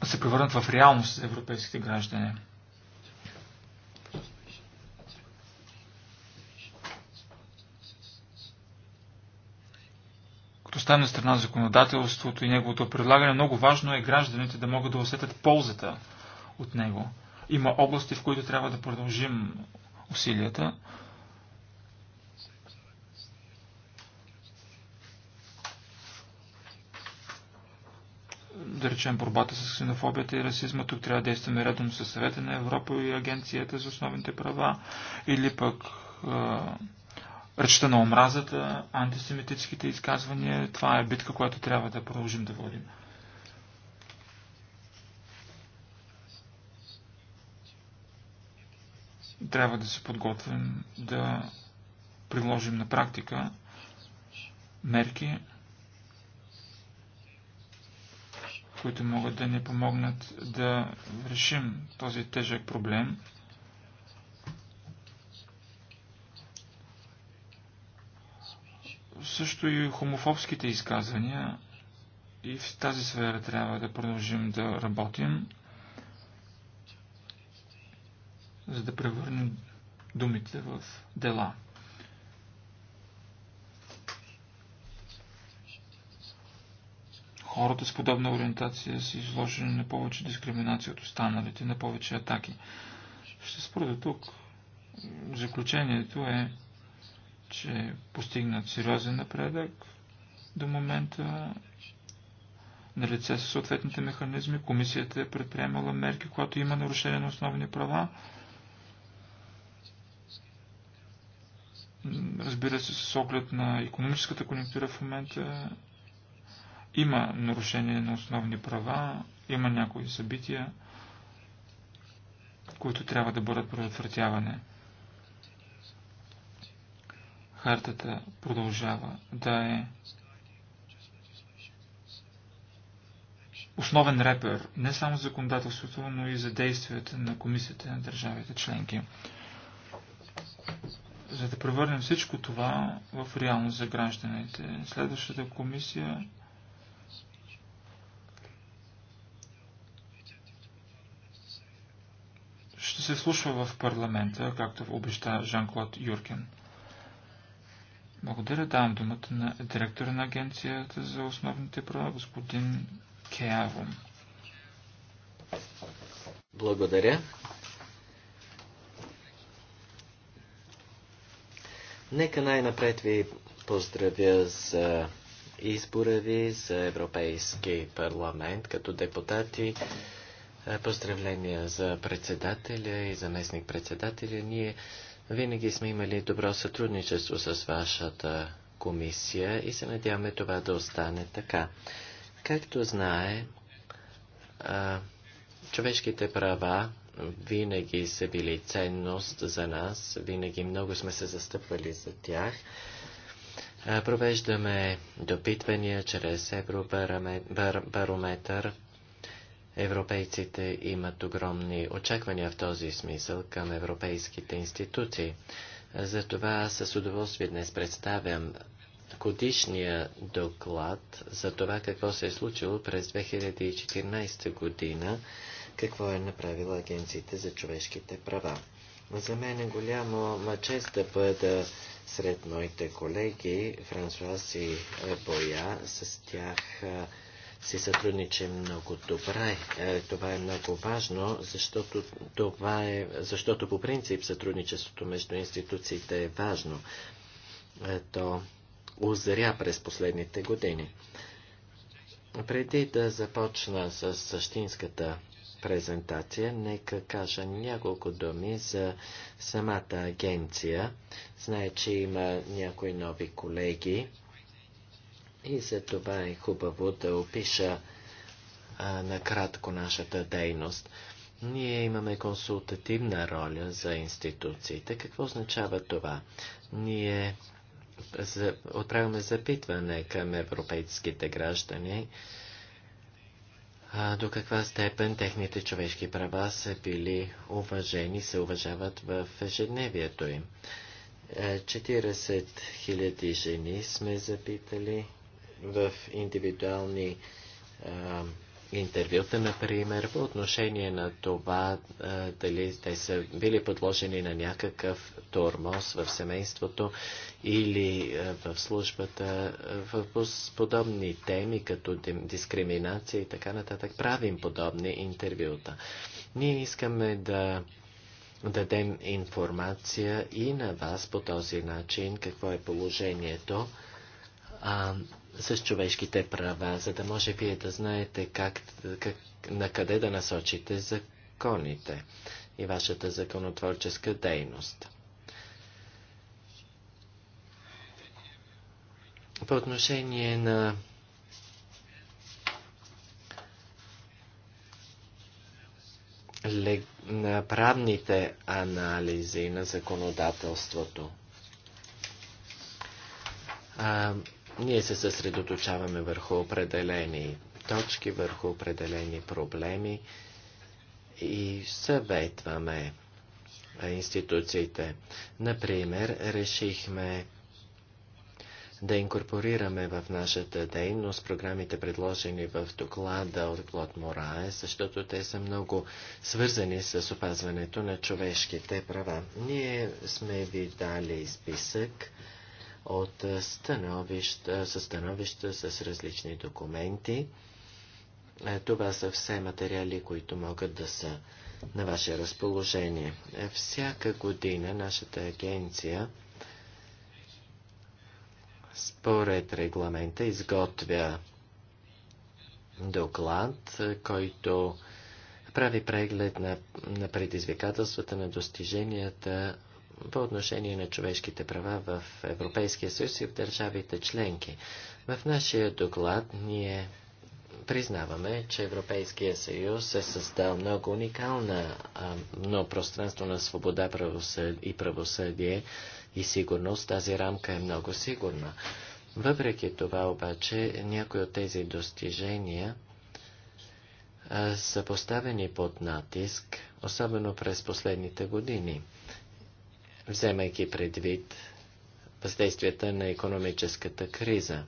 Speaker 3: да се превърнат в реалност за европейските граждани. оставим на страна законодателството и неговото предлагане, много важно е гражданите да могат да усетят ползата от него. Има области, в които трябва да продължим усилията. Да речем борбата с ксенофобията и расизма, тук трябва да действаме редом с съвета на Европа и Агенцията за основните права, или пък речта на омразата, антисемитическите изказвания. Това е битка, която трябва да продължим да водим. Трябва да се подготвим да приложим на практика мерки, които могат да ни помогнат да решим този тежък проблем – Също и хомофобските изказвания и в тази сфера трябва да продължим да работим, за да превърнем думите в дела. Хората с подобна ориентация са изложени на повече дискриминация от останалите, на повече атаки. Ще спра до тук. Заключението е, че е постигнат сериозен напредък до момента. На лице са съответните механизми. Комисията е предприемала мерки, когато има нарушение на основни права. Разбира се, с оглед на економическата конъюнктура в момента има нарушение на основни права, има някои събития, които трябва да бъдат предотвратяване. Картата продължава да е основен репер не само за законодателството, но и за действията на комисията на държавите членки. За да превърнем всичко това в реалност за гражданите, следващата комисия ще се слушва в парламента, както обеща Жан-Клод Юркен. Благодаря. Давам думата на директора на Агенцията за основните права, господин Кеаво.
Speaker 2: Благодаря. Нека най-напред ви поздравя за избора ви за Европейски парламент като депутати. Е, поздравления за председателя и заместник председателя. Ние винаги сме имали добро сътрудничество с вашата комисия и се надяваме това да остане така. Както знае, човешките права винаги са били ценност за нас, винаги много сме се застъпвали за тях. провеждаме допитвания чрез Евробарометър. Бар, Европейците имат огромни очаквания в този смисъл към европейските институции. Затова с удоволствие днес представям годишния доклад за това какво се е случило през 2014 година, какво е направила Агенцията за човешките права. За мен е голямо чест да бъда сред моите колеги Франсуаз и Боя. С тях си сътрудничим много добре. Е, това е много важно, защото, това е, защото по принцип сътрудничеството между институциите е важно. Е, то озря през последните години. Преди да започна с същинската презентация, нека кажа няколко думи за самата агенция. Знае, че има някои нови колеги и за това е хубаво да опиша а, накратко нашата дейност. Ние имаме консултативна роля за институциите. Какво означава това? Ние отправяме запитване към европейските граждани а, до каква степен техните човешки права са били уважени, се уважават в ежедневието им. 40 е, 000 жени сме запитали в индивидуални а, интервюта, например, по отношение на това а, дали те са били подложени на някакъв тормоз в семейството или а, в службата, а, в подобни теми, като дискриминация и така нататък, правим подобни интервюта. Ние искаме да дадем информация и на вас по този начин, какво е положението. А, с човешките права, за да може вие да знаете как, как, на къде да насочите законите и вашата законотворческа дейност. По отношение на на правните анализи на законодателството. Ние се съсредоточаваме върху определени точки, върху определени проблеми и съветваме институциите. Например, решихме да инкорпорираме в нашата дейност програмите, предложени в доклада от Глот Морае, защото те са много свързани с опазването на човешките права. Ние сме ви дали списък от становища, становища, с различни документи. Е, това са все материали, които могат да са на ваше разположение. Е, всяка година нашата агенция според регламента изготвя доклад, е, който прави преглед на, на предизвикателствата, на достиженията по отношение на човешките права в Европейския съюз и в държавите членки. В нашия доклад ние признаваме, че Европейския съюз е създал много уникална но пространство на свобода и правосъдие и сигурност. Тази рамка е много сигурна. Въпреки това обаче някои от тези достижения са поставени под натиск, особено през последните години вземайки предвид въздействията на економическата криза.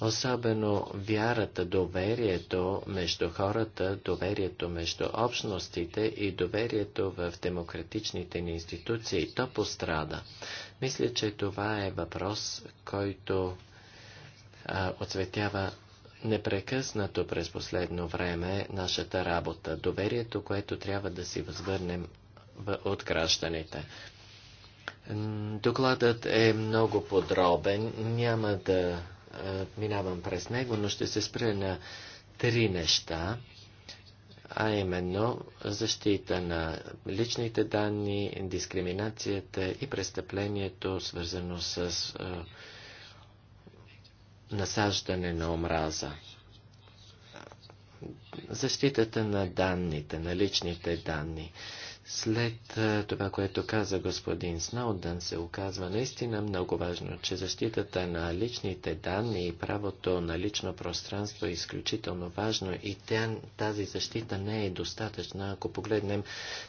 Speaker 2: Особено вярата, доверието между хората, доверието между общностите и доверието в демократичните ни институции, то пострада. Мисля, че това е въпрос, който а, оцветява непрекъснато през последно време нашата работа, доверието, което трябва да си възвърнем в, от гражданите. Докладът е много подробен. Няма да минавам през него, но ще се спре на три неща, а именно защита на личните данни, дискриминацията и престъплението, свързано с насаждане на омраза. Защитата на данните, на личните данни. След това, което каза господин Сноудън, се оказва наистина много важно, че защитата на личните данни и правото на лично пространство е изключително важно и тази защита не е достатъчна, ако погледнем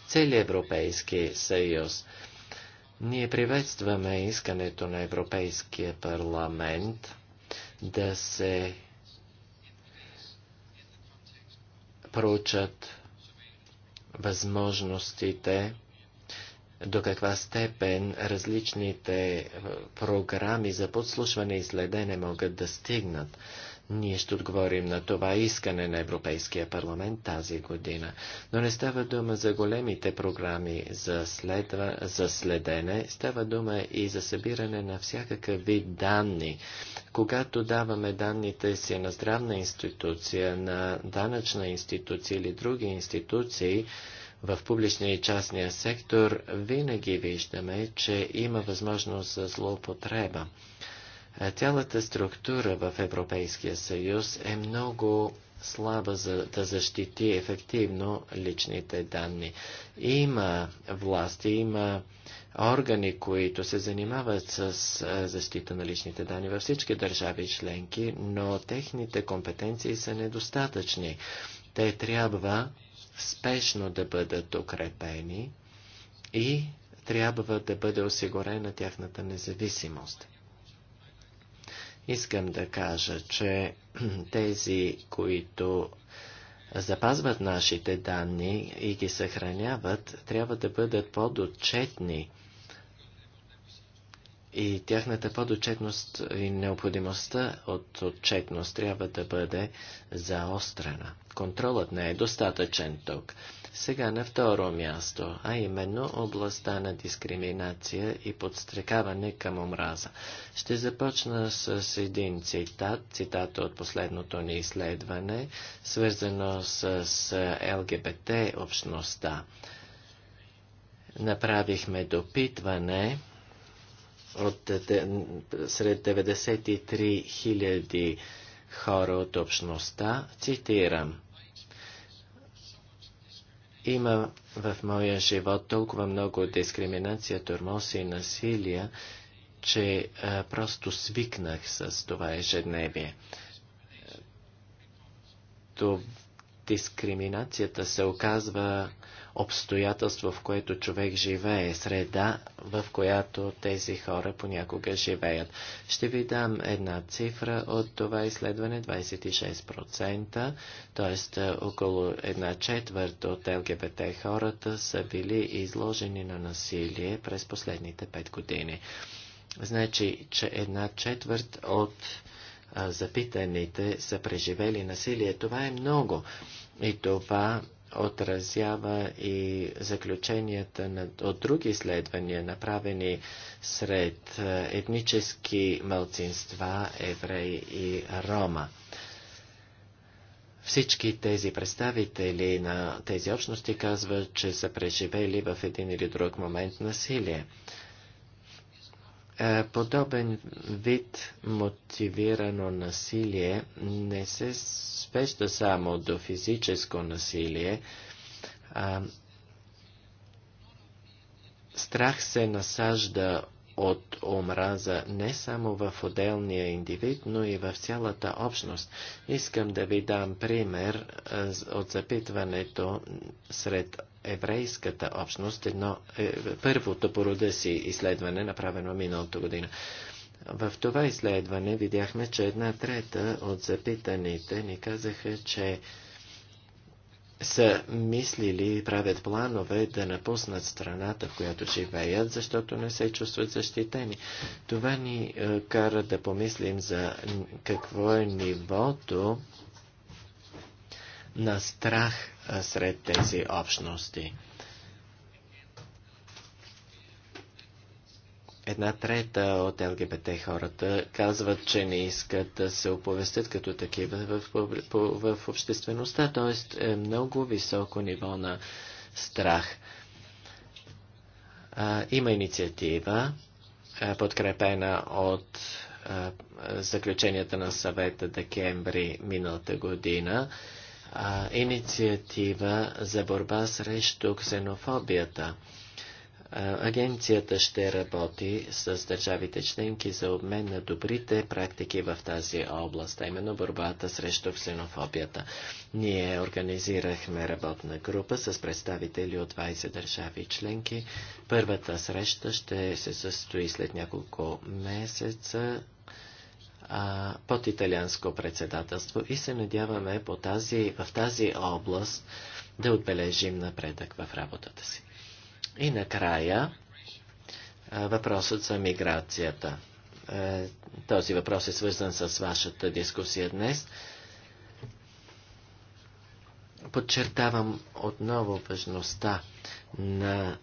Speaker 2: целият Европейски съюз. Ние приветстваме искането на Европейския парламент да се проучат възможностите, до каква степен различните програми за подслушване и следене могат да стигнат ние ще отговорим на това искане на Европейския парламент тази година. Но не става дума за големите програми за, следва, за следене, става дума и за събиране на всякакъв вид данни. Когато даваме данните си на здравна институция, на данъчна институция или други институции, в публичния и частния сектор винаги виждаме, че има възможност за злоупотреба. Е, цялата структура в Европейския съюз е много слаба за да защити ефективно личните данни. Има власти, има органи, които се занимават с е, защита на личните данни във всички държави членки, но техните компетенции са недостатъчни. Те трябва спешно да бъдат укрепени и трябва да бъде осигурена тяхната независимост. Искам да кажа, че тези, които запазват нашите данни и ги съхраняват, трябва да бъдат подотчетни. И тяхната подотчетност и необходимостта от отчетност трябва да бъде заострена. Контролът не е достатъчен тук. Сега на второ място, а именно областта на дискриминация и подстрекаване към омраза. Ще започна с един цитат, цитата от последното ни изследване, свързано с ЛГБТ общността. Направихме допитване от, сред 93 000 хора от общността, цитирам – има в моя живот толкова много дискриминация, тормоз и насилие, че а, просто свикнах с това ежедневие. То дискриминацията се оказва обстоятелство, в което човек живее, среда, в която тези хора понякога живеят. Ще ви дам една цифра от това изследване 26%, т.е. около една четвърт от ЛГБТ хората са били изложени на насилие през последните 5 години. Значи, че една четвърт от запитаните са преживели насилие. Това е много. И това отразява и заключенията на, от други изследвания, направени сред е, етнически мълцинства, евреи и рома. Всички тези представители на тези общности казват, че са преживели в един или друг момент насилие. Е, подобен вид мотивирано насилие не се свежда само до физическо насилие, а страх се насажда от омраза не само в отделния индивид, но и в цялата общност. Искам да ви дам пример от запитването сред еврейската общност, едно, е, първото по рода си изследване, направено миналата година. В това изследване видяхме, че една трета от запитаните ни казаха, че са мислили и правят планове да напуснат страната, в която живеят, защото не се чувстват защитени. Това ни е, кара да помислим за какво е нивото на страх сред тези общности. Една трета от ЛГБТ хората казват, че не искат да се оповестят като такива в, в, в, обществеността, т.е. е много високо ниво на страх. А, има инициатива, подкрепена от а, заключенията на съвета декември миналата година, а, инициатива за борба срещу ксенофобията. Агенцията ще работи с държавите членки за обмен на добрите практики в тази област, а именно борбата срещу ксенофобията. Ние организирахме работна група с представители от 20 държави членки. Първата среща ще се състои след няколко месеца под италианско председателство и се надяваме по тази, в тази област да отбележим напредък в работата си. И накрая въпросът за миграцията. Този въпрос е свързан с вашата дискусия днес. Подчертавам отново важността на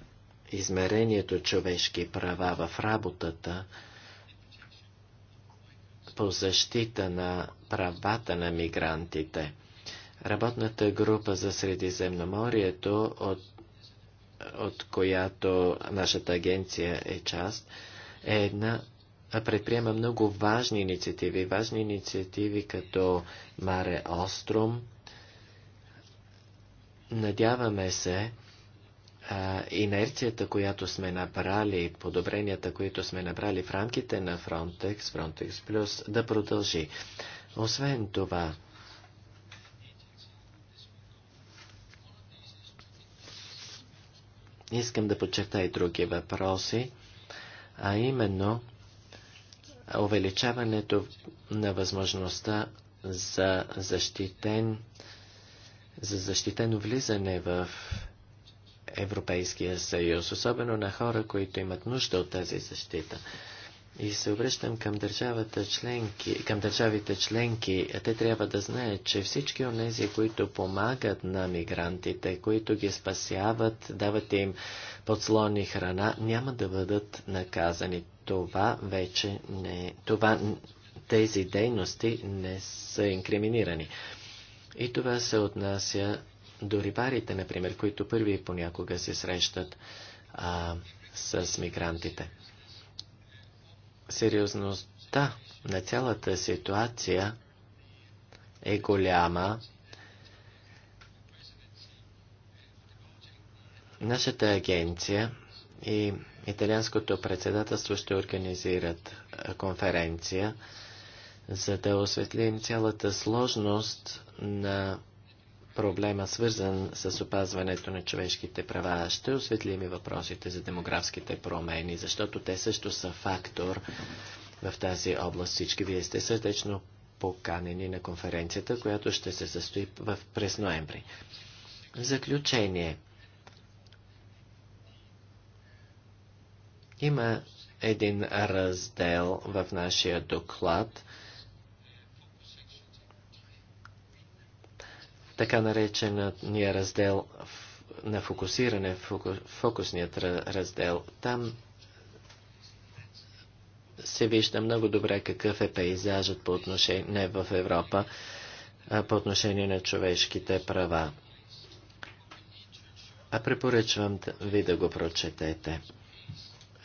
Speaker 2: измерението човешки права в работата по защита на правата на мигрантите. Работната група за Средиземноморието от от която нашата агенция е част, е една предприема много важни инициативи. Важни инициативи като Маре Остром. Надяваме се, а, инерцията, която сме набрали, подобренията, които сме набрали в рамките на Frontex, Frontex Plus, да продължи. Освен това, Искам да подчертая и други въпроси, а именно увеличаването на възможността за, защитен, за защитено влизане в Европейския съюз, особено на хора, които имат нужда от тази защита. И се обръщам към, държавата членки, към държавите членки. Те трябва да знаят, че всички от тези, които помагат на мигрантите, които ги спасяват, дават им подслони храна, няма да бъдат наказани. Това вече не... Това, тези дейности не са инкриминирани. И това се отнася до рибарите, например, които първи понякога се срещат а, с мигрантите сериозността на цялата ситуация е голяма. Нашата агенция и Италианското председателство ще организират конференция, за да осветлим цялата сложност на проблема, свързан с опазването на човешките права. Ще осветлим и въпросите за демографските промени, защото те също са фактор в тази област. Всички вие сте сърдечно поканени на конференцията, която ще се състои в, през ноември. В заключение, има един раздел в нашия доклад – така наречения раздел на фокусиране, фокусният раздел. Там се вижда много добре какъв е пейзажът по отношение, не в Европа а по отношение на човешките права. А препоръчвам ви да го прочетете.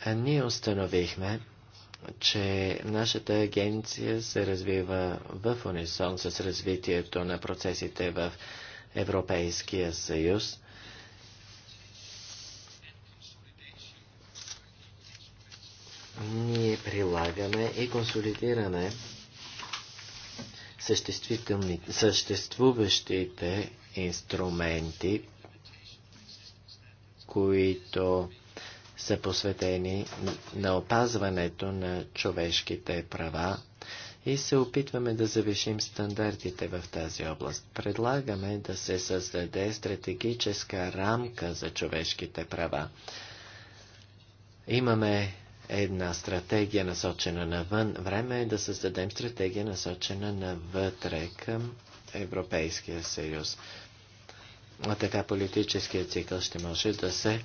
Speaker 2: А ние установихме, че нашата агенция се развива в унисон с развитието на процесите в Европейския съюз. Ние прилагаме и консолидираме съществуващите инструменти, които са посветени на опазването на човешките права и се опитваме да завишим стандартите в тази област. Предлагаме да се създаде стратегическа рамка за човешките права. Имаме една стратегия насочена навън. Време е да създадем стратегия насочена навътре към Европейския съюз. А така политическият цикъл ще може да се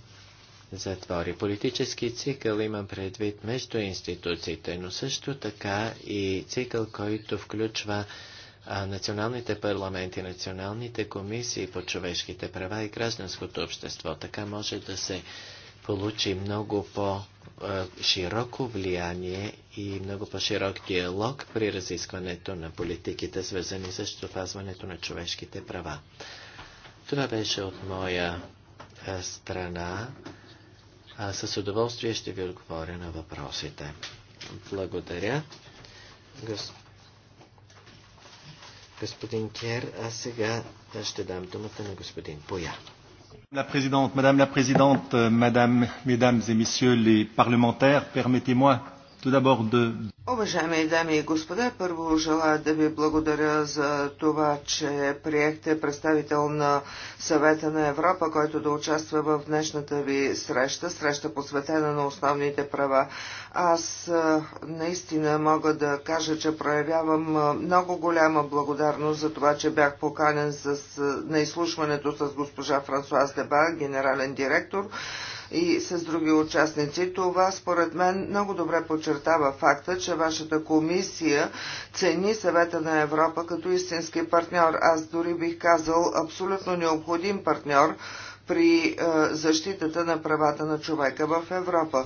Speaker 2: затвори. Политически цикъл имам предвид между институциите, но също така и цикъл, който включва а, националните парламенти, националните комисии по човешките права и гражданското общество. Така може да се получи много по-широко влияние и много по-широк диалог при разискването на политиките, свързани с опазването на човешките права. Това беше от моя страна. А с удоволствие ще ви отговоря на въпросите. Благодаря. Гос... Господин Кер, а сега ще дам думата на господин Поя.
Speaker 3: La présidente, madame la présidente, euh, madame, mesdames et messieurs les parlementaires, permettez-moi
Speaker 4: Уважаеми дами и господа, първо желая да ви благодаря за това, че приехте представител на съвета на Европа, който да участва в днешната ви среща, среща посветена на основните права. Аз наистина мога да кажа, че проявявам много голяма благодарност за това, че бях поканен с, на изслушването с госпожа Франсуаз Деба, генерален директор и с други участници. Това според мен много добре подчертава факта, че вашата комисия цени съвета на Европа като истински партньор. Аз дори бих казал абсолютно необходим партньор при е, защитата на правата на човека в Европа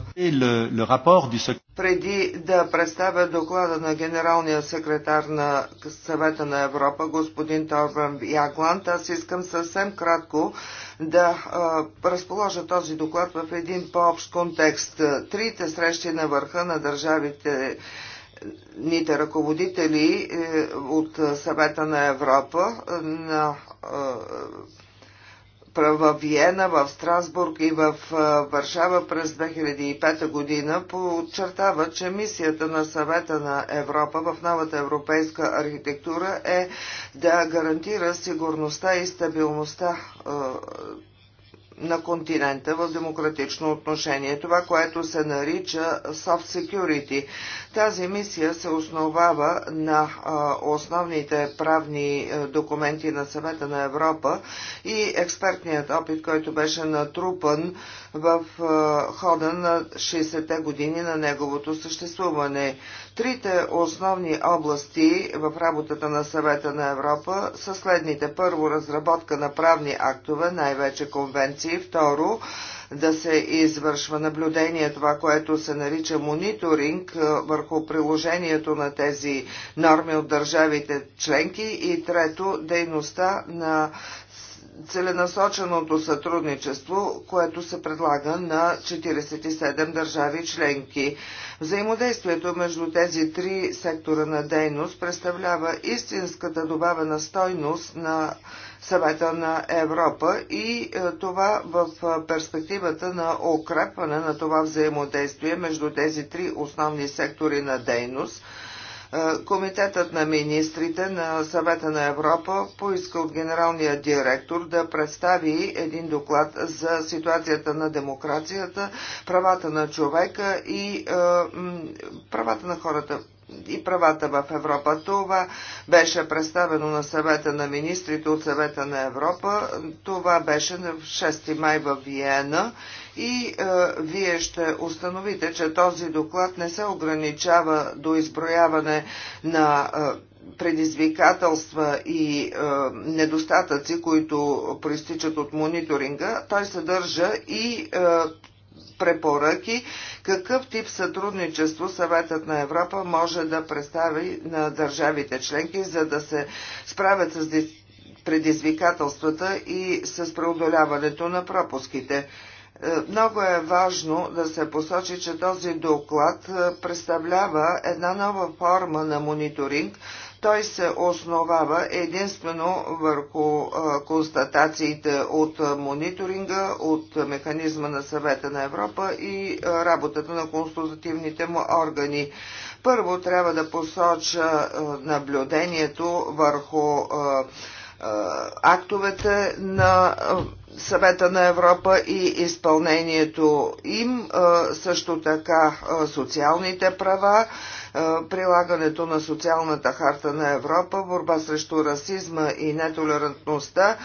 Speaker 4: преди да представя доклада на генералния секретар на съвета на Европа, господин Торбен Ягланд, аз искам съвсем кратко да а, разположа този доклад в един по-общ контекст. Трите срещи на върха на държавите ните ръководители е, от съвета на Европа на в Виена, в Страсбург и в Варшава през 2005 година подчертава, че мисията на съвета на Европа в новата европейска архитектура е да гарантира сигурността и стабилността на континента в демократично отношение. Това, което се нарича soft security. Тази мисия се основава на основните правни документи на съвета на Европа и експертният опит, който беше натрупан в хода на 60-те години на неговото съществуване. Трите основни области в работата на съвета на Европа са следните. Първо, разработка на правни актове, най-вече конвенции. Второ, да се извършва наблюдение, това, което се нарича мониторинг е, върху приложението на тези норми от държавите членки и трето дейността на целенасоченото сътрудничество, което се предлага на 47 държави членки. Взаимодействието между тези три сектора на дейност представлява истинската добавена стойност на съвета на Европа и е, това в перспективата на укрепване на това взаимодействие между тези три основни сектори на дейност – е, комитетът на министрите на съвета на Европа поиска от генералния директор да представи един доклад за ситуацията на демокрацията, правата на човека и е, правата на хората и правата в Европа. Това беше представено на съвета на министрите от съвета на Европа. Това беше на 6 май в Виена и е, вие ще установите, че този доклад не се ограничава до изброяване на е, предизвикателства и е, недостатъци, които проистичат от мониторинга. Той съдържа и е, препоръки какъв тип сътрудничество съветът на Европа може да представи на държавите членки, за да се справят с предизвикателствата и с преодоляването на пропуските. Е, много е важно да се посочи, че този доклад е, представлява една нова форма на мониторинг. Той се основава единствено върху е, констатациите от мониторинга, от механизма на съвета на Европа и работата на консултативните му органи. Първо трябва да посоча наблюдението върху актовете на съвета на Европа и изпълнението им, също така социалните права, прилагането на социалната харта на Европа, борба срещу расизма и нетолерантността,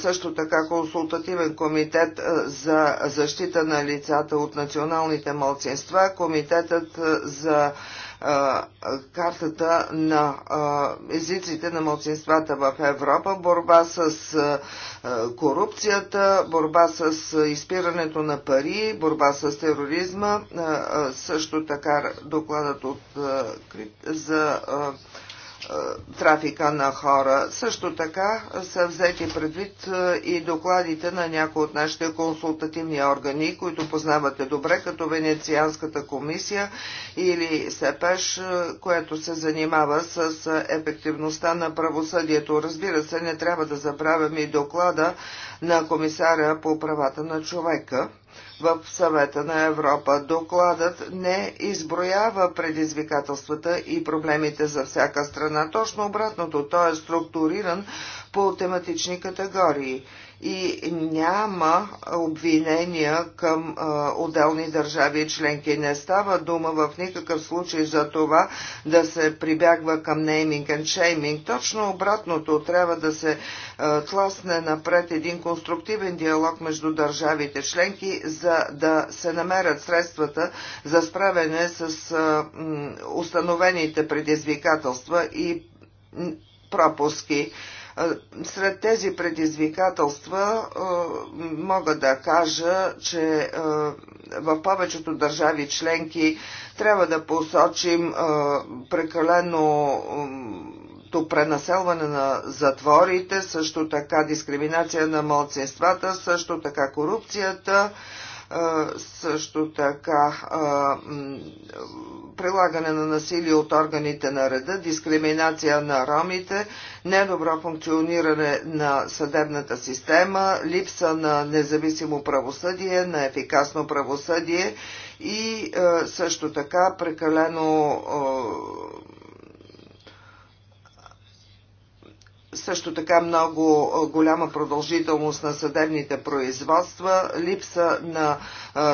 Speaker 4: също така консултативен комитет за защита на лицата от националните малцинства, комитетът за картата на езиците на младсинствата в Европа, борба с корупцията, борба с изпирането на пари, борба с тероризма, също така докладът от за е, трафика на хора. Също така са взети предвид е, и докладите на някои от нашите консултативни органи, които познавате добре, като Венецианската комисия или СЕПЕШ, е, което се занимава с ефективността на правосъдието. Разбира се, не трябва да забравяме и доклада на комисаря по правата на човека в съвета на Европа. Докладът не изброява предизвикателствата и проблемите за всяка страна. Точно обратното, той е структуриран по тематични категории и няма обвинения към а, отделни държави и членки. Не става дума в никакъв случай за това да се прибягва към нейминг и шейминг. Точно обратното трябва да се а, тласне напред един конструктивен диалог между държавите членки, за да се намерят средствата за справяне с а, м, установените предизвикателства и пропуски. Сред тези предизвикателства мога да кажа, че в повечето държави членки трябва да посочим прекалено пренаселване на затворите, също така дискриминация на младсинствата, също така корупцията, също така прилагане на насилие от органите на реда, дискриминация на ромите, недобро функциониране на съдебната система, липса на независимо правосъдие, на ефикасно правосъдие и също така прекалено също така много голяма продължителност на съдебните производства, липса на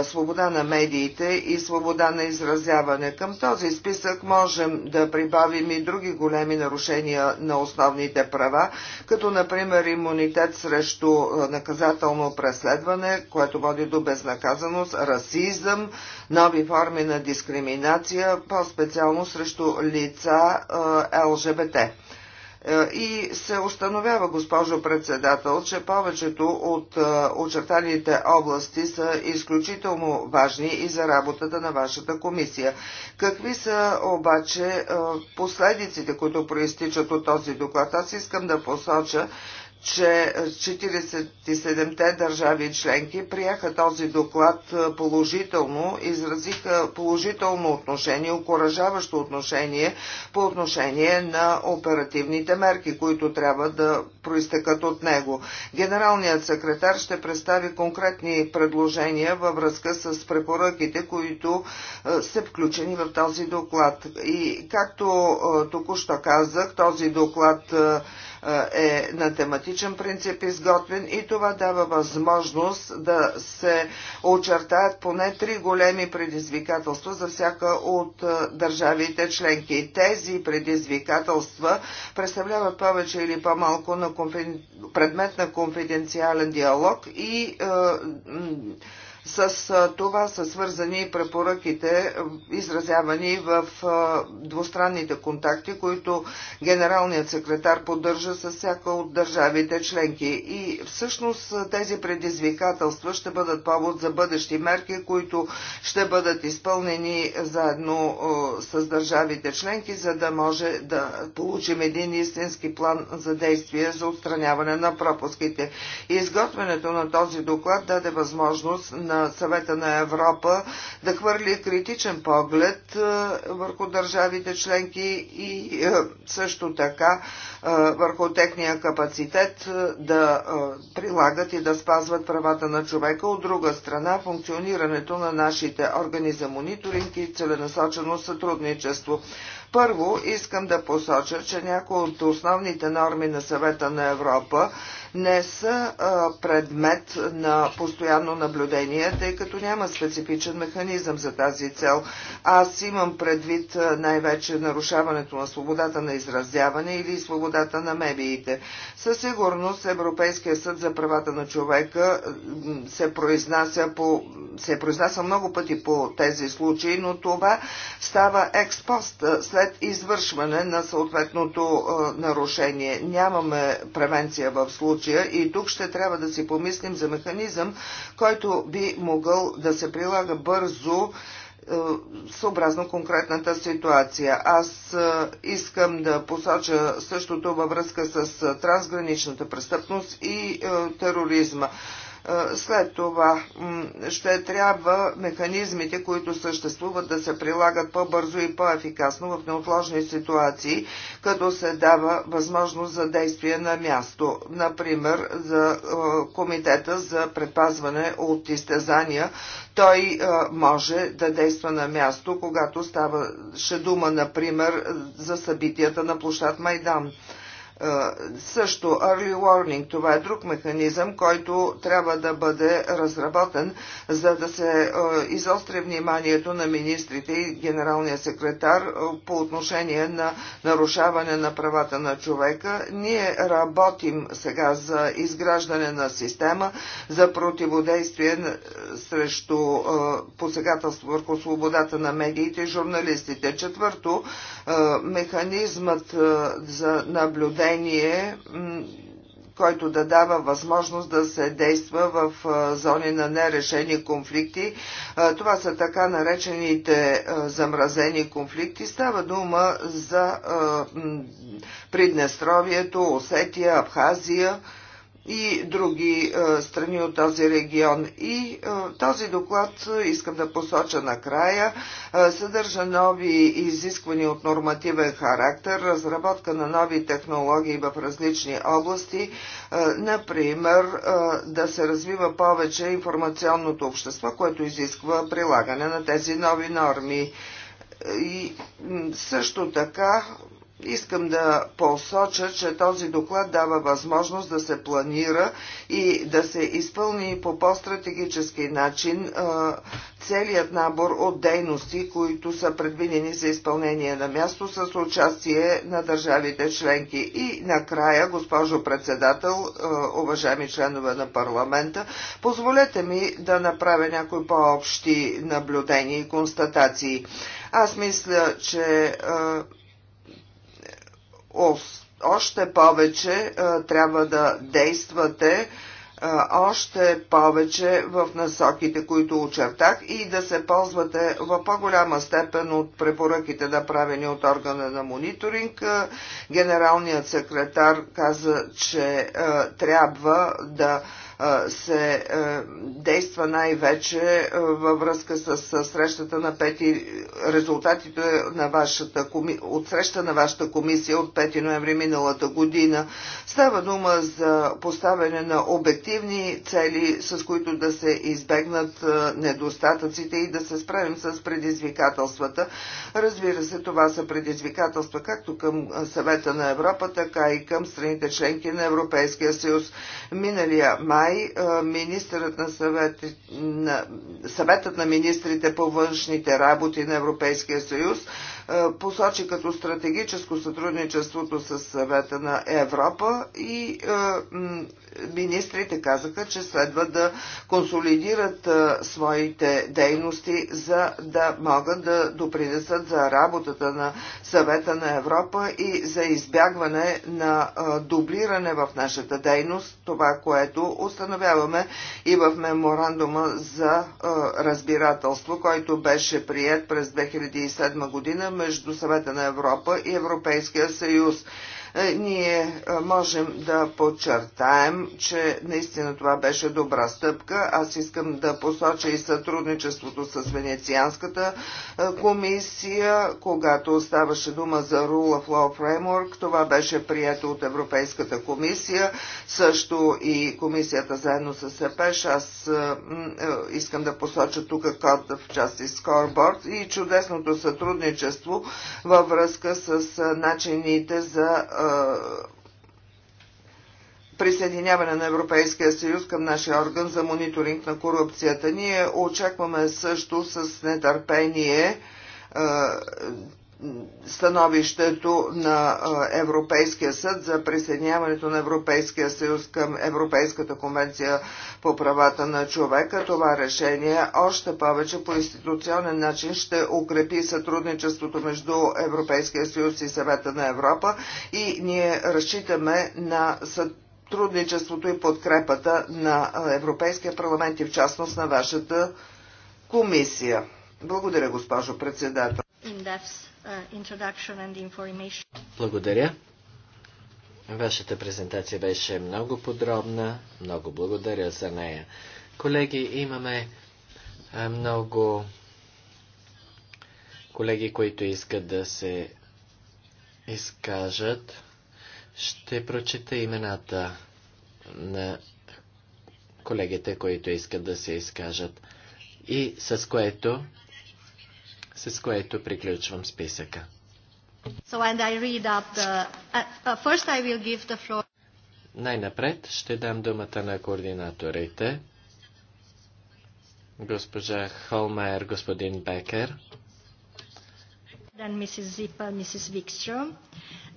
Speaker 4: свобода на медиите и свобода на изразяване. Към този списък можем да прибавим и други големи нарушения на основните права, като например имунитет срещу наказателно преследване, което води до безнаказаност, расизъм, нови форми на дискриминация, по-специално срещу лица ЛЖБТ. Е, и се установява, госпожо председател, че повечето от е, очертаните области са изключително важни и за работата на вашата комисия. Какви са обаче е, последиците, които проистичат от този доклад? Аз искам да посоча, че 47-те държави членки приеха този доклад положително, изразиха положително отношение, окоръжаващо отношение по отношение на оперативните мерки, които трябва да проистъкат от него. Генералният секретар ще представи конкретни предложения във връзка с препоръките, които са включени в този доклад. И както току-що казах, този доклад е на тематичен принцип изготвен и това дава възможност да се очертаят поне три големи предизвикателства за всяка от държавите членки. Тези предизвикателства представляват повече или по-малко на конфиден... предмет на конфиденциален диалог и е, с това са свързани и препоръките, изразявани в двустранните контакти, които генералният секретар поддържа с всяка от държавите членки. И всъщност тези предизвикателства ще бъдат повод за бъдещи мерки, които ще бъдат изпълнени заедно с държавите членки, за да може да получим един истински план за действие за отстраняване на пропуските. И изготвянето на този доклад даде възможност на на съвета на Европа да хвърли критичен поглед е, върху държавите членки и е, също така е, върху техния капацитет да прилагат и да спазват правата на човека. От друга страна, функционирането на нашите органи за мониторинг и целенасочено сътрудничество. Първо, искам да посоча, че някои от основните норми на съвета на Европа не са предмет на постоянно наблюдение, тъй като няма специфичен механизъм за тази цел. Аз имам предвид най-вече нарушаването на свободата на изразяване или свободата на медиите. Със сигурност Европейския съд за правата на човека се произнася, по, се произнася много пъти по тези случаи, но това става експост след извършване на съответното нарушение. Нямаме превенция в случая случая и тук ще трябва да си помислим за механизъм, който би могъл да се прилага бързо е, съобразно конкретната ситуация. Аз е, искам да посоча същото във връзка с е, трансграничната престъпност и тероризма. След това ще трябва механизмите, които съществуват, да се прилагат по-бързо и по-ефикасно в неотложни ситуации, като се дава възможност за действие на място. Например, за Комитета за предпазване от изтезания. Той може да действа на място, когато ставаше дума, например, за събитията на площад Майдан. Е, също early warning, това е друг механизъм, който трябва да бъде разработен, за да се е, изостри вниманието на министрите и генералния секретар е, по отношение на нарушаване на правата на човека. Ние работим сега за изграждане на система за противодействие срещу посегателство върху свободата на медиите и журналистите. Четвърто, механизмът за наблюдение определение, който да дава възможност да се действа в зони на нерешени конфликти. Това са така наречените замразени конфликти. Става дума за Приднестровието, Осетия, Абхазия – и други е, страни от този регион. И е, този доклад, е, искам да посоча накрая, съдържа нови изисквания от нормативен характер, разработка на нови технологии в различни области, например да се развива повече информационното общество, което изисква прилагане на тези нови норми. И също така Искам да посоча, че този доклад дава възможност да се планира и да се изпълни по по-стратегически начин целият набор от дейности, които са предвидени за изпълнение на място с участие на държавите членки. И накрая, госпожо председател, уважаеми членове на парламента, позволете ми да направя някои по-общи наблюдения и констатации. Аз мисля, че още повече е, трябва да действате е, още повече в насоките, които очертах и да се ползвате в по-голяма степен от препоръките, направени от органа на мониторинг. Е, генералният секретар каза, че трябва да се действа най-вече във връзка с срещата на пети, резултатите на вашата, от среща на вашата комисия от 5 ноември миналата година. Става дума за поставяне на обективни цели, с които да се избегнат недостатъците и да се справим с предизвикателствата. Разбира се, това са предизвикателства както към съвета на Европа, така и към страните членки на Европейския съюз. Миналия май май министърът на съвет, на, съветът на министрите по външните работи на Европейския съюз е, посочи като стратегическо сътрудничеството с съвета на Европа и е, министрите казаха, че следва да консолидират е, своите дейности, за да могат да допринесат за работата на съвета на Европа и за избягване на дублиране в нашата дейност, това, което установяваме и в меморандума за разбирателство, който беше прият през 2007 година между Съвета на Европа и Европейския съюз. Е, ние е, можем да подчертаем, че наистина това беше добра стъпка. Аз искам да посоча и сътрудничеството с Венецианската е, комисия, когато ставаше дума за Rule of Law Framework. Това беше прието от Европейската комисия, също и комисията заедно с ЕПЕШ, Аз искам да посоча тук код в части Scoreboard и чудесното сътрудничество във връзка с начините за присъединяване на Европейския съюз към нашия орган за мониторинг на корупцията. Ние очакваме също с нетърпение становището на Европейския съд за присъединяването на Европейския съюз към Европейската конвенция по правата на човека. Това решение още повече по институционен начин ще укрепи сътрудничеството между Европейския съюз и съвета на Европа и ние разчитаме на съд трудничеството и подкрепата на Европейския парламент и в частност на вашата комисия. Благодаря, госпожо председател.
Speaker 1: Индекс. Uh,
Speaker 4: благодаря. Вашата презентация
Speaker 2: беше много подробна. Много благодаря за нея. Колеги, имаме много колеги, които искат да се изкажат. Ще прочета имената на колегите, които искат да се изкажат и с което с което приключвам списъка.
Speaker 1: So, Uh, uh floor...
Speaker 2: Най-напред ще дам думата на координаторите. Госпожа Холмайер, господин Бекер.
Speaker 1: Then Zipa,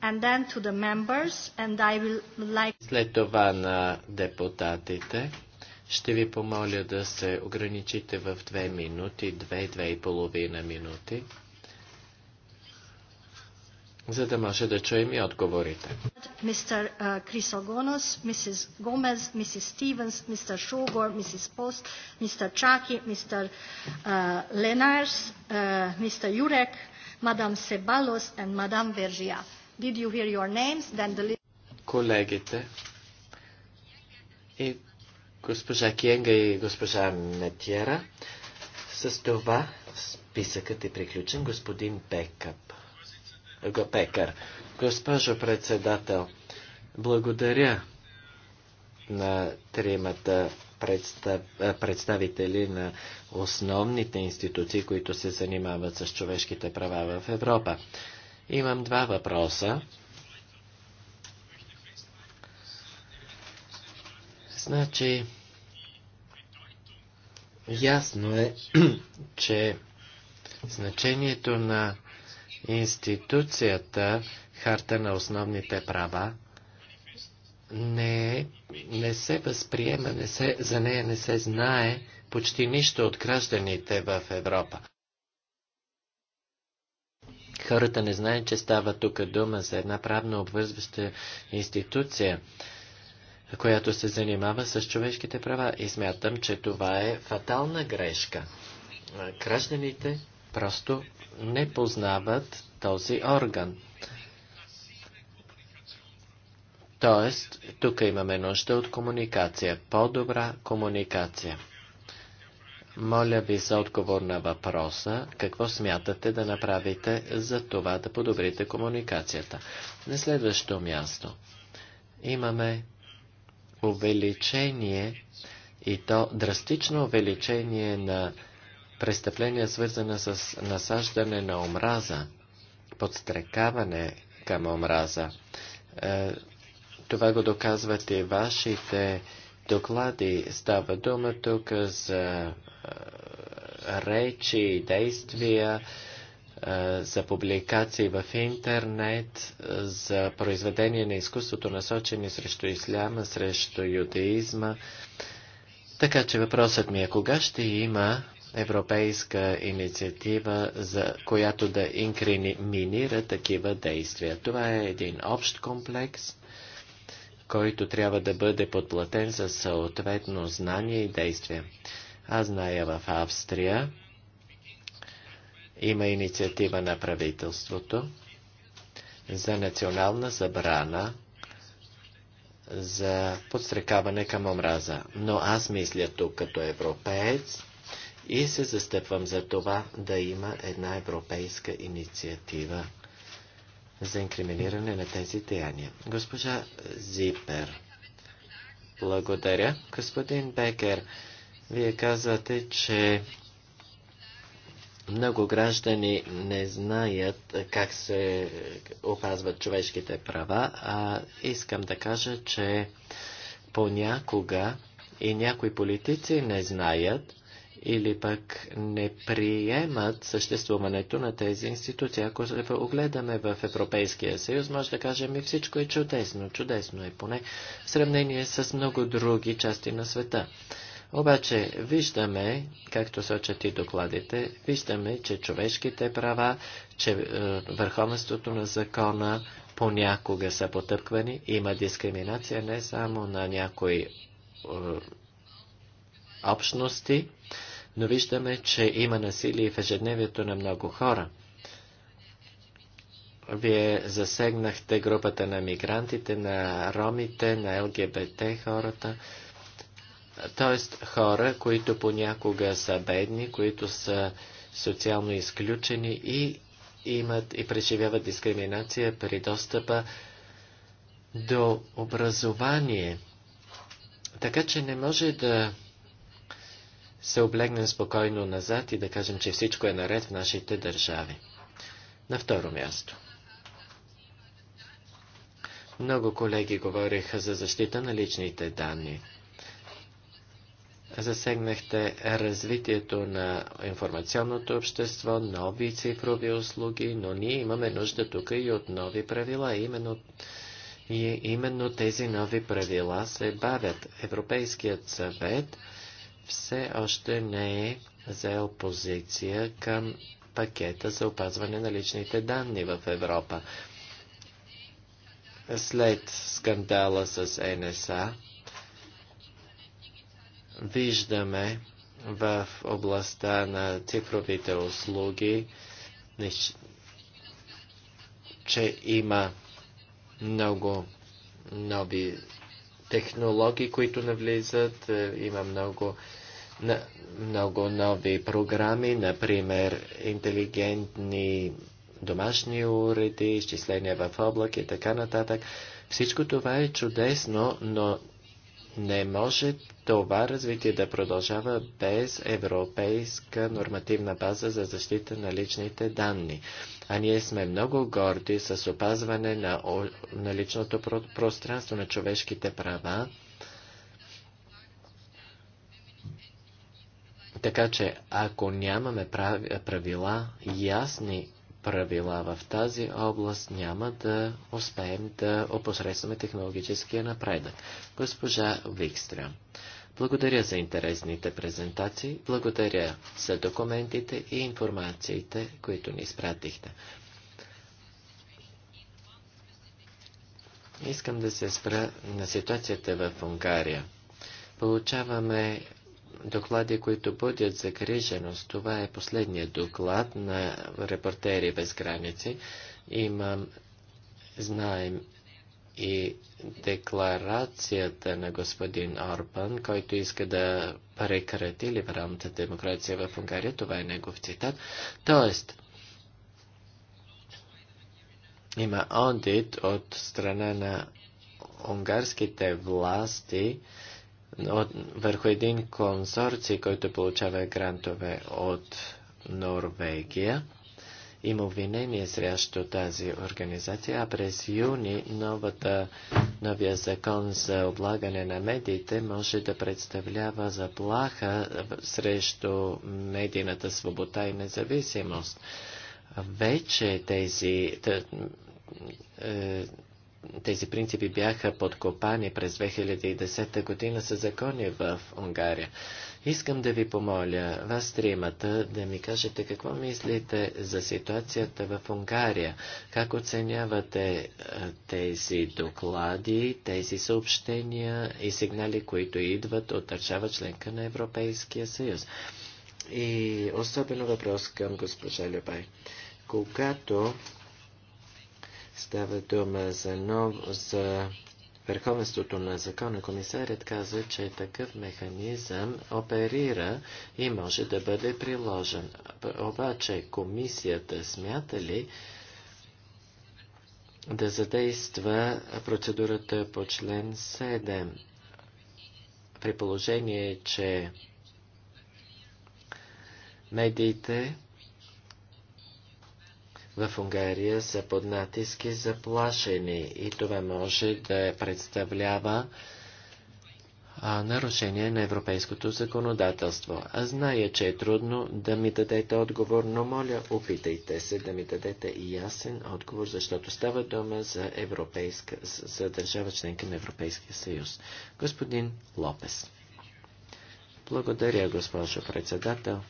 Speaker 1: And then to the members, and I will like...
Speaker 2: След това на депутатите. Ще ви помоля да се ограничите в две минути, две-две и половина минути, за да може да чуем и отговорите.
Speaker 1: Mr. Chrysogonos, Mrs. Gomez, Mrs. Stevens, Mr. Shogor, Mrs. Post, Mr. Chaki, Mr. Uh, Lenars, uh, Mr. Jurek, Madame Ceballos and Madame Vergia. Did you hear your names? Then the...
Speaker 2: Колегите и госпожа Кенга и госпожа Метиера. С това списъкът е приключен. Господин Пекъп. Го Пекър. Госпожо председател, благодаря на тримата представители на основните институции, които се занимават с човешките права в Европа. Имам два въпроса. Значи, ясно е, че значението на институцията Харта на основните права не, е, не се възприема, не се, за нея не се знае почти нищо от гражданите в Европа. Хората не знаят, че става тук дума за една правно обвързваща институция която се занимава с човешките права и смятам, че това е фатална грешка. Гражданите просто не познават този орган. Тоест, тук имаме нужда от комуникация, по-добра комуникация. Моля ви за отговор на въпроса, какво смятате да направите за това да подобрите комуникацията. На следващо място имаме увеличение и то драстично увеличение на престъпления, свързана с насаждане на омраза, подстрекаване към омраза. Е, това го доказват и вашите доклади. Става дума тук за е, речи и действия, е, за публикации в интернет, е, за произведения на изкуството, насочени срещу исляма, срещу юдеизма. Така че въпросът ми е, кога ще има европейска инициатива, за която да инкриминира такива действия. Това е един общ комплекс, който трябва да бъде подплатен за съответно знание и действие. Аз зная в Австрия, има инициатива на правителството за национална забрана за подстрекаване към омраза. Но аз мисля тук като европеец и се застъпвам за това да има една европейска инициатива за инкриминиране на тези деяния. Госпожа Зипер. Благодаря. Господин Бекер, вие казвате, че много граждани не знаят как се опазват човешките права, а искам да кажа, че понякога и някои политици не знаят или пък не приемат съществуването на тези институции. Ако се огледаме в Европейския съюз, може да кажем и всичко е чудесно. Чудесно е поне в сравнение с много други части на света. Обаче виждаме, както сочат и докладите, виждаме, че човешките права, че е, върховенството на закона понякога са потъпквани. Има дискриминация не само на някои е, общности, но виждаме, че има насилие в ежедневието на много хора. Вие засегнахте групата на мигрантите, на ромите, на ЛГБТ хората. Тоест хора, които понякога са бедни, които са социално изключени и имат и преживяват дискриминация при достъпа до образование. Така че не може да се облегнем спокойно назад и да кажем, че всичко е наред в нашите държави. На второ място. Много колеги говориха за защита на личните данни. Засегнахте развитието на информационното общество, нови цифрови услуги, но ние имаме нужда тук и от нови правила. Именно, и именно тези нови правила се бавят. Европейският съвет все още не е взел позиция към пакета за опазване на личните данни в Европа. След скандала с НСА, виждаме в областта на цифровите услуги, че има много нови технологии, които навлизат. Е, има много, много нови програми, например интелигентни домашни уреди, изчисления в облак и така нататък. Всичко това е чудесно, но не може това развитие да продължава без европейска нормативна база за защита на личните данни. А ние сме много горди с опазване на, на личното про пространство на човешките права. Така че, ако нямаме правила ясни правила в тази област, няма да успеем да опосредстваме технологическия напредък. Госпожа Викстря, благодаря за интересните презентации, благодаря за документите и информациите, които ни изпратихте. Искам да се спра на ситуацията в Унгария. Получаваме доклади, които будят загриженост. Това е последният доклад на репортери без граници. Имам, знаем и декларацията на господин Орбан, който иска да прекрати либералната демокрация в Унгария. Това е негов цитат. Тоест, има одит от страна на унгарските власти, от, върху един консорци, който получава грантове от Норвегия. Има обвинение срещу тази организация, а през юни новата, новия закон за облагане на медиите може да представлява заплаха срещу медийната свобода и независимост. Вече тези е, тези принципи бяха подкопани през 2010 година със закони в Унгария. Искам да ви помоля, вас тримата, да ми кажете какво мислите за ситуацията в Унгария, как оценявате е, тези доклади, тези съобщения и сигнали, които идват от държава членка на Европейския съюз. И особено въпрос към госпожа Любай. Когато Става дума за, нов, за върховенството на закона. Комисарят каза, че такъв механизъм оперира и може да бъде приложен. Обаче комисията смята ли да задейства процедурата по член 7? При положение, че медиите в Унгария са под натиски заплашени и това може да представлява а, нарушение на европейското законодателство. А зная, че е трудно да ми дадете отговор, но моля, опитайте се да ми дадете ясен отговор, защото става дума за, европейска, за държава членка на Европейския съюз. Господин Лопес. Благодаря, госпожо председател.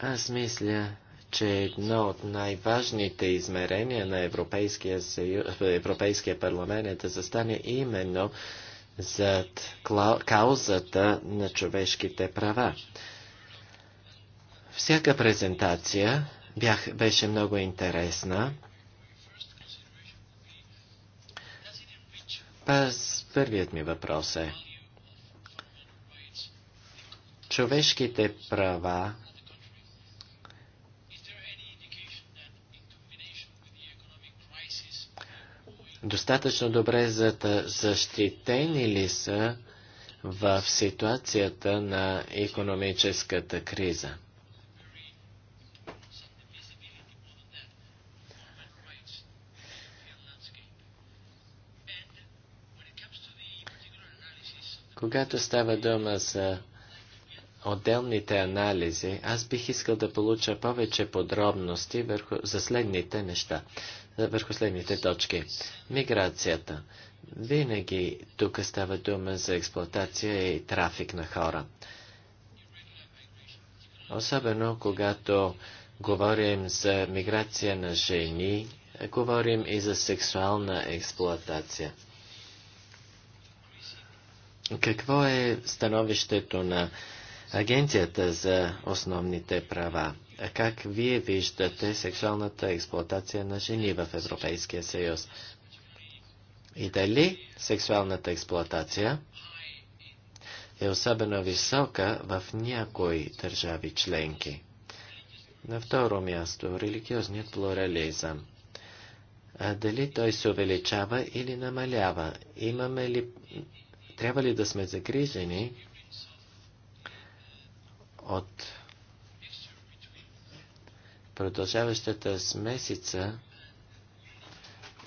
Speaker 2: Аз мисля, че едно от най-важните измерения на Европейския, съю... Европейския парламент е да застане именно зад каузата на човешките права. Всяка презентация бях, беше много интересна. Паз, първият ми въпрос е. Човешките права достатъчно добре за защитени ли са в ситуацията на економическата криза. Когато става дума за отделните анализи, аз бих искал да получа повече подробности върху, за следните неща върху следните точки. Миграцията. Винаги тук става дума за експлоатация и трафик на хора. Особено когато говорим за миграция на жени, говорим и за сексуална експлоатация. Какво е становището на Агенцията за основните права? как вие виждате сексуалната експлоатация на жени в Европейския съюз? И дали сексуалната експлоатация е особено висока в някои държави членки? На второ място, религиозният плурализъм. А дали той се увеличава или намалява? Имаме ли, трябва ли да сме загрижени от продължаващата смесица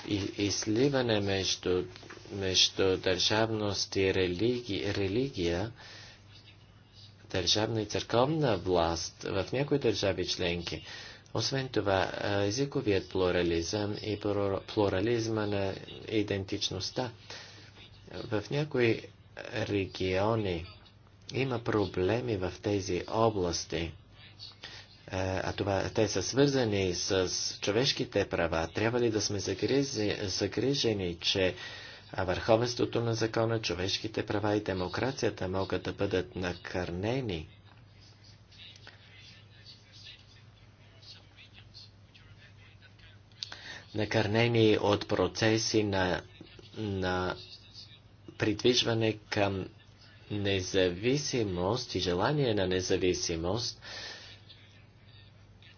Speaker 2: и, и сливане между, между държавност и религи, религия, държавна и църковна власт в някои държави членки. Освен това, езиковият плурализъм и плурализма на идентичността. В някои региони има проблеми в тези области. Е, а това, те са свързани с човешките права, трябва ли да сме загрижени, че върховенството на закона, човешките права и демокрацията могат да бъдат накърнени? накърнени от процеси на, на придвижване към независимост и желание на независимост,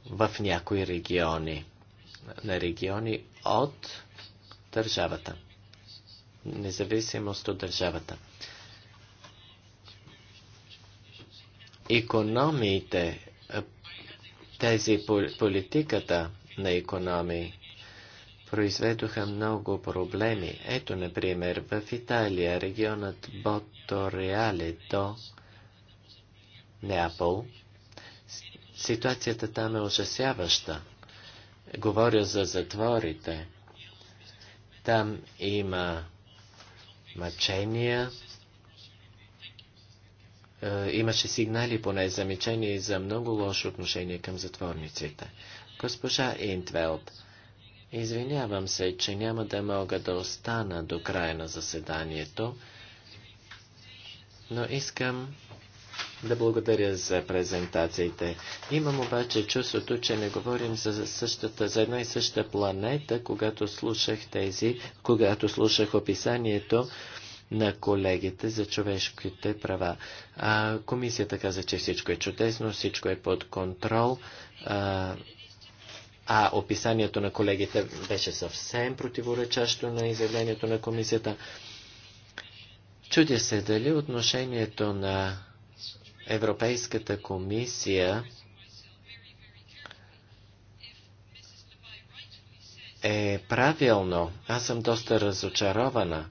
Speaker 2: в някои региони, на региони от държавата, независимост от държавата. Економиите, тези политиката на економии, произведоха много проблеми. Ето, например, в Италия регионът Ботореале до Неапол – Ситуацията там е ужасяваща. Говоря за затворите. Там има мъчения. Е, имаше сигнали поне замечения и за много лошо отношение към затворниците. Госпожа Интвелд, извинявам се, че няма да мога да остана до края на заседанието, но искам да благодаря за презентациите. Имам обаче чувството, че не говорим за, същата, за една и съща планета, когато слушах тези, когато слушах описанието на колегите за човешките права. А, комисията каза, че всичко е чудесно, всичко е под контрол. А, а описанието на колегите беше съвсем противоречащо на изявлението на комисията. Чудя се дали отношението на Европейската комисия е правилно. Аз съм доста разочарована.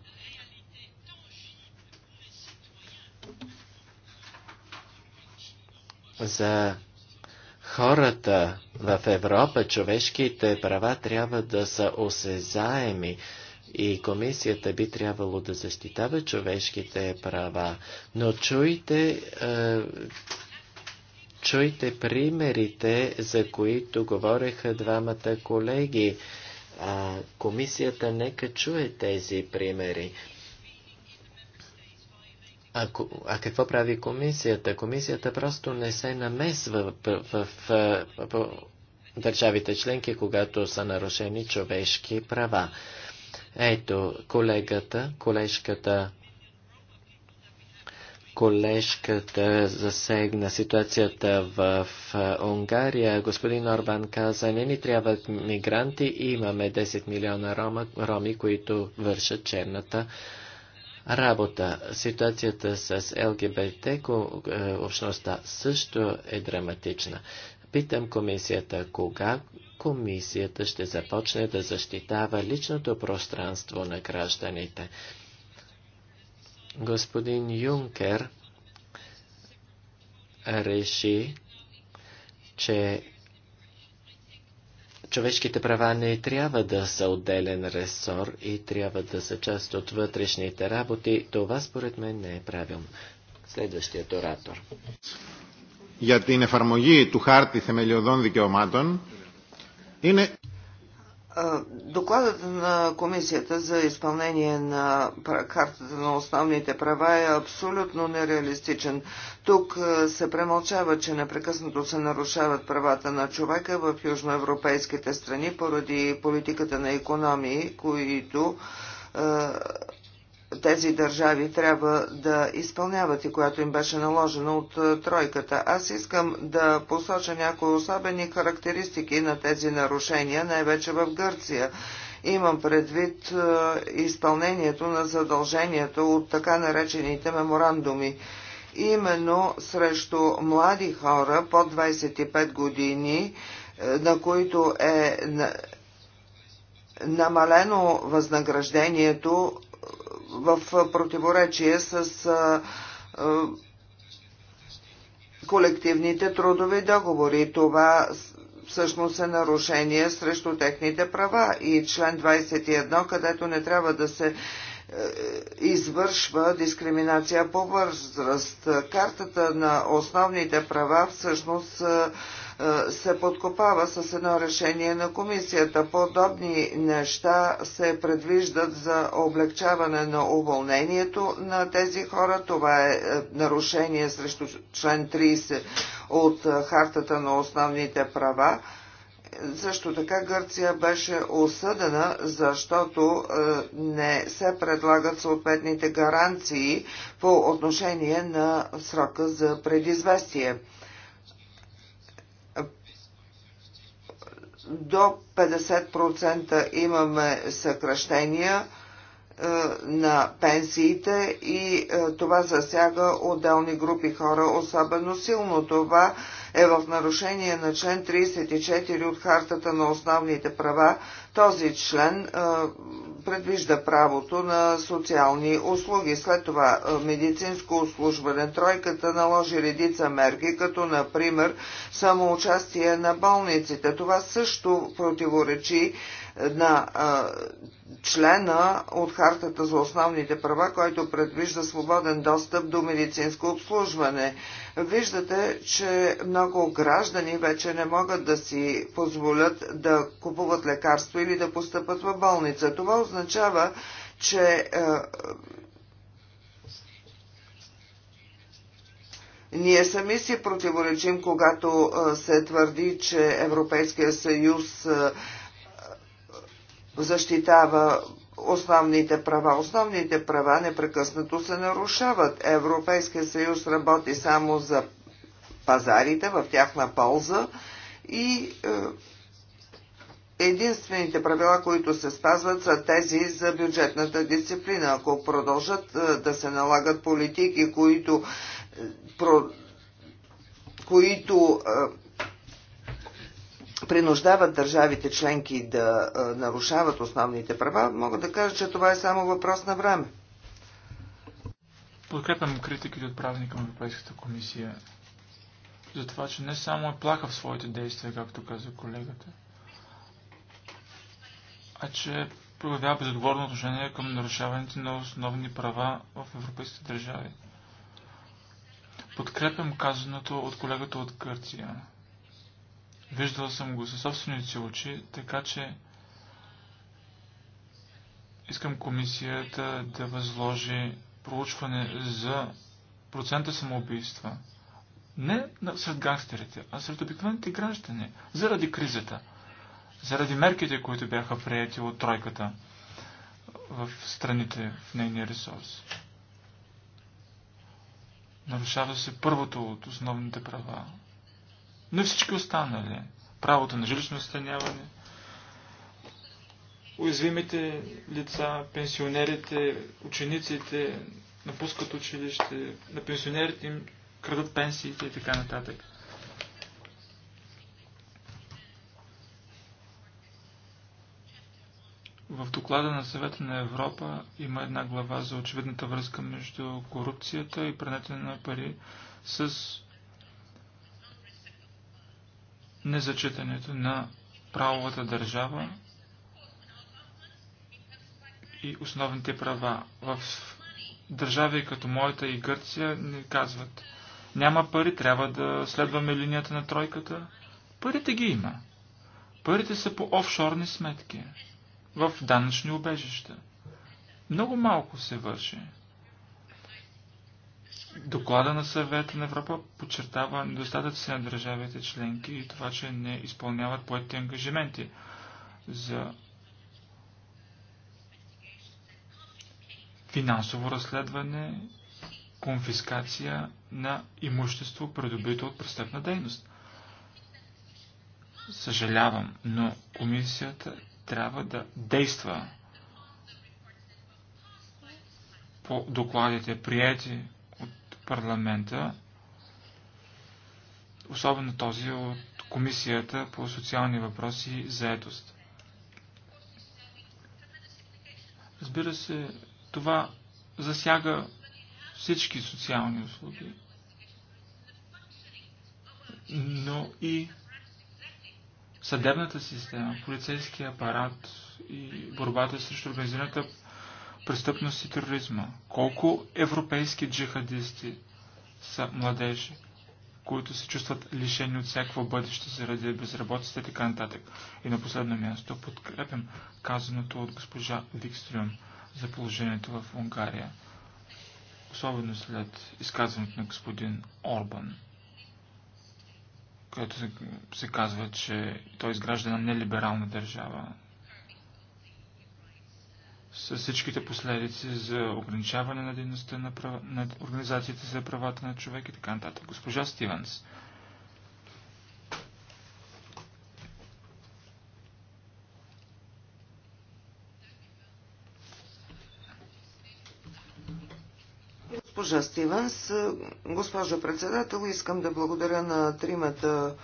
Speaker 2: За хората в Европа човешките права трябва да са осезаеми, и комисията би трябвало да защитава човешките права, но чуйте, е, чуйте примерите, за които говореха двамата колеги. комисията нека чуе тези примери. А, а какво прави комисията? Комисията просто не се намесва в, в, в, в държавите членки, когато са нарушени човешки права. Ето, колегата, колежката, колежката засегна ситуацията в Унгария. Господин Орбан каза, не ни трябват мигранти, имаме 10 милиона рома, роми, които вършат черната работа. Ситуацията с ЛГБТ е, общността също е драматична. Питам комисията, кога комисията ще започне да защитава личното пространство на гражданите. Господин Юнкер реши, че човешките права не трябва да са отделен ресор и трябва да са част от вътрешните работи. Това според мен не е правилно. Следващият оратор.
Speaker 1: Για την εφαρμογή του χάρτη θεμελιωδών δικαιωμάτων
Speaker 2: Είναι...
Speaker 4: Докладът на Комисията за изпълнение на картата на основните права е абсолютно нереалистичен. Тук се премълчава, че непрекъснато се нарушават правата на човека в южноевропейските страни поради политиката на економии, които тези държави трябва да изпълняват и която им беше наложена от е, тройката. Аз искам да посоча някои особени характеристики на тези нарушения, най-вече в Гърция. Имам предвид е, изпълнението на задължението от така наречените меморандуми. Именно срещу млади хора под 25 години, е, на които е намалено възнаграждението в противоречие с колективните трудови договори. Това всъщност е нарушение срещу техните права и член 21, където не трябва да се е, извършва дискриминация по възраст. Картата на основните права всъщност е, се подкопава с едно решение на комисията. Подобни неща се предвиждат за облегчаване на уволнението на тези хора. Това е, е нарушение срещу член 30 от е, Хартата на основните права. Също така Гърция беше осъдена, защото е, не се предлагат съответните гаранции по отношение на срока за предизвестие. до 50% имаме съкръщения е, на пенсиите и е, това засяга отделни групи хора особено силно. Това е в нарушение на член 34 от Хартата на основните права, този член предвижда правото на социални услуги. След това медицинско услужване. Тройката наложи редица мерки, като например самоучастие на болниците. Това също противоречи на члена от Хартата за основните права, който предвижда свободен достъп до медицинско обслужване. Виждате, че много граждани вече не могат да си позволят да купуват лекарство или да постъпат в болница. Това означава, че е, Ние сами си противоречим, когато е, се твърди, че Европейския съюз е, защитава основните права. Основните права непрекъснато се нарушават. Европейския съюз работи само за пазарите в тяхна полза и е, единствените правила, които се спазват, са тези за бюджетната дисциплина. Ако продължат е, да се налагат политики, които, е, които принуждават държавите членки да нарушават основните права, мога да кажа, че това е само въпрос на време.
Speaker 3: Подкрепям критиките от правени на Европейската комисия за това, че не само е плаха в своите действия, както каза колегата, а че проявява безотговорно отношение към нарушаването на основни права в европейските държави. Подкрепям казаното от колегата от Гърция. Виждал съм го със собствените си очи, така че искам комисията да възложи проучване за процента самоубийства. Не сред гангстерите, а сред обикновените граждани, заради кризата, заради мерките, които бяха приети от тройката в страните в нейния ресурс. Нарушава се първото от основните права на всички останали. Правото на жилищно настаняване, уязвимите лица, пенсионерите, учениците напускат училище, на пенсионерите им крадат пенсиите и така нататък. В доклада на съвета на Европа има една глава за очевидната връзка между корупцията и прането на пари с незачитането на правовата държава и основните права. В държави като моята и Гърция не казват, няма пари, трябва да следваме линията на тройката. Парите ги има. Парите са по офшорни сметки, в данъчни убежища. Много малко се върши. Доклада на съвета на Европа подчертава недостатъци на държавите членки и това, че не изпълняват поетите ангажименти за финансово разследване, конфискация на имущество, придобито от престъпна дейност. Съжалявам, но комисията трябва да действа по докладите, прияти парламента, особено този от Комисията по социални въпроси и заедост. Разбира се, това засяга всички социални услуги, но и съдебната система, полицейския апарат и борбата срещу организираната престъпност и тероризма? Колко европейски джихадисти са младежи, които се чувстват лишени от всяко бъдеще заради безработицата и така нататък? И на последно място подкрепям казаното от госпожа Викстрюм за положението в Унгария, особено след изказването на господин Орбан който се, казва, че той изгражда на нелиберална държава с всичките последици за ограничаване на дейността на, права, на Организацията за правата на човек и така нататък. Госпожа Стивенс.
Speaker 4: Госпожа Стивенс, госпожо председател, искам да благодаря на тримата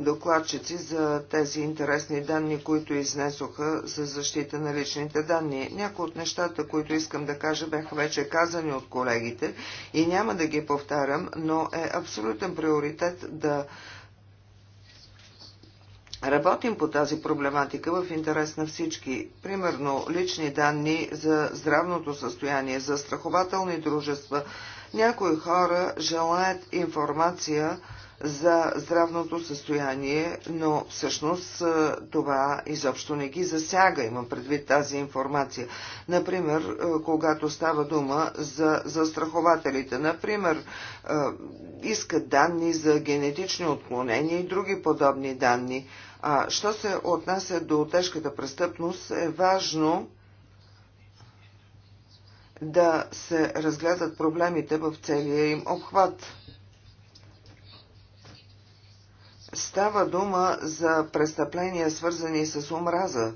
Speaker 4: докладчици за тези интересни данни, които изнесоха за защита на личните данни. Някои от нещата, които искам да кажа, бяха вече казани от колегите и няма да ги повтарям, но е абсолютен приоритет да Работим по тази проблематика в интерес на всички. Примерно лични данни за здравното състояние, за страхователни дружества, някои хора желаят информация за здравното състояние, но всъщност това изобщо не ги засяга, имам предвид тази информация. Например, когато става дума за застрахователите, например, искат данни за генетични отклонения и други подобни данни. А що се отнася до тежката престъпност, е важно да се разгледат проблемите в целия им обхват. Става дума за престъпления, свързани с омраза.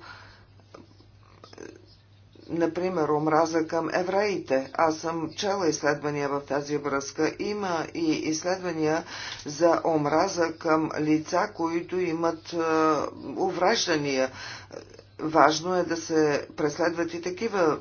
Speaker 4: Например, омраза към евреите. Аз съм чела изследвания в тази връзка. Има и изследвания за омраза към лица, които имат е, увреждания. Важно е да се преследват и такива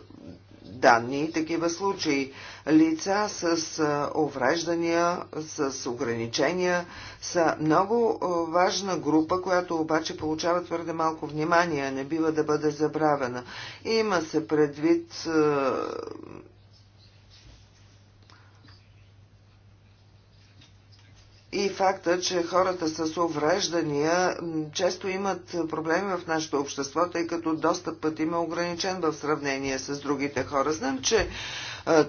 Speaker 4: данни и такива случаи. Лица с увреждания, с ограничения са много важна група, която обаче получава твърде малко внимание, не бива да бъде забравена. Има се предвид и факта, че хората с увреждания често имат проблеми в нашето общество, тъй като достъпът им е ограничен в сравнение с другите хора. Знам, че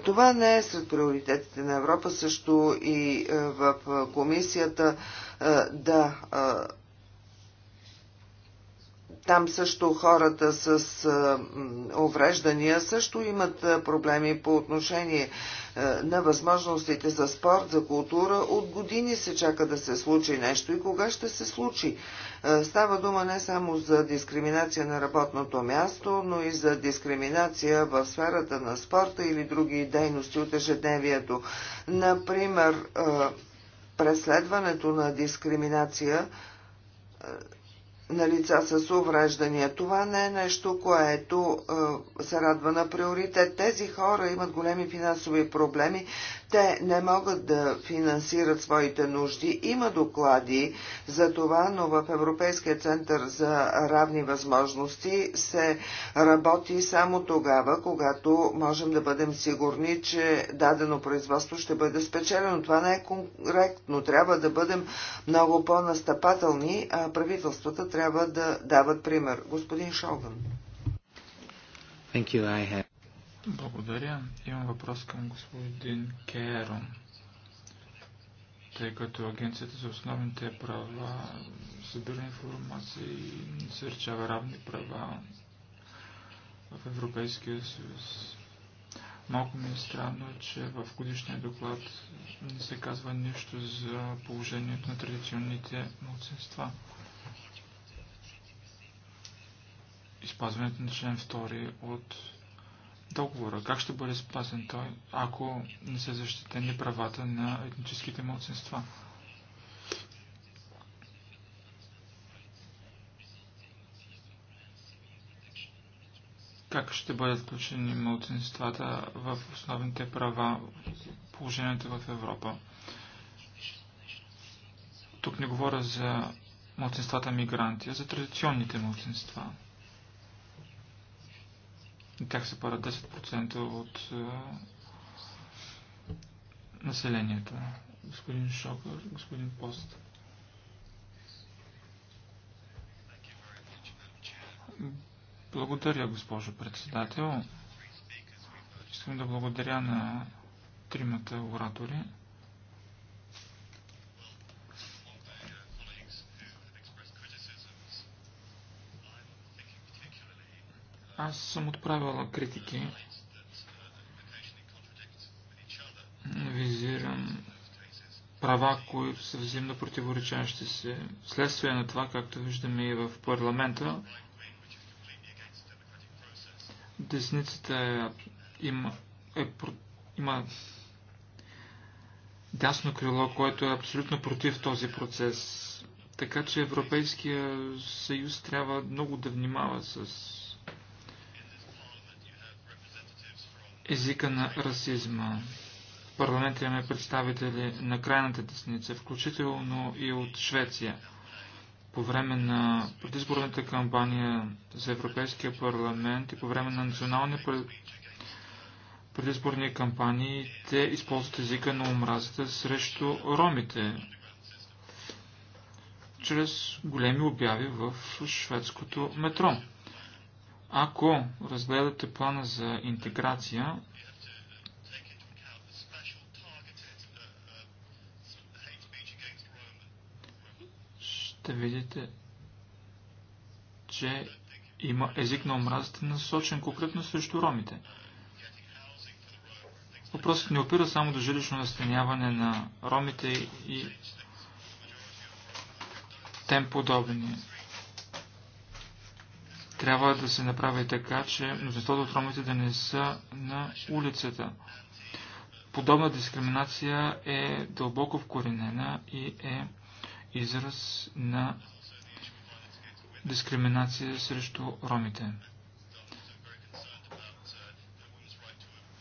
Speaker 4: това не е сред приоритетите на Европа, също и в комисията да там също хората с увреждания също имат проблеми по отношение на възможностите за спорт, за култура. От години се чака да се случи нещо и кога ще се случи. Става дума не само за дискриминация на работното място, но и за дискриминация в сферата на спорта или други дейности от ежедневието. Например, преследването на дискриминация на лица с увреждания. Това не е нещо, което е, се радва на приоритет. Тези хора имат големи финансови проблеми. Те не могат да финансират своите нужди. Има доклади за това, но в Европейския център за равни възможности се работи само тогава, когато можем да бъдем сигурни, че дадено производство ще бъде спечелено. Това не е конкретно. Трябва да бъдем много по-настъпателни, а правителствата трябва да дават пример. Господин Шоган.
Speaker 2: Thank you. I have...
Speaker 3: Благодаря. Имам въпрос към господин Керон. Тъй като Агенцията за основните права събира информация и насърчава равни права в Европейския съюз. Малко ми е странно, че в годишния доклад не се казва нищо за положението на традиционните младсенства. Изпазването на член 2 от договора, как ще бъде спазен той, ако не са защитени правата на етническите младсинства. Как ще бъдат включени младсинствата в основните права, положението в Европа. Тук не говоря за младсинствата мигранти, а за традиционните младсинства. Как се пара 10% от е, населението? Господин Шокър, господин Пост. Благодаря, госпожо председател. Искам да благодаря на тримата оратори. Аз съм отправила критики. Визирам права, които са взаимно противоречащи се. Следствие на това, както виждаме и в парламента, десницата е, има, е, има дясно крило, което е абсолютно против този процес. Така че Европейския съюз трябва много да внимава с езика на расизма. В парламента имаме представители на крайната десница, включително и от Швеция. По време на предизборната кампания за Европейския парламент и по време на национални предизборни кампании те използват езика на омразата срещу ромите чрез големи обяви в шведското метро. Ако разгледате плана за интеграция, ще видите, че има език на омразата, насочен конкретно срещу ромите. Въпросът не опира само до жилищно настаняване на ромите и тем подобни. Трябва да се направи така, че мнозинството от ромите да не са на улицата. Подобна дискриминация е дълбоко вкоренена и е израз на дискриминация срещу ромите.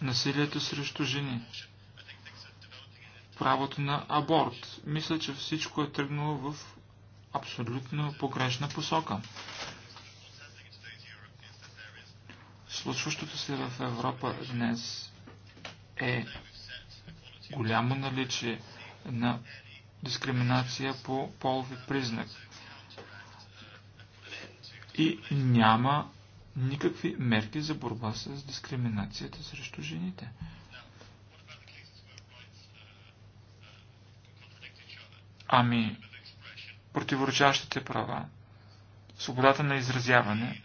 Speaker 3: Насилието срещу жени. Правото на аборт. Мисля, че всичко е тръгнало в абсолютно погрешна посока. Случващото се в Европа днес е голямо наличие на дискриминация по полови признак. И няма никакви мерки за борба с дискриминацията срещу жените. Ами, противоречащите права, свободата на изразяване,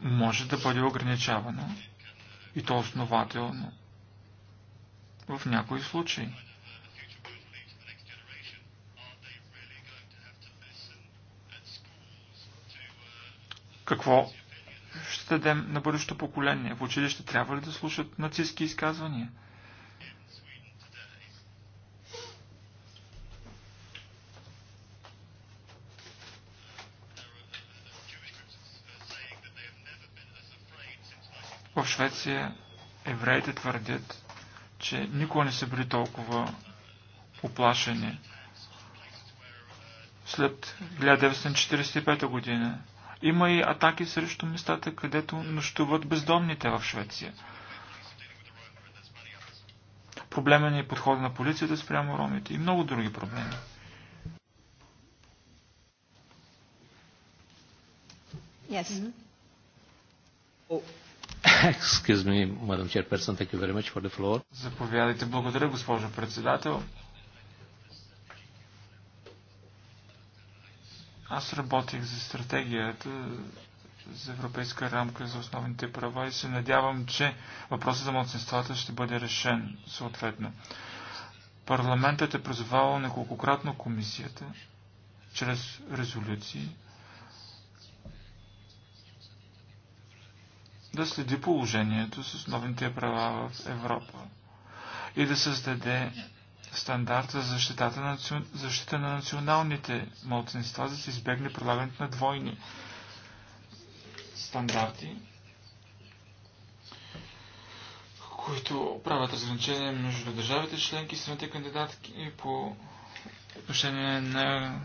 Speaker 3: може да бъде ограничавано и то основателно в някои случаи. Какво ще дадем на бъдещото поколение? В училище трябва ли да слушат нацистски изказвания? В Швеция евреите твърдят, че никога не са били толкова оплашени. След 1945 година има и атаки срещу местата, където нощуват бездомните в Швеция. Проблемен е подхода на полицията спрямо ромите и много други проблеми.
Speaker 1: Yes.
Speaker 2: Mm-hmm. Excuse me, Madam Chairperson, thank you very much for the floor.
Speaker 3: Заповядайте. Благодаря, госпожо председател. Аз работих за стратегията за европейска рамка за основните права и се надявам, че въпросът за младсенствата ще бъде решен съответно. Парламентът е призовавал неколкократно комисията чрез резолюции да следи положението с основните права в Европа и да създаде стандарт за защитата на, защита на националните младсинства, за да се избегне прилагането на двойни стандарти, които правят разграничение между държавите членки и страните кандидатки и по отношение на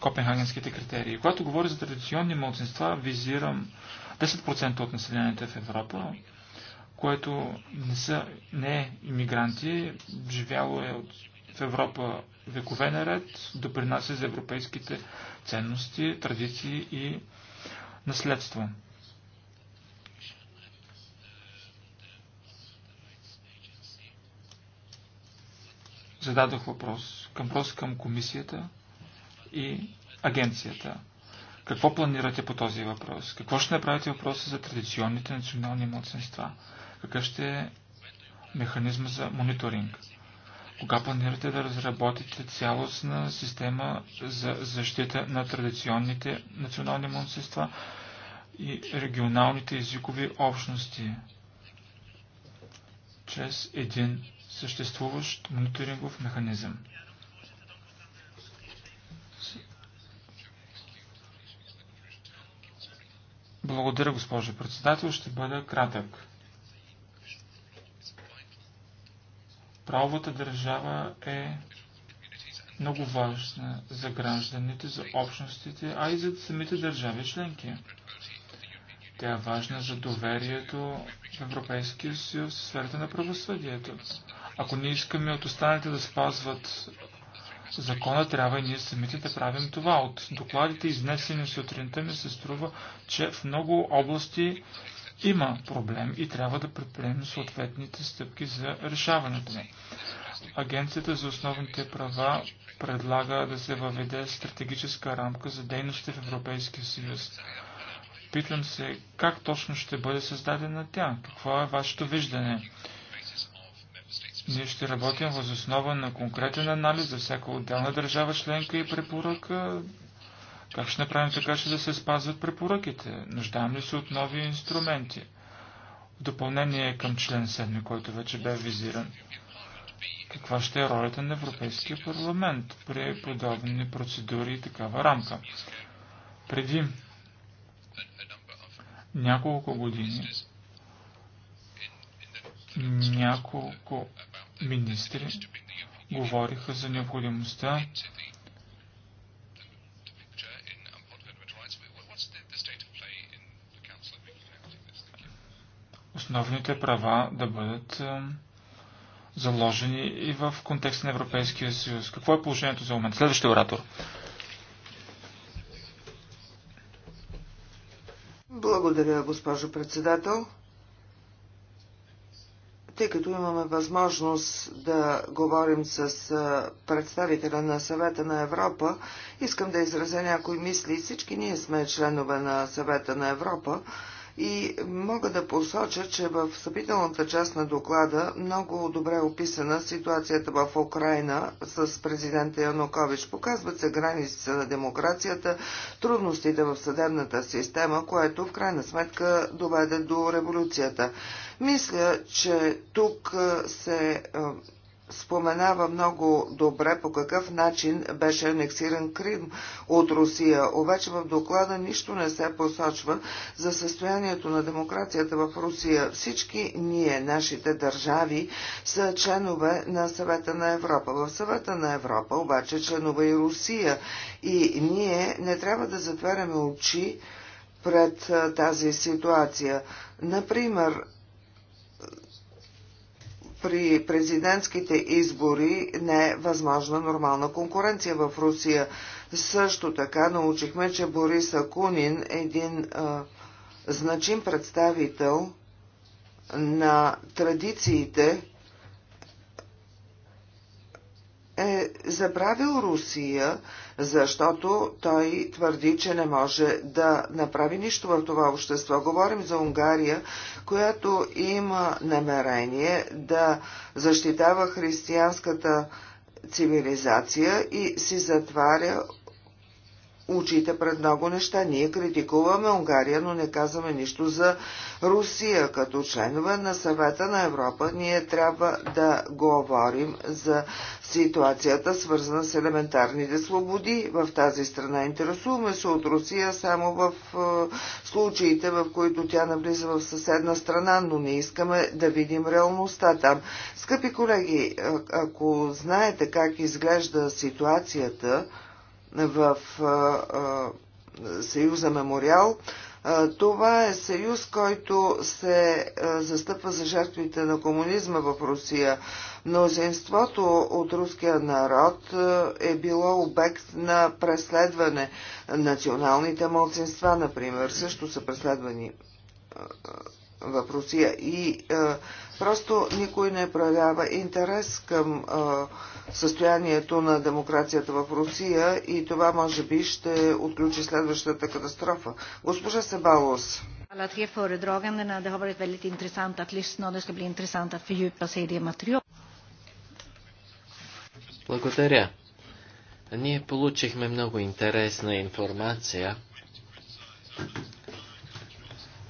Speaker 3: копенхагенските критерии. Когато говоря за традиционни младсинства, визирам 10% от населението е в Европа, което не, са, не е иммигранти, живяло е от, в Европа векове наред, допринася за европейските ценности, традиции и наследство. Зададох въпрос към, въпрос към комисията и агенцията. Какво планирате по този въпрос? Какво ще направите въпроса за традиционните национални младсенства? Какъв ще е механизма за мониторинг? Кога планирате да разработите цялостна система за защита на традиционните национални младсенства и регионалните езикови общности чрез един съществуващ мониторингов механизъм? Благодаря, госпожо председател. Ще бъда кратък. Правовата държава е много важна за гражданите, за общностите, а и за самите държави членки. Тя е важна за доверието в Европейския съюз в сферата на правосъдието. Ако не искаме от останалите да спазват закона трябва и ние самите да правим това. От докладите, изнесени сутринта, ми се струва, че в много области има проблем и трябва да предприемем съответните стъпки за решаването му. Агенцията за основните права предлага да се въведе стратегическа рамка за дейности в Европейския съюз. Питам се как точно ще бъде създадена тя, какво е вашето виждане. Ние ще работим въз основа на конкретен анализ за всяка отделна държава членка и препоръка. Как ще направим така, че да се спазват препоръките? Нуждаем ли се от нови инструменти? В допълнение към член 7, който вече бе визиран. Каква ще е ролята на Европейския парламент при подобни процедури и такава рамка? Преди няколко години няколко министри говориха за необходимостта основните права да бъдат заложени и в контекст на Европейския съюз. Какво е положението за момент? Следващия оратор.
Speaker 4: Благодаря, госпожо председател тъй като имаме възможност да говорим с представителя на съвета на Европа, искам да изразя някои мисли. Всички ние сме членове на съвета на Европа и мога да посоча, че в съпителната част на доклада много добре е описана ситуацията в Украина с президента Янукович. Показват се границите на демокрацията, трудностите в съдебната система, което в крайна сметка доведе до революцията. Мисля, че тук се е, споменава много добре по какъв начин беше анексиран Крим от Русия. Обаче в доклада нищо не се посочва за състоянието на демокрацията в Русия. Всички ние, нашите държави, са членове на съвета на Европа. В съвета на Европа обаче членове и Русия. И ние не трябва да затваряме очи пред тази ситуация. Например, при президентските избори не е възможна нормална конкуренция в Русия. Също така научихме, че Борис Акунин, един а, значим представител на традициите е забравил Русия, защото той твърди, че не може да направи нищо в това общество. Говорим за Унгария, която има намерение да защитава християнската цивилизация и си затваря Учите пред много неща. Ние критикуваме Унгария, но не казваме нищо за Русия. Като членове на съвета на Европа, ние трябва да говорим за ситуацията, свързана с елементарните свободи в тази страна. Интересуваме се от Русия само в е, случаите, в които тя навлиза в съседна страна, но не искаме да видим реалността там. Скъпи колеги, ако знаете как изглежда ситуацията, в Съюза Мемориал. Това е съюз, който се застъпва за жертвите на комунизма в Русия. Мнозинството от руския народ е било обект на преследване. Националните младсинства, например, също са преследвани в Русия. И Просто никой не проявява интерес към а, състоянието на демокрацията в Русия и това може би ще отключи следващата катастрофа. Госпожа Себалос.
Speaker 2: Благодаря. Ние получихме много интересна информация.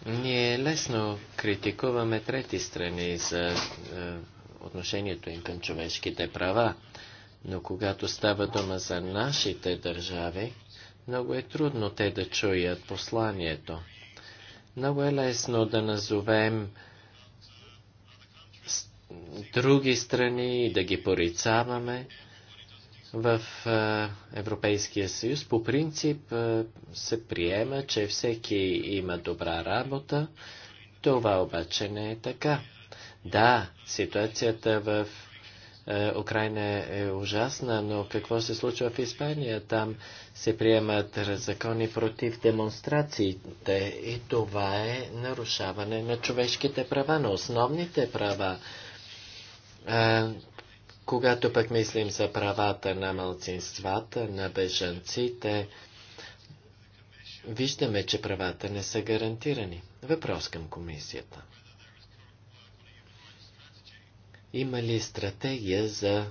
Speaker 2: Ние лесно критикуваме трети страни за е, отношението им към човешките права, но когато става дума за нашите държави, много е трудно те да чуят посланието. Много е лесно да назовем други страни и да ги порицаваме, в е, Европейския съюз по принцип е, се приема, че всеки има добра работа. Това обаче не е така. Да, ситуацията в е, Украина е ужасна, но какво се случва в Испания? Там се приемат закони против демонстрациите и това е нарушаване на човешките права, на основните права. Когато пък мислим за правата на малцинствата, на бежанците, виждаме, че правата не са гарантирани. Въпрос към комисията. Има ли стратегия за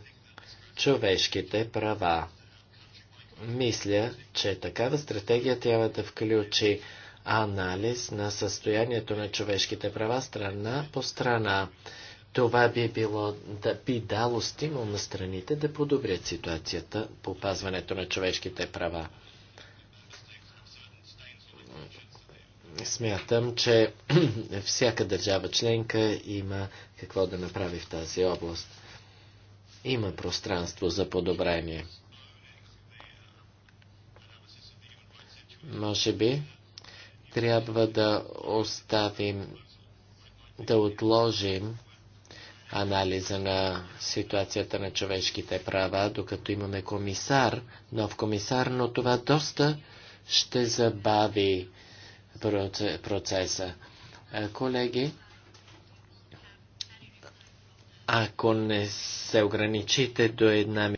Speaker 2: човешките права? Мисля, че такава стратегия трябва да включи анализ на състоянието на човешките права страна по страна. Това би, било, да, би дало стимул на страните да подобрят ситуацията по опазването на човешките права. Смятам, че всяка държава членка има какво да направи в тази област. Има пространство за подобрение. Може би трябва да оставим, да отложим анализа на ситуацията на човешките права, докато имаме комисар, нов комисар, но това доста ще забави процеса. Колеги, ако не се ограничите до една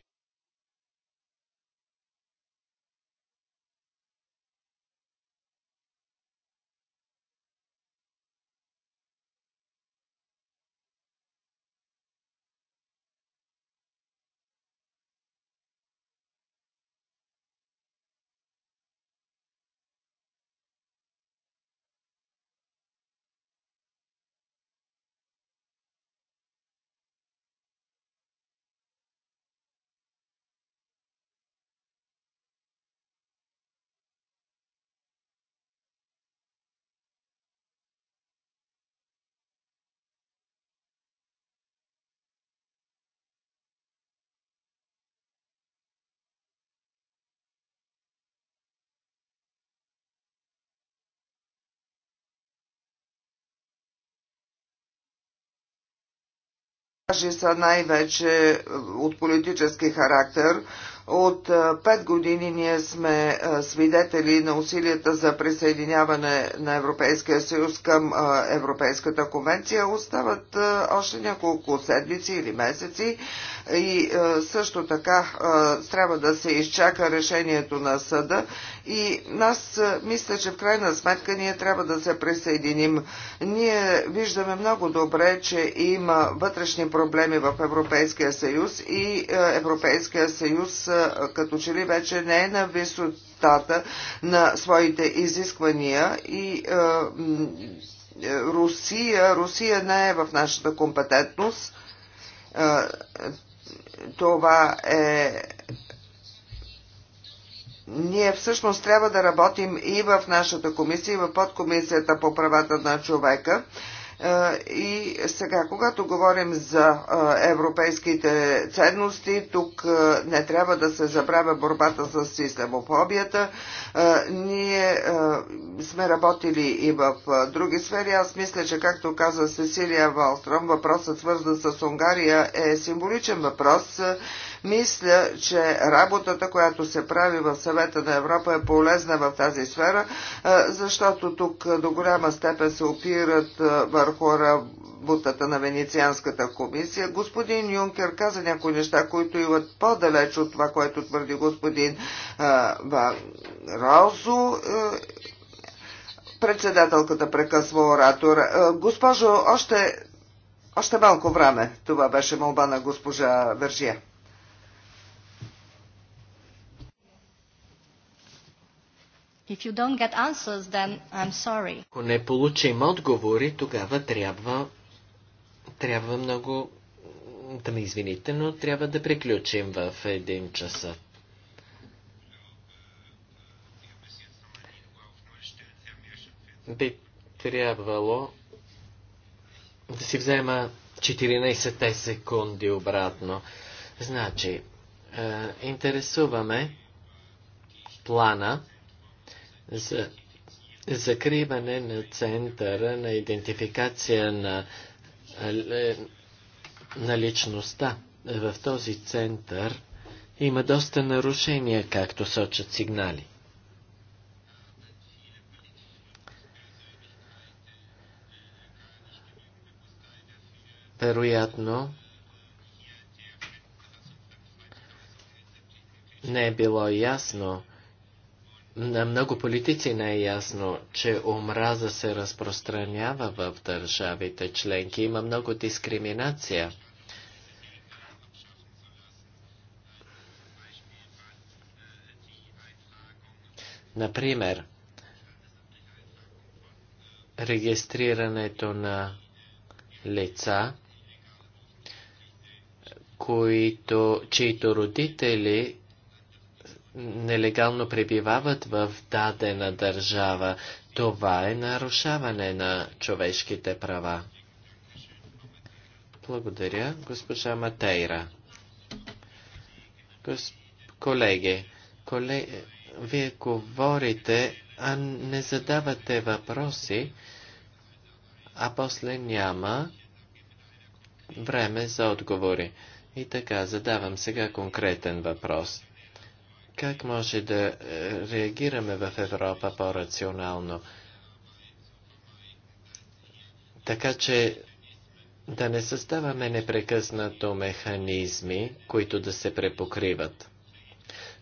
Speaker 4: са най-вече е, от политически характер, от пет години ние сме свидетели на усилията за присъединяване на Европейския съюз към Европейската конвенция. Остават още няколко седмици или месеци и също така трябва да се изчака решението на съда и нас мисля, че в крайна сметка ние трябва да се присъединим. Ние виждаме много добре, че има вътрешни проблеми в Европейския съюз и Европейския съюз като че ли вече не е на висотата на своите изисквания и е, Русия, Русия не е в нашата компетентност. Това е ние всъщност трябва да работим и в нашата комисия, и в подкомисията по правата на човека. Е, и сега, когато говорим за е, европейските ценности, тук е, не трябва да се забравя борбата с ислямофобията. Ние сме работили и в други сфери. Аз мисля, че както каза Сесилия Валстром, въпросът свързан с Унгария е символичен въпрос. Мисля, че работата, която се прави в съвета на Европа е полезна в тази сфера, е, защото тук до голяма степен се опират е, върху работата на Венецианската комисия. Господин Юнкер каза някои неща, които идват по-далеч от това, което твърди господин е, Розо. Председателката прекъсва оратора. Госпожо, още, още малко време. Това беше молба на госпожа Вержия.
Speaker 1: If you don't get answers, then I'm sorry.
Speaker 2: Ако не получим отговори, тогава трябва, трябва много да ме извините, но трябва да приключим в един часа. Би трябвало да си взема 14 секунди обратно. Значи, е, интересуваме плана за закриване на центъра на идентификация на, е, на личността. В този център има доста нарушения, както сочат сигнали. Вероятно, не е било ясно, на много политици не е ясно, че омраза се разпространява в държавите членки. Има много дискриминация. Например, регистрирането на лица, които, чието родители нелегално пребивават в дадена държава. Това е нарушаване на човешките права. Благодаря, госпожа Матейра. Госп... Колеги, коле... вие говорите, а не задавате въпроси, а после няма време за отговори. И така, задавам сега конкретен въпрос. Как може да е, реагираме в Европа по-рационално? Така че да не създаваме непрекъснато механизми, които да се препокриват.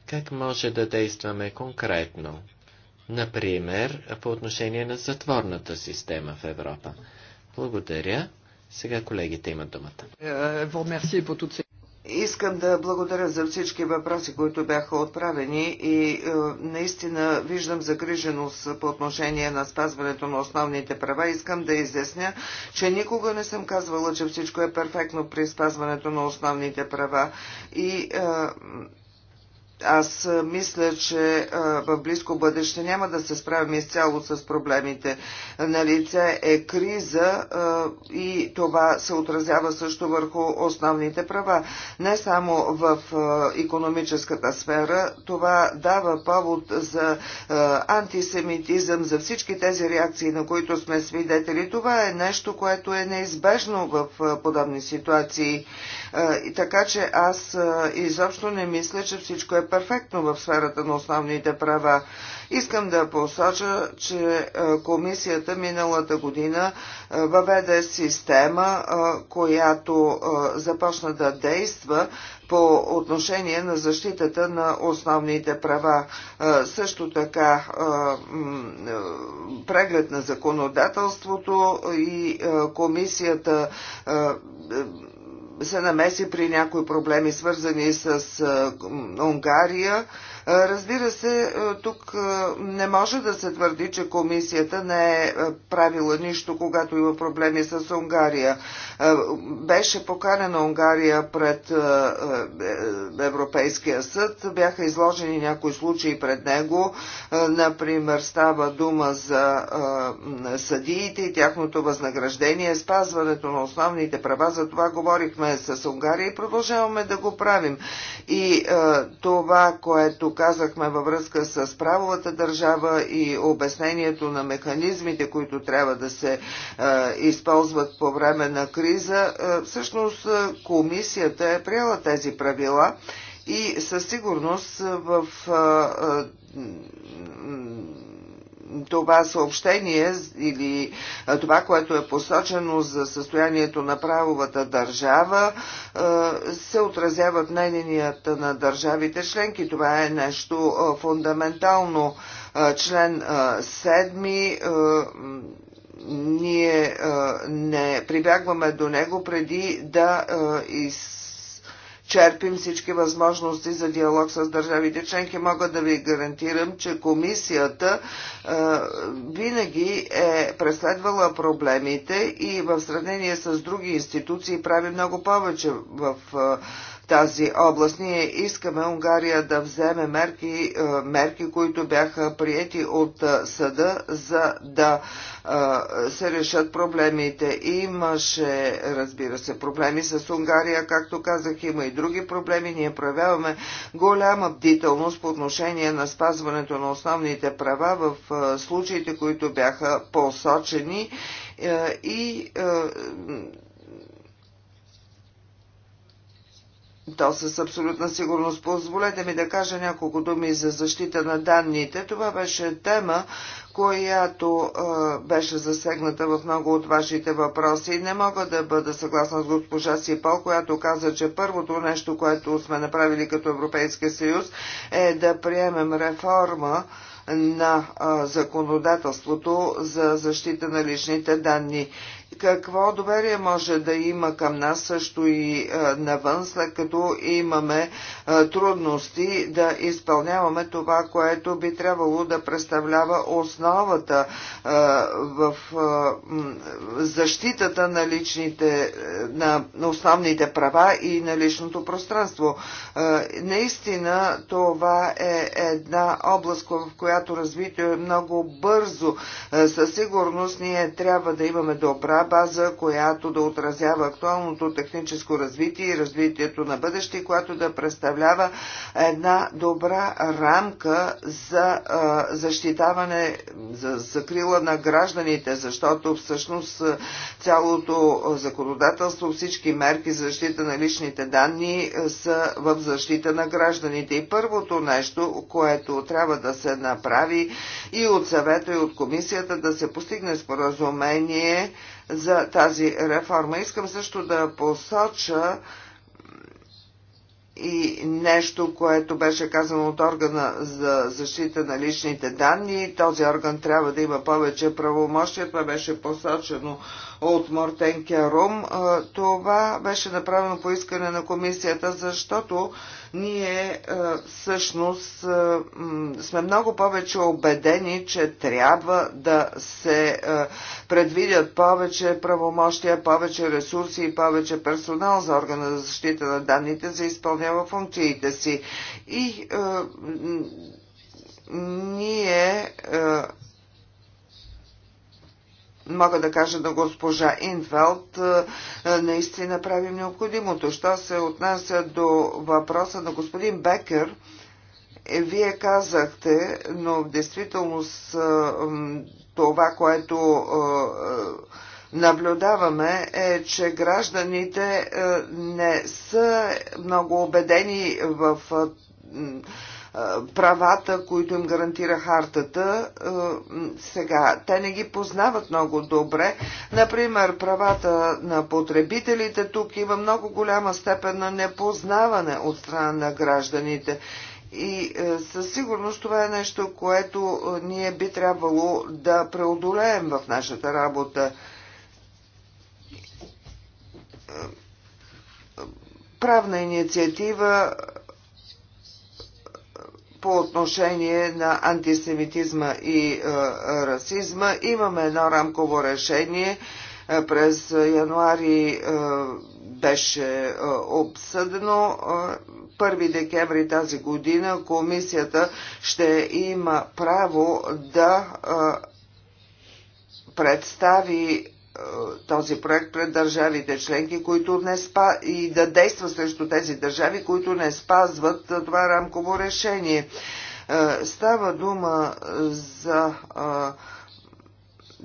Speaker 2: Как може да действаме конкретно? Например, по отношение на затворната система в Европа. Благодаря. Сега колегите имат думата.
Speaker 4: Е, е, Искам да благодаря за всички въпроси, които бяха отправени и е, наистина виждам загриженост по отношение на спазването на основните права. Искам да изясня, че никога не съм казвала, че всичко е перфектно при спазването на основните права и е, аз мисля, че в близко бъдеще няма да се справим изцяло с проблемите. На лице е криза и това се отразява също върху основните права. Не само в економическата сфера, това дава повод за антисемитизъм, за всички тези реакции, на които сме свидетели. Това е нещо, което е неизбежно в подобни ситуации. Така че аз изобщо не мисля, че всичко е перфектно в сферата на основните права. Искам да посоча, че е, комисията миналата година е, въведе система, е, която започна да действа по отношение на защитата на основните права. Също така преглед на законодателството и комисията се намеси при някои проблеми, свързани с Унгария. Разбира се, е, тук е, не може да се твърди, че комисията не е, е правила нищо, когато има проблеми с Унгария. Беше поканена Унгария пред Европейския съд, бяха изложени някои случаи пред него, например става дума за съдиите и тяхното възнаграждение, спазването на основните права, за това говорихме с Унгария и продължаваме да го правим. И това, което казахме във връзка с правовата държава и обяснението на механизмите, които трябва да се е, използват по време на криза, е, всъщност е, комисията е приела тези правила и със сигурност в това съобщение или това, което е посочено за състоянието на правовата държава, се отразяват мненията на държавите членки. Това е нещо фундаментално. Член 7 ние не прибягваме до него преди да из черпим всички възможности за диалог с държавите членки. Мога да ви гарантирам, че комисията а, е, винаги е преследвала проблемите и в сравнение с други институции прави много повече в а, е, тази област. Ние искаме Унгария да вземе мерки, е, мерки които бяха приети от е, съда, за да е, се решат проблемите. Имаше, разбира се, проблеми с Унгария, както казах, има и други проблеми. Ние проявяваме голяма бдителност по отношение на спазването на основните права в случаите, които бяха посочени и то с абсолютна сигурност. Позволете ми да кажа няколко думи за защита на данните. Това беше тема, която е, беше засегната в много от вашите въпроси. Не мога да бъда съгласна с госпожа Сипол, която каза, че първото нещо, което сме направили като Европейския съюз, е да приемем реформа на законодателството за защита на личните данни какво доверие може да има към нас също и е, навън, след като имаме е, трудности да изпълняваме това, което би трябвало да представлява основата е, в защитата на личните, на основните права и на личното пространство. Наистина това е една област, в която развитие е много бързо. Със сигурност ние трябва да имаме добра база, която да отразява актуалното техническо развитие и развитието на бъдеще, която да представлява една добра рамка за защитаване, за закрила на гражданите, защото всъщност цялото законодателство, всички мерки за защита на личните данни са в защита на гражданите. И първото нещо, което трябва да се направи и от съвета и от комисията да се постигне споразумение за тази реформа. Искам също да посоча и нещо, което беше казано от органа за защита на личните данни. Този орган трябва да има повече правомощия. Това беше посочено от Мортенкерум. Това беше направено по искане на комисията, защото ние е, всъщност е, сме много повече убедени, че трябва да се е, предвидят повече правомощия, повече ресурси и повече персонал за органа за защита на данните, за изпълнява функциите си. И ние мога да кажа на госпожа Инфелд, е, е, наистина правим необходимото. Що се отнася до въпроса на господин Бекер, е, вие казахте, но в действителност това, което наблюдаваме е, че гражданите не са много убедени в правата, които им гарантира хартата, сега те не ги познават много добре. Например, правата на потребителите тук има много голяма степен на непознаване от страна на гражданите. И със сигурност това е нещо, което ние би трябвало да преодолеем в нашата работа правна инициатива по отношение на антисемитизма и е, е, расизма. Имаме едно рамково решение. Е, през януари беше обсъдено. 1 декември тази година комисията ще има право да представи е, този проект пред държавите членки, които не спа... и да действа срещу тези държави, които не спазват е, това рамково решение. Е, става дума за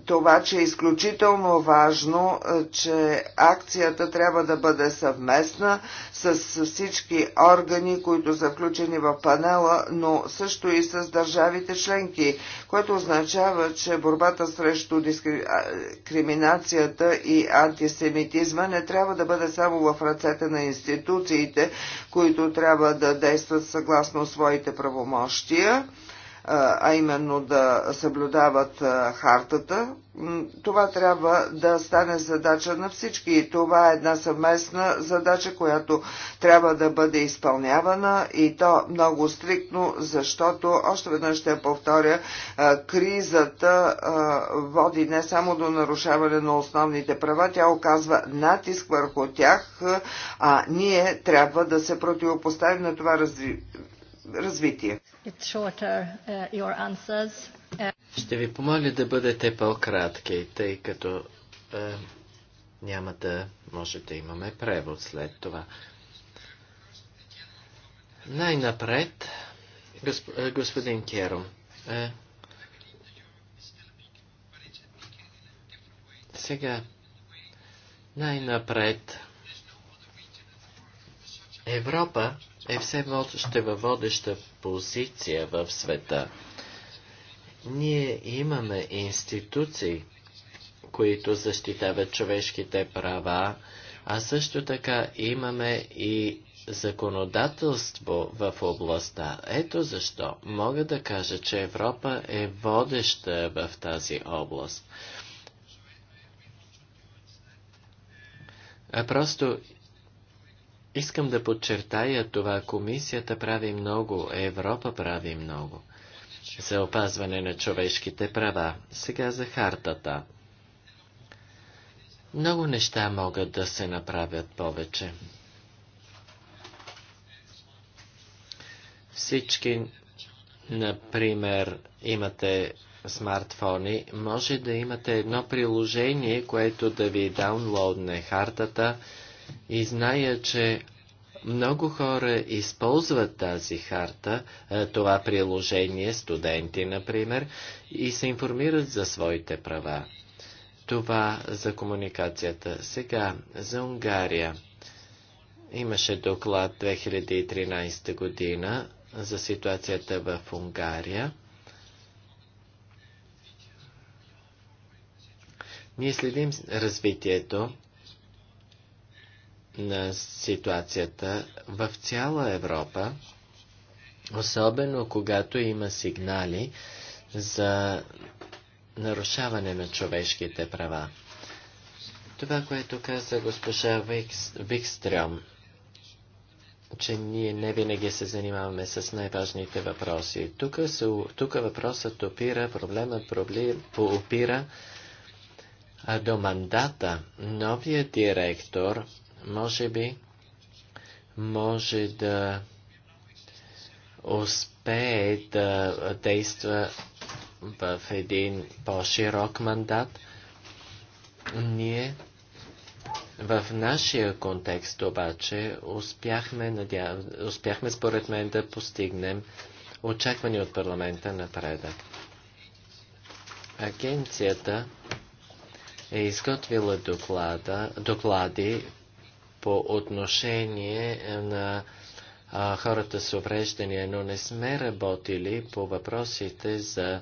Speaker 4: това, че е изключително важно, е, че акцията трябва да бъде съвместна с всички органи, които са включени в панела, но също и с държавите членки, което означава, че борбата срещу дискриминацията и антисемитизма не трябва да бъде само в ръцете на институциите, които трябва да действат съгласно своите правомощия а именно да съблюдават хартата. Това трябва да стане задача на всички и това е една съвместна задача, която трябва да бъде изпълнявана и то много стриктно, защото, още веднъж ще повторя, кризата води не само до нарушаване на основните права, тя оказва натиск върху тях, а ние трябва да се противопоставим на това развитие.
Speaker 1: Uh, uh,
Speaker 2: Ще ви помоля да бъдете по-кратки, тъй като е, няма да може да имаме превод след това. Най-напред, госп, е, господин Керум, е, сега най-напред Европа е все още във водеща позиция в света. Ние имаме институции, които защитават човешките права, а също така имаме и законодателство в областта. Ето защо мога да кажа, че Европа е водеща в тази област. А просто Искам да подчертая това. Комисията прави много, Европа прави много за опазване на човешките права. Сега за хартата. Много неща могат да се направят повече. Всички, например, имате смартфони, може да имате едно приложение, което да ви даунлоудне хартата, и зная, че много хора използват тази харта, е, това приложение, студенти, например, и се информират за своите права. Това за комуникацията. Сега, за Унгария. Имаше доклад 2013 година за ситуацията в Унгария. Ние следим развитието на ситуацията в цяла Европа, особено когато има сигнали за нарушаване на човешките права. Това, което каза госпожа Викс, Викстрем, че ние не винаги се занимаваме с най-важните въпроси. Тук, се, тук въпросът опира, проблемът проблем, опира до мандата. Новия директор може би може да успее да действа в един по-широк мандат. Ние в нашия контекст обаче успяхме, надяв... успяхме според мен да постигнем очаквани от парламента напредък. Агенцията е изготвила доклада, доклади по отношение е, на а, хората с увреждания, но не сме работили по въпросите за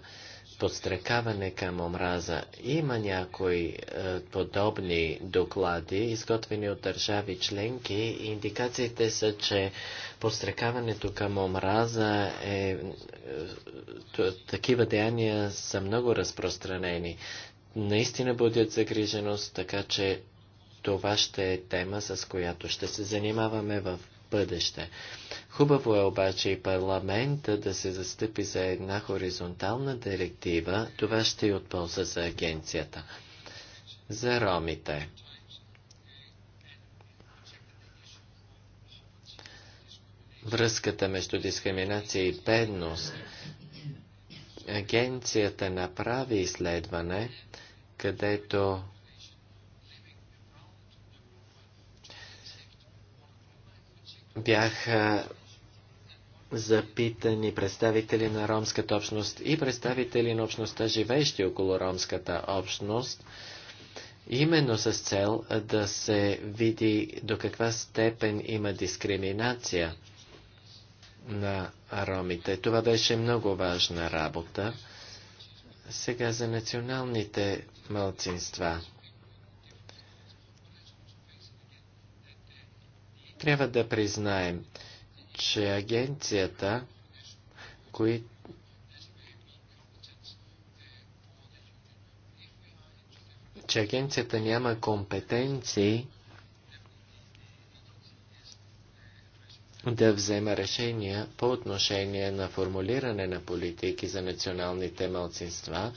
Speaker 2: подстрекаване към омраза. Има някои а, е, подобни доклади, изготвени от държави членки. И индикациите са, че подстрекаването към омраза е... е такива деяния са много разпространени. Наистина будят загриженост, така че това ще е тема, с която ще се занимаваме в бъдеще. Хубаво е обаче и парламента да се застъпи за една хоризонтална директива, това ще и е от полза за агенцията. За ромите. Връзката между дискриминация и бедност. Агенцията направи изследване, където бяха запитани представители на ромската общност и представители на общността, живеещи около ромската общност, именно с цел да се види до каква степен има дискриминация на ромите. Това беше много важна работа. Сега за националните мълцинства. Трябва да признаем, че агенцията, кои... че агенцията няма компетенции да взема решения по отношение на формулиране на политики за националните малцинства,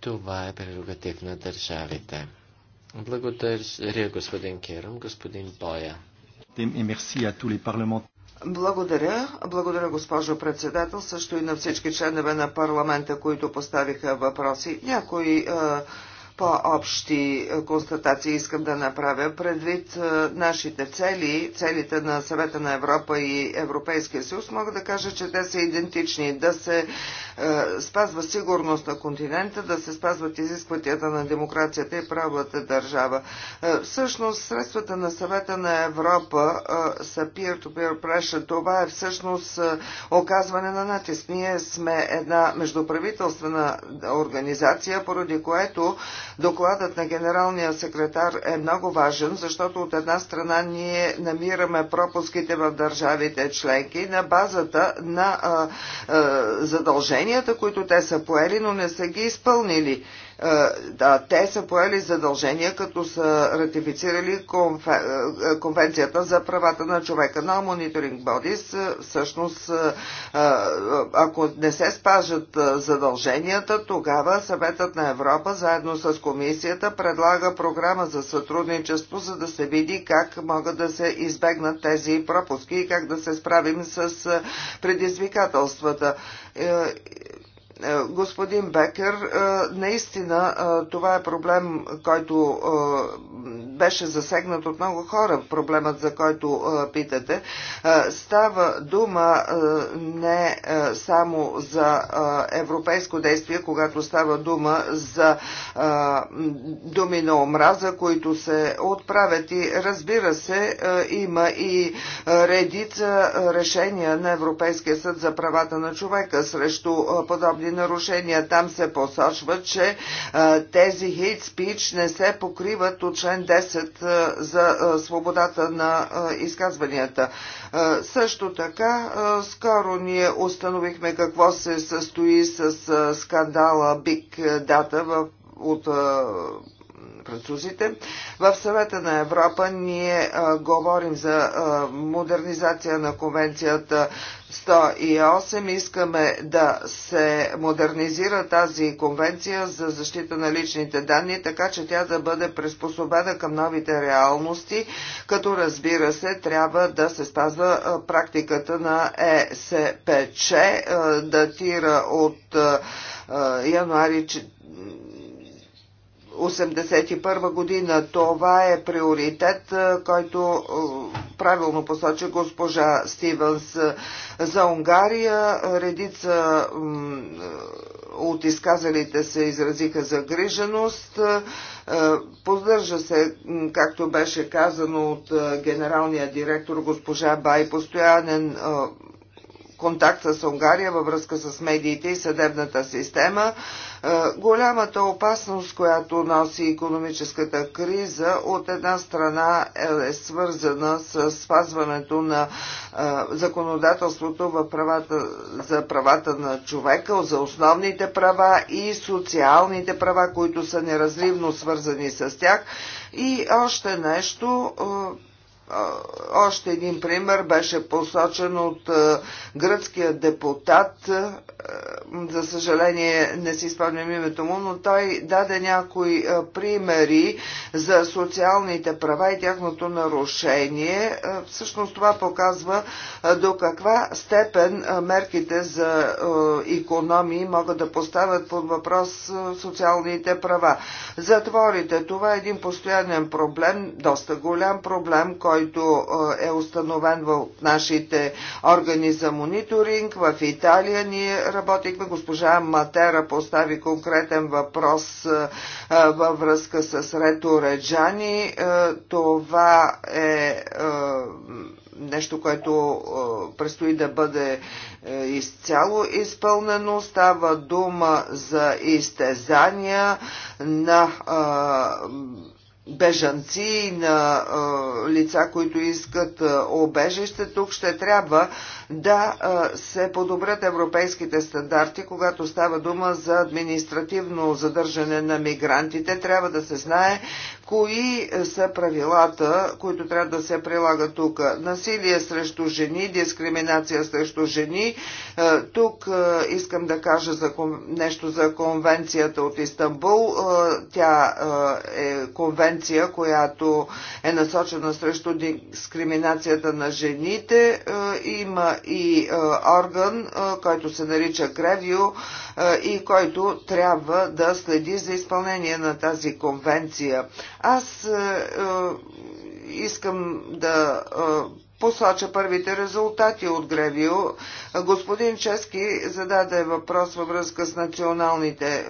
Speaker 2: това е прерогатив на
Speaker 4: държавите.
Speaker 2: Благодаря, господин Керам, господин Боя.
Speaker 4: Благодаря. Благодаря, госпожо председател, също и на всички членове на парламента, които поставиха въпроси. Някои uh, по-общи е, констатации искам да направя предвид е, нашите цели, целите на Съвета на Европа и Европейския съюз. Мога да кажа, че те са идентични. Да се е, спазва сигурност на континента, да се спазват изискванията на демокрацията и правилата държава. всъщност, средствата на Съвета на Европа са peer-to-peer pressure. Това е всъщност оказване на натиск. Ние сме една междуправителствена организация, поради което Докладът на генералния секретар е много важен, защото от една страна ние намираме пропуските в държавите членки на базата на задълженията, които те са поели, но не са ги изпълнили. Е, да, те са поели задължения, като са ратифицирали е, е, Конвенцията за правата на човека. Но мониторинг бодис, всъщност, ако не се спажат задълженията, тогава Съветът на Европа, заедно с комисията, предлага програма за сътрудничество, за да се види как могат да се избегнат тези пропуски и как да се справим с предизвикателствата е, господин Бекер, е, наистина е, това е проблем, който беше засегнат от много хора, проблемът за който питате. Става дума не само за европейско действие, когато става дума за думи на омраза, които се отправят и разбира се, има и редица решения на Европейския съд за правата на човека срещу подобни нарушения. Там се посочва, че тези хейт спич не се покриват от член 10 за свободата на изказванията. Също така, скоро ние установихме какво се състои с скандала Big Data в от французите. В съвета на Европа ние а, говорим за а, модернизация на конвенцията 108. Искаме да се модернизира тази конвенция за защита на личните данни, така че тя да бъде приспособена към новите реалности, като разбира се трябва да се спазва практиката на ЕСПЧ, датира от януари 1981 година. Това е приоритет, който правилно посочи госпожа Стивенс за Унгария. Редица от изказалите се изразиха загриженост. Поддържа се, както беше казано от генералния директор госпожа Бай, постоянен контакта с Унгария във връзка с медиите и съдебната система. Е, голямата опасност, която носи економическата криза, от една страна е свързана с спазването на е, законодателството в правата, за правата на човека, за основните права и социалните права, които са неразривно свързани с тях. И още нещо, е, още един пример беше посочен от гръцкия депутат е, за съжаление не си спомням името му, но той даде някои е, примери за социалните права и тяхното нарушение. Е, всъщност това показва до каква степен мерките за економии могат да поставят под въпрос социалните права. Затворите, това е един постоянен проблем, доста голям проблем, който е установен в нашите органи за мониторинг. В Италия ние работихме. Госпожа Матера постави конкретен въпрос е, е, във връзка с Рето Реджани. Е, това е нещо, което предстои да бъде изцяло изпълнено. Става дума за изтезания на бежанци, на лица, които искат обежище. Тук ще трябва да се подобрят европейските стандарти, когато става дума за административно задържане на мигрантите. Трябва да се знае кои са правилата, които трябва да се прилагат тук. Насилие срещу жени, дискриминация срещу жени. Тук искам да кажа за, нещо за конвенцията от Истанбул. Тя е конвенция, която е насочена срещу дискриминацията на жените. Има и орган, който се нарича Кревио и който трябва да следи за изпълнение на тази конвенция. Аз искам да посоча първите резултати от Гревио. Господин Чески зададе въпрос във връзка с националните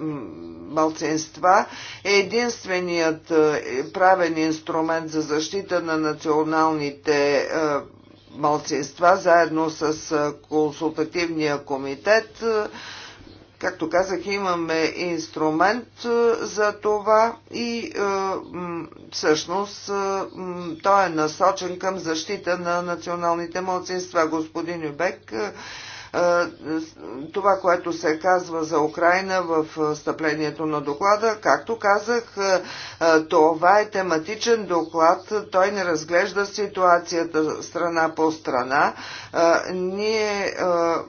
Speaker 4: малцинства. Единственият правен инструмент за защита на националните малцинства, заедно с консултативния комитет. Както казах, имаме инструмент за това и всъщност той е насочен към защита на националните малцинства. Господин Юбек това, което се казва за Украина в стъплението на доклада. Както казах, това е тематичен доклад. Той не разглежда ситуацията страна по страна. Ние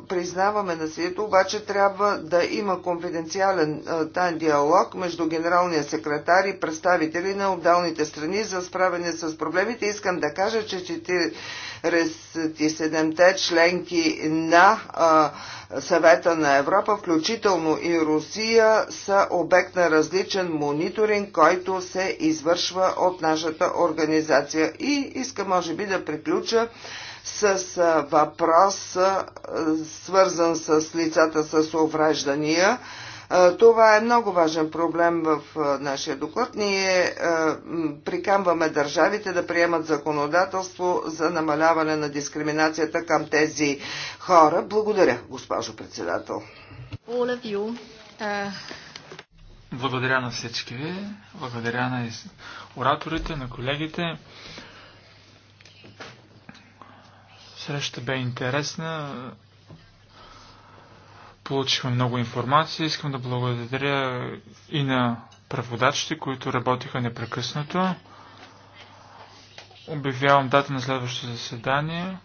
Speaker 4: признаваме насилието, обаче трябва да има конфиденциален тан диалог между генералния секретар и представители на отдалните страни за справяне с проблемите. Искам да кажа, че 47-те членки на съвета на Европа, включително и Русия, са обект на различен мониторинг, който се извършва от нашата организация. И иска, може би, да приключа с въпрос, свързан с лицата с увреждания. Това е много важен проблем в нашия доклад. Ние прикамваме държавите да приемат законодателство за намаляване на дискриминацията към тези хора. Благодаря, госпожо председател.
Speaker 3: Благодаря на всички ви, благодаря на ораторите, на колегите. Среща бе интересна. Получихме много информация. Искам да благодаря и на преводачите, които работиха непрекъснато. Обявявам дата на следващото заседание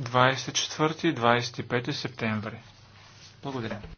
Speaker 3: 24-25 септември. Благодаря.